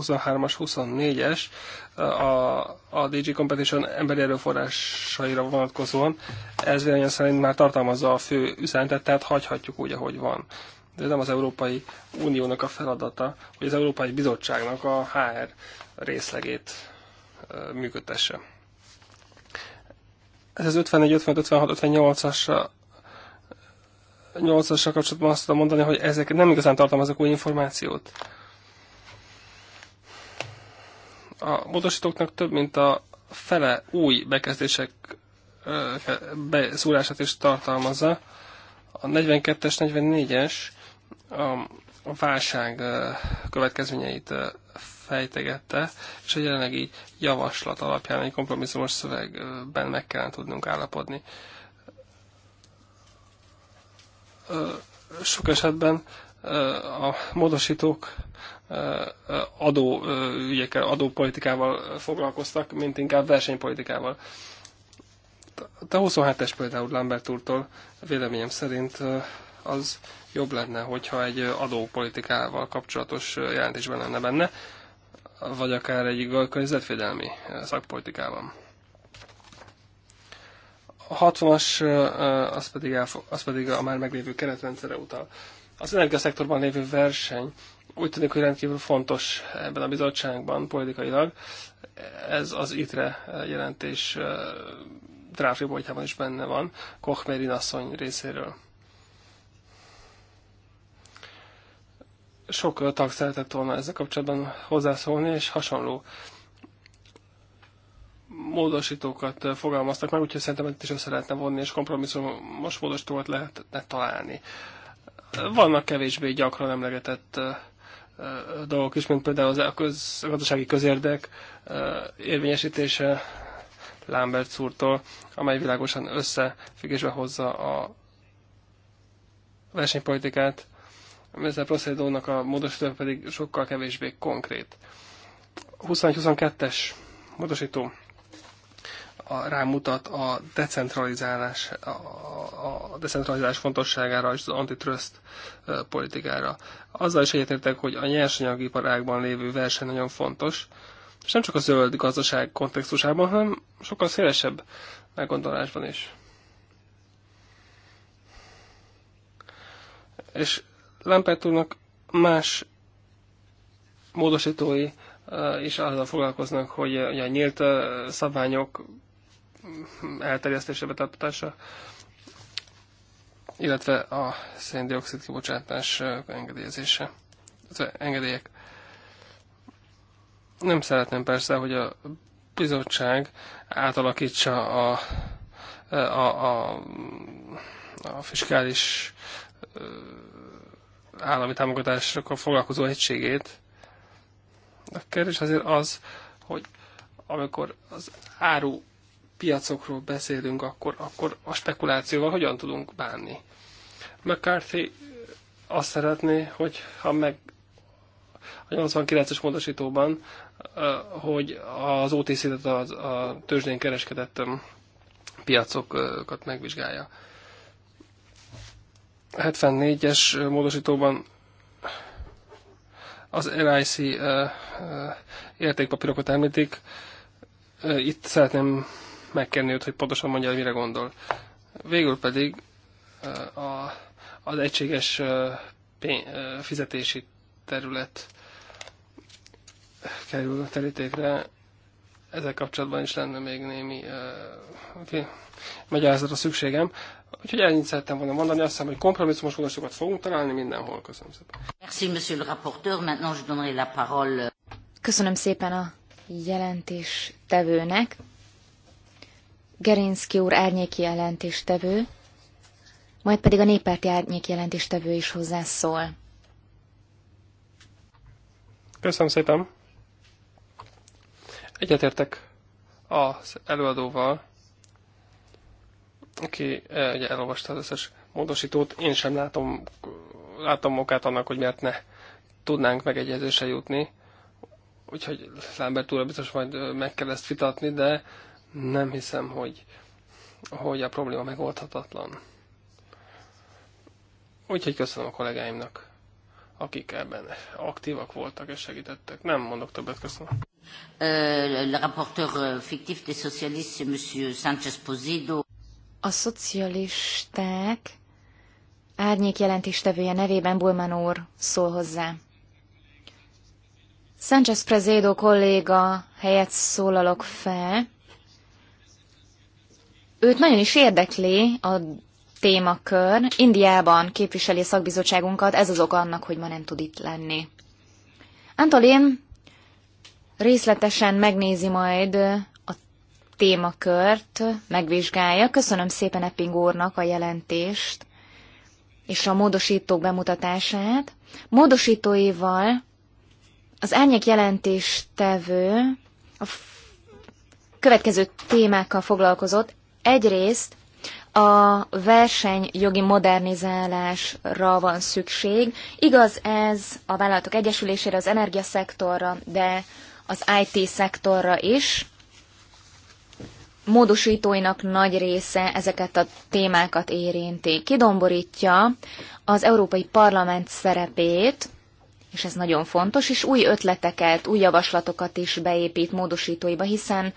Speaker 1: 23-as, 24-es a, a DG Competition emberi erőforrásaira vonatkozóan. Ez véleményem szerint már tartalmazza a fő üzenetet, tehát hagyhatjuk úgy, ahogy van. De ez nem az Európai Uniónak a feladata, hogy az Európai Bizottságnak a HR részlegét működtesse. Ez az 54, 55, 56, 58 as 8 asra kapcsolatban azt tudom mondani, hogy ezek nem igazán tartalmaznak új információt. A módosítóknak több mint a fele új bekezdések beszúrását is tartalmazza. A 42-es, 44-es a válság következményeit fejtegette, és a jelenlegi javaslat alapján egy kompromisszumos szövegben meg kellene tudnunk állapodni. Sok esetben a módosítók adó ügyekkel, adópolitikával foglalkoztak, mint inkább versenypolitikával. A 27-es például Lambert úrtól véleményem szerint az jobb lenne, hogyha egy adópolitikával kapcsolatos jelentésben lenne benne, vagy akár egy környezetvédelmi szakpolitikában. A 60-as az pedig, elfog, az pedig a már meglévő keretrendszere utal. Az energiaszektorban lévő verseny úgy tűnik, hogy rendkívül fontos ebben a bizottságban politikailag. Ez az ITRE jelentés Dráfi boltjában is benne van, Kochmerin asszony részéről. Sok tag szeretett volna ezzel kapcsolatban hozzászólni, és hasonló módosítókat fogalmaztak meg, úgyhogy szerintem itt is össze lehetne vonni, és kompromisszumos módosítókat lehetne találni. Vannak kevésbé gyakran emlegetett dolgok is, mint például az e- köz, a gazdasági közérdek érvényesítése Lambert úrtól, amely világosan összefüggésbe hozza a versenypolitikát, a proszédónak a módosító pedig sokkal kevésbé konkrét. 21-22-es módosító a, rámutat a decentralizálás, a, a decentralizálás fontosságára és az antitrust politikára. Azzal is egyetértek, hogy a nyersanyagiparágban lévő verseny nagyon fontos, és nem csak a zöld gazdaság kontextusában, hanem sokkal szélesebb meggondolásban is. És Lampert úrnak más módosítói is azzal foglalkoznak, hogy a nyílt szabványok elterjesztése, betartatása, illetve a széndiokszid kibocsátás engedélyezése, illetve engedélyek. Nem szeretném persze, hogy a bizottság átalakítsa a, a, a, a fiskális állami támogatásokkal foglalkozó egységét. A kérdés azért az, hogy amikor az áru piacokról beszélünk, akkor, akkor a spekulációval hogyan tudunk bánni? McCarthy azt szeretné, hogy ha meg a 89-es módosítóban, hogy az otc a, a tőzsdén kereskedett piacokat megvizsgálja. 74-es módosítóban az LIC értékpapírokat említik. Itt szeretném megkérni őt, hogy pontosan mondja, hogy mire gondol. Végül pedig a, az egységes pény, fizetési terület kerül terítékre. Ezzel kapcsolatban is lenne még némi okay, magyarázatra szükségem. Úgyhogy ennyit szerettem volna mondani, azt hiszem, hogy kompromisszumos gondolatokat fogunk találni mindenhol. Köszönöm szépen. Merci,
Speaker 4: monsieur le rapporteur. Maintenant, je donnerai la parole. Köszönöm szépen a jelentés tevőnek. Gerinszki úr árnyéki jelentéstevő, majd pedig a néppárti árnyéki jelentéstevő is hozzászól.
Speaker 1: Köszönöm szépen! Egyetértek az előadóval, aki eh, ugye elolvasta az összes módosítót. Én sem látom, látom okát annak, hogy miért ne tudnánk megegyezésre jutni. Úgyhogy Lambert úr biztos majd eh, meg kell ezt vitatni, de nem hiszem, hogy, hogy a probléma megoldhatatlan. Úgyhogy köszönöm a kollégáimnak, akik ebben aktívak voltak és segítettek. Nem mondok többet, köszönöm. le rapporteur euh, fictif des socialistes, Monsieur Posido.
Speaker 4: A szocialisták árnyék jelentéstevője nevében Bulman úr szól hozzá. Sánchez Prezédo kolléga helyett szólalok fel, Őt nagyon is érdekli a témakör. Indiában képviseli a szakbizottságunkat, ez az oka annak, hogy ma nem tud itt lenni. Antolin részletesen megnézi majd a témakört, megvizsgálja. Köszönöm szépen Epping úrnak a jelentést és a módosítók bemutatását. Módosítóival az árnyék jelentéstevő a következő témákkal foglalkozott, Egyrészt a versenyjogi modernizálásra van szükség. Igaz ez a vállalatok egyesülésére, az energiaszektorra, de az IT-szektorra is. Módosítóinak nagy része ezeket a témákat érinti. Kidomborítja az Európai Parlament szerepét, és ez nagyon fontos, és új ötleteket, új javaslatokat is beépít módosítóiba, hiszen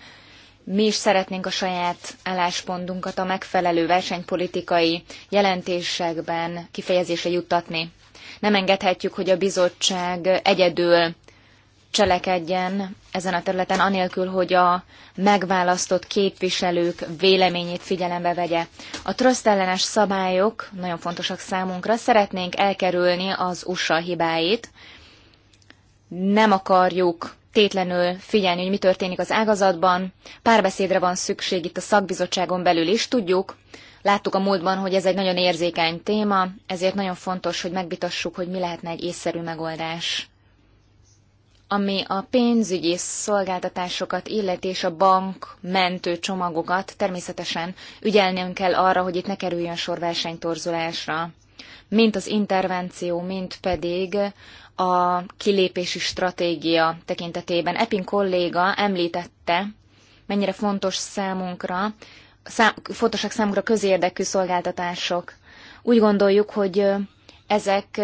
Speaker 4: mi is szeretnénk a saját álláspontunkat a megfelelő versenypolitikai jelentésekben kifejezésre juttatni. Nem engedhetjük, hogy a bizottság egyedül cselekedjen ezen a területen, anélkül, hogy a megválasztott képviselők véleményét figyelembe vegye. A trust ellenes szabályok nagyon fontosak számunkra. Szeretnénk elkerülni az USA hibáit. Nem akarjuk tétlenül figyelni, hogy mi történik az ágazatban. Párbeszédre van szükség itt a szakbizottságon belül is, tudjuk. Láttuk a múltban, hogy ez egy nagyon érzékeny téma, ezért nagyon fontos, hogy megvitassuk, hogy mi lehetne egy észszerű megoldás. Ami a pénzügyi szolgáltatásokat illeti és a bank mentő csomagokat, természetesen ügyelnünk kell arra, hogy itt ne kerüljön sor versenytorzulásra. Mint az intervenció, mint pedig a kilépési stratégia tekintetében. Epin kolléga említette, mennyire fontos számunkra, szám, fontosak számunkra közérdekű szolgáltatások. Úgy gondoljuk, hogy ezek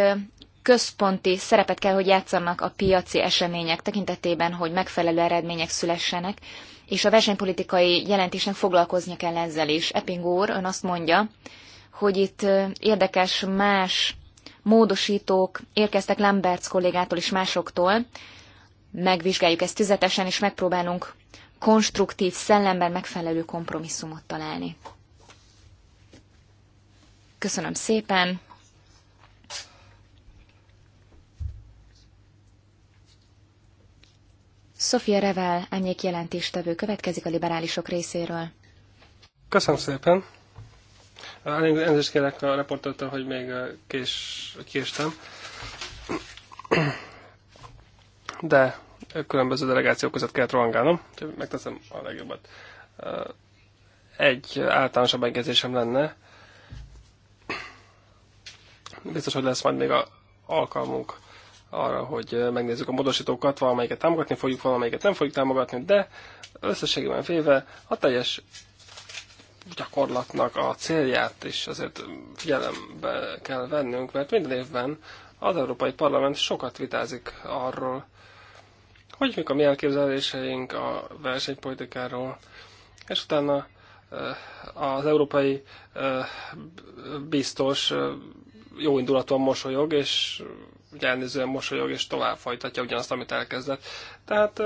Speaker 4: központi szerepet kell, hogy játszanak a piaci események tekintetében, hogy megfelelő eredmények szülessenek, és a versenypolitikai jelentésnek foglalkoznia kell ezzel is. Epping úr, ön azt mondja, hogy itt érdekes más módosítók érkeztek Lamberts kollégától és másoktól. Megvizsgáljuk ezt tüzetesen, és megpróbálunk konstruktív szellemben megfelelő kompromisszumot találni. Köszönöm szépen! Sofia Revel, ennyi jelentéstevő következik a liberálisok részéről.
Speaker 1: Köszönöm szépen! Elnézést kérek a reportertől, hogy még kés, késtem. De különböző delegációk között kellett rohangálnom, úgyhogy megteszem a legjobbat. Egy általánosabb megjegyzésem lenne. Biztos, hogy lesz majd még a alkalmunk arra, hogy megnézzük a módosítókat, valamelyiket támogatni fogjuk, valamelyiket nem fogjuk támogatni, de összességében félve, a teljes gyakorlatnak a célját is azért figyelembe kell vennünk, mert minden évben az Európai Parlament sokat vitázik arról, hogy mik a mi elképzeléseink a versenypolitikáról, és utána eh, az európai eh, biztos eh, jó indulaton mosolyog, és elnézően mosolyog, és tovább folytatja ugyanazt, amit elkezdett. Tehát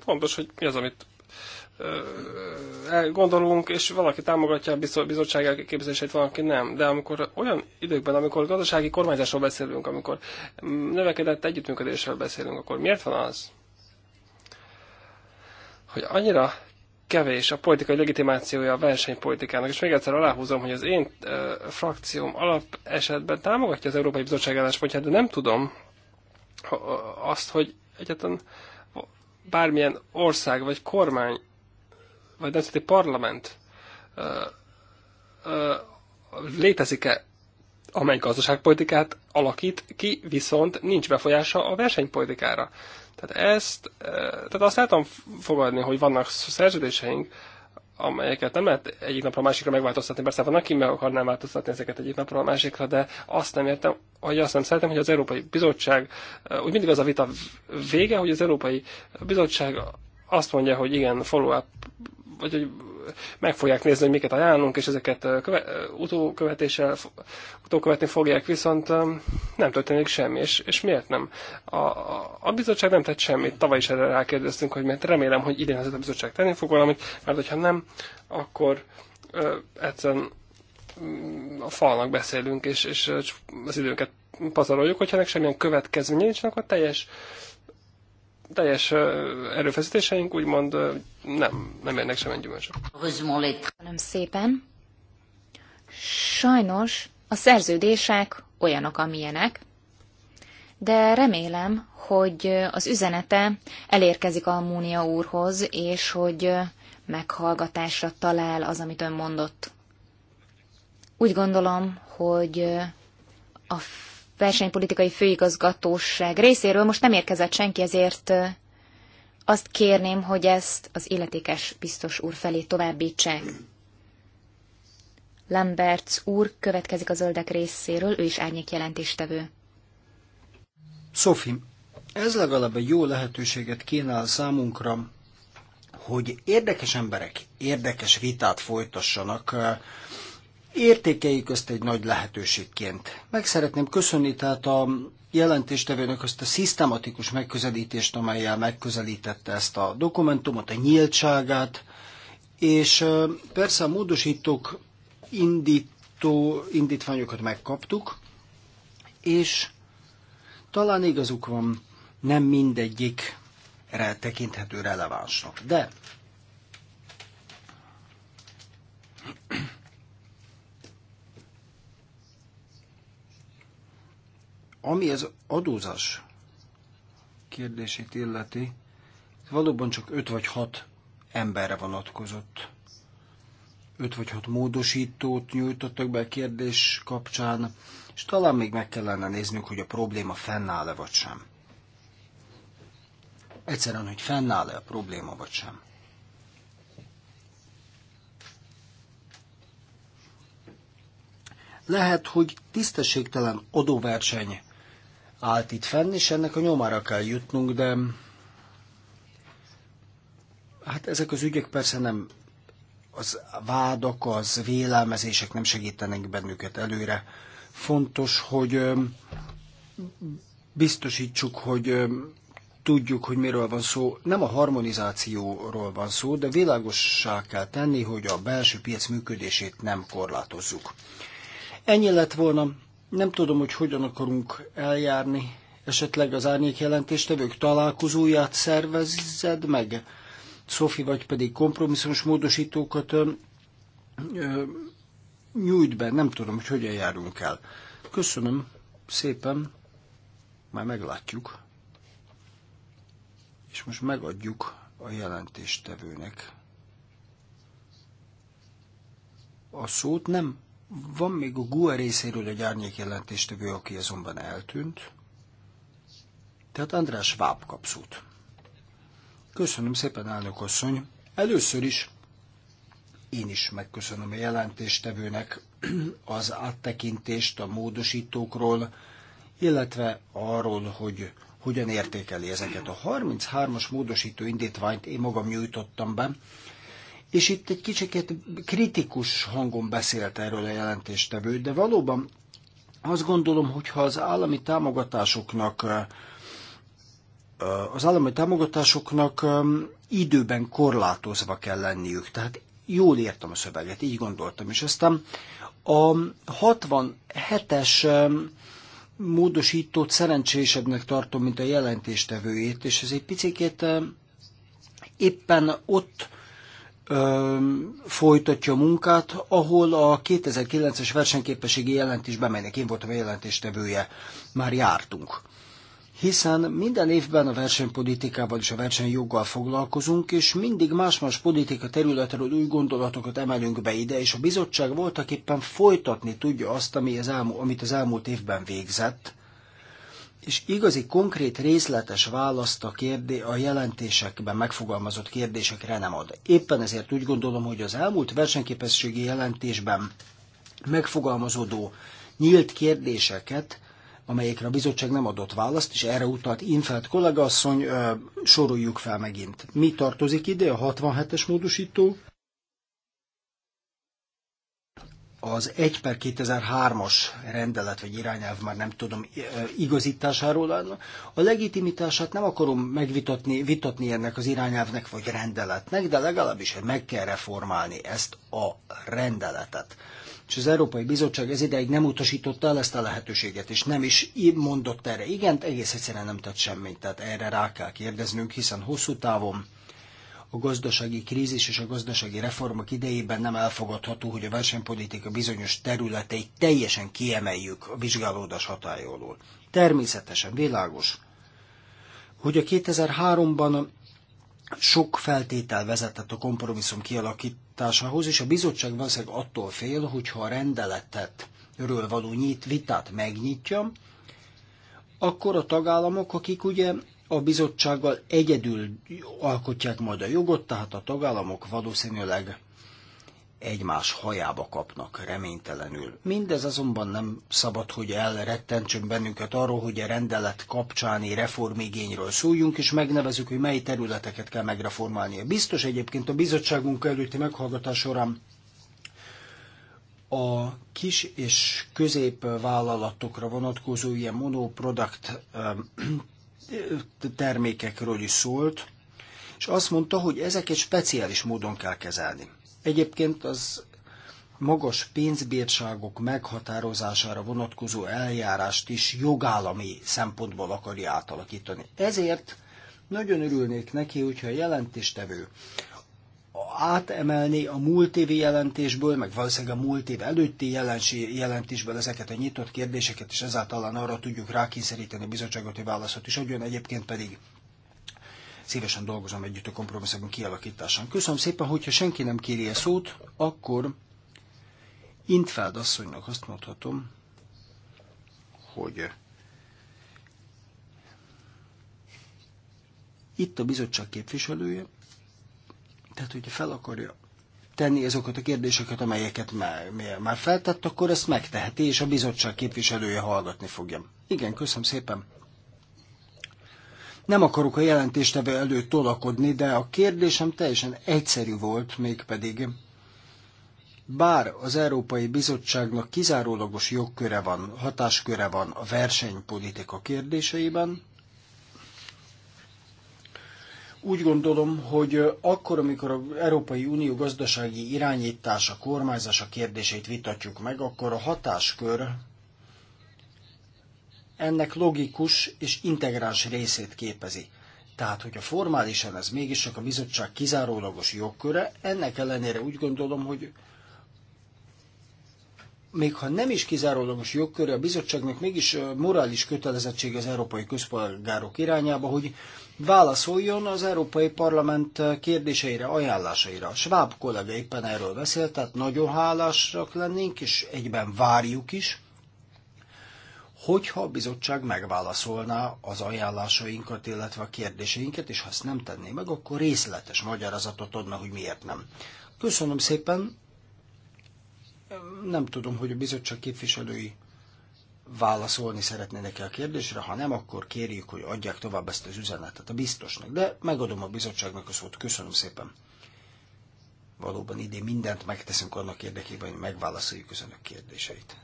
Speaker 1: fontos, hogy mi az, amit gondolunk, és valaki támogatja a bizottság elképzelését, valaki nem. De amikor olyan időkben, amikor gazdasági kormányzásról beszélünk, amikor mm, növekedett együttműködésről beszélünk, akkor miért van az, hogy annyira kevés a politikai legitimációja a versenypolitikának, és még egyszer aláhúzom, hogy az én ö, frakcióm alap esetben támogatja az Európai Bizottság álláspontját, de nem tudom azt, hogy egyetlen bármilyen ország vagy kormány vagy nemzeti parlament létezik-e, amely gazdaságpolitikát alakít ki, viszont nincs befolyása a versenypolitikára. Tehát ezt, tehát azt látom fogadni, hogy vannak szerződéseink, amelyeket nem lehet egyik napra a másikra megváltoztatni. Persze van, aki meg akarná változtatni ezeket egyik napra a másikra, de azt nem értem, hogy azt nem szeretem, hogy az Európai Bizottság, úgy mindig az a vita vége, hogy az Európai Bizottság azt mondja, hogy igen, follow-up, vagy hogy meg fogják nézni, hogy miket ajánlunk, és ezeket köve, utókövetéssel, utókövetni fogják, viszont nem történik semmi, és, és miért nem? A, a, a bizottság nem tett semmit, tavaly is erre rákérdeztünk, hogy mert remélem, hogy idén ez a bizottság tenni fog valamit, mert hogyha nem, akkor ö, egyszerűen mm, a falnak beszélünk, és, és az időnket pazaroljuk, hogyha nek semmilyen következménye nincs, akkor teljes teljes erőfeszítéseink úgymond nem, nem érnek sem egy
Speaker 4: Köszönöm szépen. Sajnos a szerződések olyanok, amilyenek, de remélem, hogy az üzenete elérkezik a Múnia úrhoz, és hogy meghallgatásra talál az, amit ön mondott. Úgy gondolom, hogy a versenypolitikai főigazgatóság részéről most nem érkezett senki, ezért azt kérném, hogy ezt az illetékes biztos úr felé továbbítsák. Lamberts úr következik a zöldek részéről, ő is árnyék jelentéstevő.
Speaker 3: Sophie, ez legalább egy jó lehetőséget kínál számunkra, hogy érdekes emberek érdekes vitát folytassanak Értékei közt egy nagy lehetőségként. Meg szeretném köszönni tehát a jelentéstevőnek azt a szisztematikus megközelítést, amelyel megközelítette ezt a dokumentumot, a nyíltságát, és persze a módosítók indító indítványokat megkaptuk, és talán igazuk van, nem mindegyikre tekinthető relevánsnak. De Ami az adózás kérdését illeti, valóban csak 5 vagy 6 emberre vonatkozott. 5 vagy 6 módosítót nyújtottak be a kérdés kapcsán, és talán még meg kellene néznünk, hogy a probléma fennáll-e vagy sem. Egyszerűen, hogy fennáll-e a probléma vagy sem. Lehet, hogy tisztességtelen adóverseny állt itt fenn, és ennek a nyomára kell jutnunk, de hát ezek az ügyek persze nem az vádak, az vélelmezések nem segítenek bennünket előre. Fontos, hogy biztosítsuk, hogy tudjuk, hogy miről van szó. Nem a harmonizációról van szó, de világossá kell tenni, hogy a belső piac működését nem korlátozzuk. Ennyi lett volna. Nem tudom, hogy hogyan akarunk eljárni. Esetleg az árnyék jelentéstevők találkozóját szervezed meg? Szofi, vagy pedig kompromisszumos módosítókat ö, ö, nyújt be. Nem tudom, hogy hogyan járunk el. Köszönöm szépen. Már meglátjuk. És most megadjuk a jelentéstevőnek. A szót nem van még a GUA e részéről egy árnyék jelentéstevő, aki azonban eltűnt. Tehát András Schwab kapszút. Köszönöm szépen, elnök asszony. Először is én is megköszönöm a jelentéstevőnek az áttekintést a módosítókról, illetve arról, hogy hogyan értékeli ezeket. A 33-as módosító indítványt én magam nyújtottam be, és itt egy kicsit kritikus hangon beszélt erről a jelentéstevő, de valóban azt gondolom, hogy ha az állami támogatásoknak az állami támogatásoknak időben korlátozva kell lenniük. Tehát jól értem a szöveget, így gondoltam. És aztán a 67-es módosítót szerencsésebbnek tartom, mint a jelentéstevőjét, és ez egy picit éppen ott folytatja a munkát, ahol a 2009-es versenyképességi jelentés bemennek. én voltam a jelentéstevője, már jártunk. Hiszen minden évben a versenypolitikával és a versenyjoggal foglalkozunk, és mindig más-más politika területről új gondolatokat emelünk be ide, és a bizottság voltak éppen folytatni tudja azt, ami az elmú, amit az elmúlt évben végzett, és igazi konkrét részletes választ a, kérdé, a jelentésekben megfogalmazott kérdésekre nem ad. Éppen ezért úgy gondolom, hogy az elmúlt versenyképességi jelentésben megfogalmazódó nyílt kérdéseket, amelyekre a bizottság nem adott választ, és erre utalt Infeld kollégasszony, soroljuk fel megint. Mi tartozik ide? A 67-es módosító, az 1 per 2003-as rendelet vagy irányelv már nem tudom e, igazításáról. A legitimitását nem akarom megvitatni vitatni ennek az irányelvnek vagy rendeletnek, de legalábbis hogy meg kell reformálni ezt a rendeletet. És az Európai Bizottság ez ideig nem utasította el ezt a lehetőséget, és nem is mondott erre igent, egész egyszerűen nem tett semmit. Tehát erre rá kell kérdeznünk, hiszen hosszú távon a gazdasági krízis és a gazdasági reformok idejében nem elfogadható, hogy a versenypolitika bizonyos területeit teljesen kiemeljük a vizsgálódás hatája alól. Természetesen világos, hogy a 2003-ban sok feltétel vezetett a kompromisszum kialakításához, és a bizottság valószínűleg attól fél, hogyha a rendeletet ről való nyit, vitát megnyitja, akkor a tagállamok, akik ugye a bizottsággal egyedül alkotják majd a jogot, tehát a tagállamok valószínűleg egymás hajába kapnak reménytelenül. Mindez azonban nem szabad, hogy elrettentsünk bennünket arról, hogy a rendelet kapcsáni reformigényről szóljunk, és megnevezük, hogy mely területeket kell megreformálni. Biztos egyébként a bizottság munka előtti meghallgatás során a kis és középvállalatokra vonatkozó ilyen monoproduct termékekről is szólt, és azt mondta, hogy ezeket speciális módon kell kezelni. Egyébként az magas pénzbírságok meghatározására vonatkozó eljárást is jogállami szempontból akarja átalakítani. Ezért nagyon örülnék neki, hogyha a jelentéstevő átemelni a múlt évi jelentésből, meg valószínűleg a múlt év előtti jelentésből ezeket a nyitott kérdéseket, és ezáltal arra tudjuk rákényszeríteni a bizottságot, hogy válaszot is adjon, egyébként pedig szívesen dolgozom együtt a kompromisszumok kialakításán. Köszönöm szépen, hogyha senki nem kéri a szót, akkor Intfeld asszonynak azt mondhatom, hogy itt a bizottság képviselője, tehát, hogyha fel akarja tenni azokat a kérdéseket, amelyeket már, már feltett, akkor ezt megteheti, és a bizottság képviselője hallgatni fogja. Igen, köszönöm szépen. Nem akarok a jelentéstevő előtt tolakodni, de a kérdésem teljesen egyszerű volt, mégpedig bár az Európai Bizottságnak kizárólagos jogköre van, hatásköre van a versenypolitika kérdéseiben, úgy gondolom, hogy akkor, amikor az Európai Unió gazdasági irányítása, kormányzása kérdését vitatjuk meg, akkor a hatáskör ennek logikus és integráns részét képezi. Tehát, hogyha formálisan ez mégis csak a bizottság kizárólagos jogköre, ennek ellenére úgy gondolom, hogy még ha nem is kizárólagos jogköre, a bizottságnak mégis morális kötelezettség az európai közpolgárok irányába, hogy válaszoljon az Európai Parlament kérdéseire, ajánlásaira. A Schwab kollega éppen erről beszélt, tehát nagyon hálásak lennénk, és egyben várjuk is, hogyha a bizottság megválaszolná az ajánlásainkat, illetve a kérdéseinket, és ha ezt nem tenné meg, akkor részletes magyarázatot adna, hogy miért nem. Köszönöm szépen, nem tudom, hogy a bizottság képviselői válaszolni szeretnének -e a kérdésre, ha nem, akkor kérjük, hogy adják tovább ezt az üzenetet a biztosnak, de megadom a bizottságnak a szót. Köszönöm szépen. Valóban idén mindent megteszünk annak érdekében, hogy megválaszoljuk az önök kérdéseit.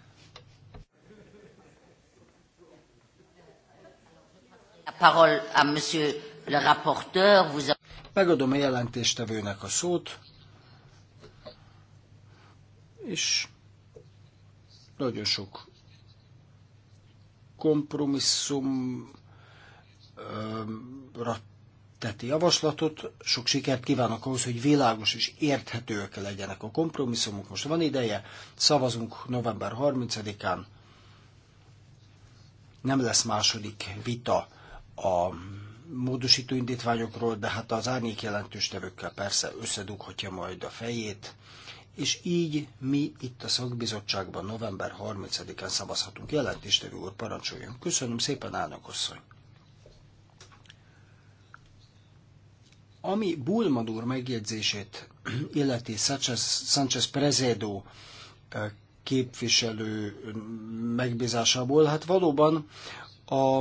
Speaker 3: Megadom a jelentéstevőnek a szót, és nagyon sok kompromisszumra tett javaslatot, sok sikert kívánok ahhoz, hogy világos és érthetőek legyenek a kompromisszumok. Most van ideje, szavazunk november 30-án, nem lesz második vita a módosító indítványokról, de hát az árnyék jelentős tevőkkel persze összedughatja majd a fejét, és így mi itt a szakbizottságban november 30-án szavazhatunk. Jelentéstevő úr, parancsoljon. Köszönöm szépen, állnak asszony. Ami Bulman úr megjegyzését illeti Sánchez, Sánchez Prezedo eh, képviselő mm, megbízásából, hát valóban a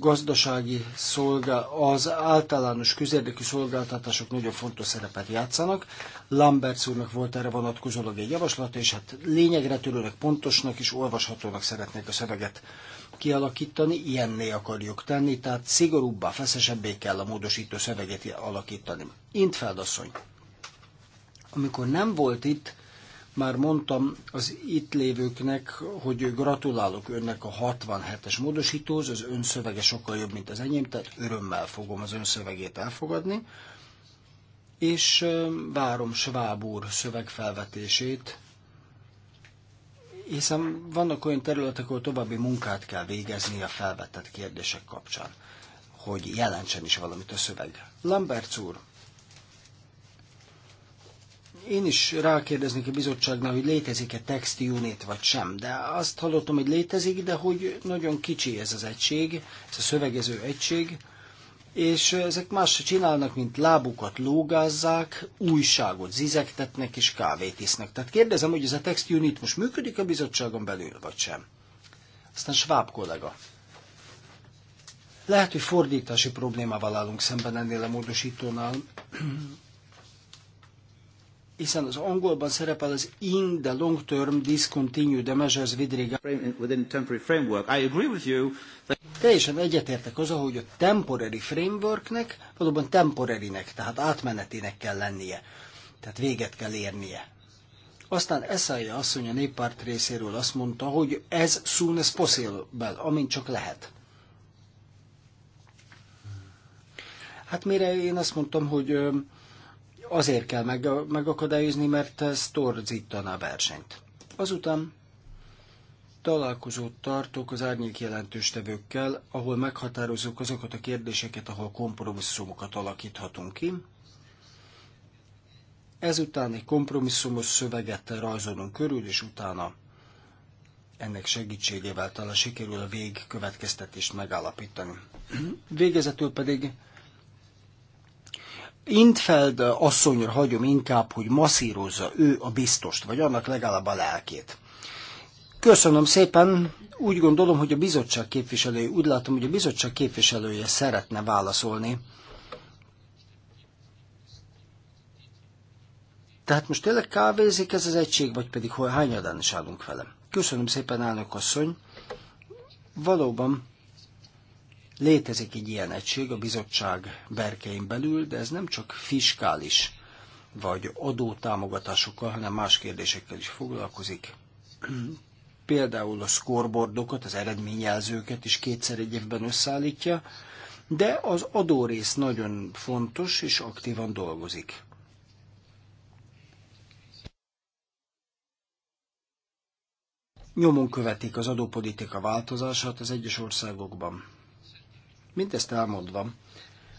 Speaker 3: gazdasági szolga, az általános közérdekű szolgáltatások nagyon fontos szerepet játszanak. Lamberts úrnak volt erre vonatkozólag egy javaslata, és hát lényegre törőnek, pontosnak és olvashatónak szeretnék a szöveget kialakítani, ilyenné akarjuk tenni, tehát szigorúbbá, feszesebbé kell a módosító szöveget alakítani. Intfeld asszony, amikor nem volt itt, már mondtam az itt lévőknek, hogy gratulálok önnek a 67-es módosítóhoz, az ön szövege sokkal jobb, mint az enyém, tehát örömmel fogom az ön szövegét elfogadni, és várom Schwab úr szövegfelvetését, hiszen vannak olyan területek, ahol további munkát kell végezni a felvetett kérdések kapcsán, hogy jelentsen is valamit a szöveg. Lambert úr, én is rákérdeznék a bizottságnál, hogy létezik-e text unit vagy sem, de azt hallottam, hogy létezik, de hogy nagyon kicsi ez az egység, ez a szövegező egység, és ezek más se csinálnak, mint lábukat lógázzák, újságot zizektetnek és kávét isznek. Tehát kérdezem, hogy ez a text unit most működik a bizottságon belül, vagy sem. Aztán Schwab kollega. Lehet, hogy fordítási problémával állunk szemben ennél a módosítónál hiszen az angolban szerepel az in the long term discontinued the measures with regard within temporary framework. I agree with you Teljesen egyetértek az, hogy a temporary frameworknek valóban temporarynek, tehát átmenetének kell lennie. Tehát véget kell érnie. Aztán Eszája asszony a néppárt részéről azt mondta, hogy ez soon as possible, amint csak lehet. Hát mire én azt mondtam, hogy azért kell meg, megakadályozni, mert ez torzítaná a versenyt. Azután találkozót tartok az árnyék jelentőstevőkkel, ahol meghatározzuk azokat a kérdéseket, ahol kompromisszumokat alakíthatunk ki. Ezután egy kompromisszumos szöveget rajzolunk körül, és utána ennek segítségével talán sikerül a végkövetkeztetést megállapítani. Végezetül pedig Intfeld asszonyra hagyom inkább, hogy masszírozza ő a biztost, vagy annak legalább a lelkét. Köszönöm szépen. Úgy gondolom, hogy a bizottság képviselője, úgy látom, hogy a bizottság képviselője szeretne válaszolni. Tehát most tényleg kávézik ez az egység, vagy pedig hol hányadán is állunk vele? Köszönöm szépen, elnök asszony. Valóban Létezik egy ilyen egység a bizottság berkein belül, de ez nem csak fiskális vagy adó támogatásokkal, hanem más kérdésekkel is foglalkozik. Például a scoreboardokat, az eredményjelzőket is kétszer egy évben összeállítja, de az adórész nagyon fontos és aktívan dolgozik. Nyomon követik az adópolitika változását az egyes országokban Mindezt elmondva,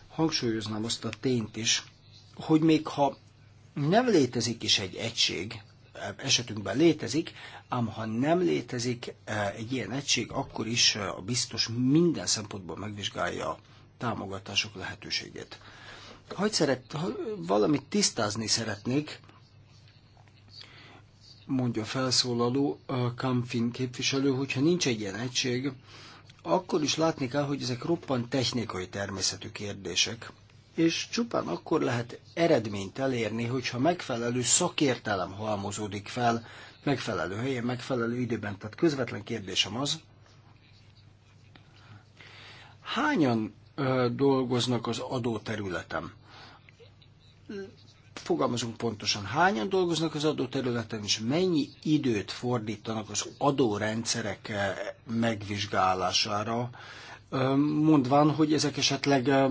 Speaker 3: hangsúlyoznám azt a tényt is, hogy még ha nem létezik is egy egység, e, esetünkben létezik, ám ha nem létezik e, egy ilyen egység, akkor is e, a biztos minden szempontból megvizsgálja a támogatások lehetőségét. Hogy szeret, ha valamit tisztázni szeretnék, mondja felszólaló Kamfin képviselő, hogyha nincs egy ilyen egység, akkor is látni kell, hogy ezek roppant technikai természetű kérdések, és csupán akkor lehet eredményt elérni, hogyha megfelelő szakértelem halmozódik fel, megfelelő helyen, megfelelő időben. Tehát közvetlen kérdésem az, hányan dolgoznak az adóterületem? fogalmazunk pontosan, hányan dolgoznak az adóterületen területen, és mennyi időt fordítanak az adórendszerek eh, megvizsgálására, mondván, hogy ezek esetleg eh,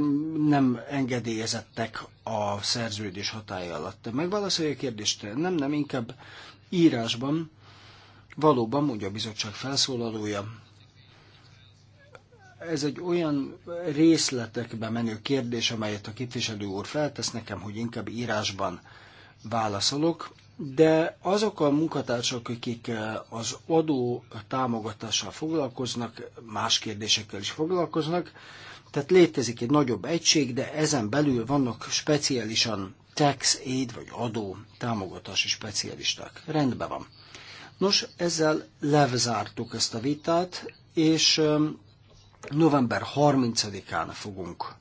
Speaker 3: nem engedélyezettek a szerződés hatája alatt. Megválaszolja a kérdést? Nem, nem, inkább írásban. Valóban, mondja a bizottság felszólalója, ez egy olyan részletekbe menő kérdés, amelyet a képviselő úr feltesz nekem, hogy inkább írásban válaszolok, de azok a munkatársak, akik eh, az adó támogatással foglalkoznak, más kérdésekkel is foglalkoznak, tehát létezik egy nagyobb egység, de ezen belül vannak speciálisan tax aid vagy adó támogatási specialisták. Rendben van. Nos, ezzel levzártuk ezt a vitát, és eh, November 30-án fogunk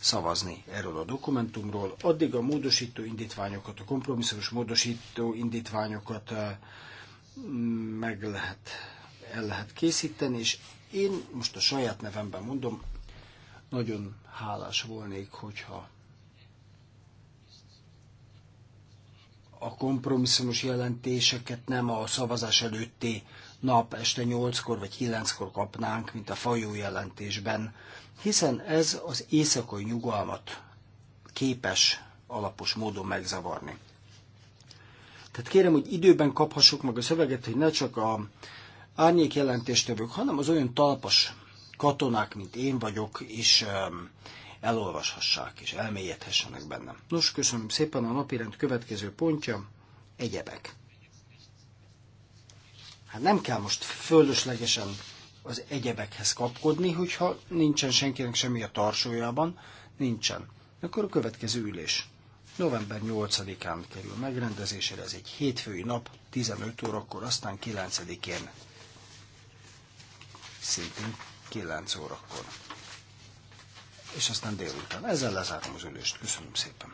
Speaker 3: szavazni erről a dokumentumról. Addig a módosító indítványokat, a kompromisszumos módosító indítványokat eh, meg lehet, el lehet készíteni, és én most a saját nevemben mondom, nagyon hálás volnék, hogyha a kompromisszumos jelentéseket nem a szavazás előtti nap este 8-kor vagy 9-kor kapnánk, mint a fajó jelentésben, hiszen ez az éjszakai nyugalmat képes alapos módon megzavarni. Tehát kérem, hogy időben kaphassuk meg a szöveget, hogy ne csak a árnyék jelentéstevők, hanem az olyan talpas katonák, mint én vagyok, és um, elolvashassák és elmélyedhessenek bennem. Nos, köszönöm szépen a napirend következő pontja, egyebek. Hát nem kell most fölöslegesen az egyebekhez kapkodni, hogyha nincsen senkinek semmi a tarsójában, nincsen. Akkor a következő ülés november 8-án kerül megrendezésére, ez egy hétfői nap, 15 órakor, aztán 9-én, szintén 9 órakor. És aztán délután. Ezzel lezárom az ülést. Köszönöm szépen.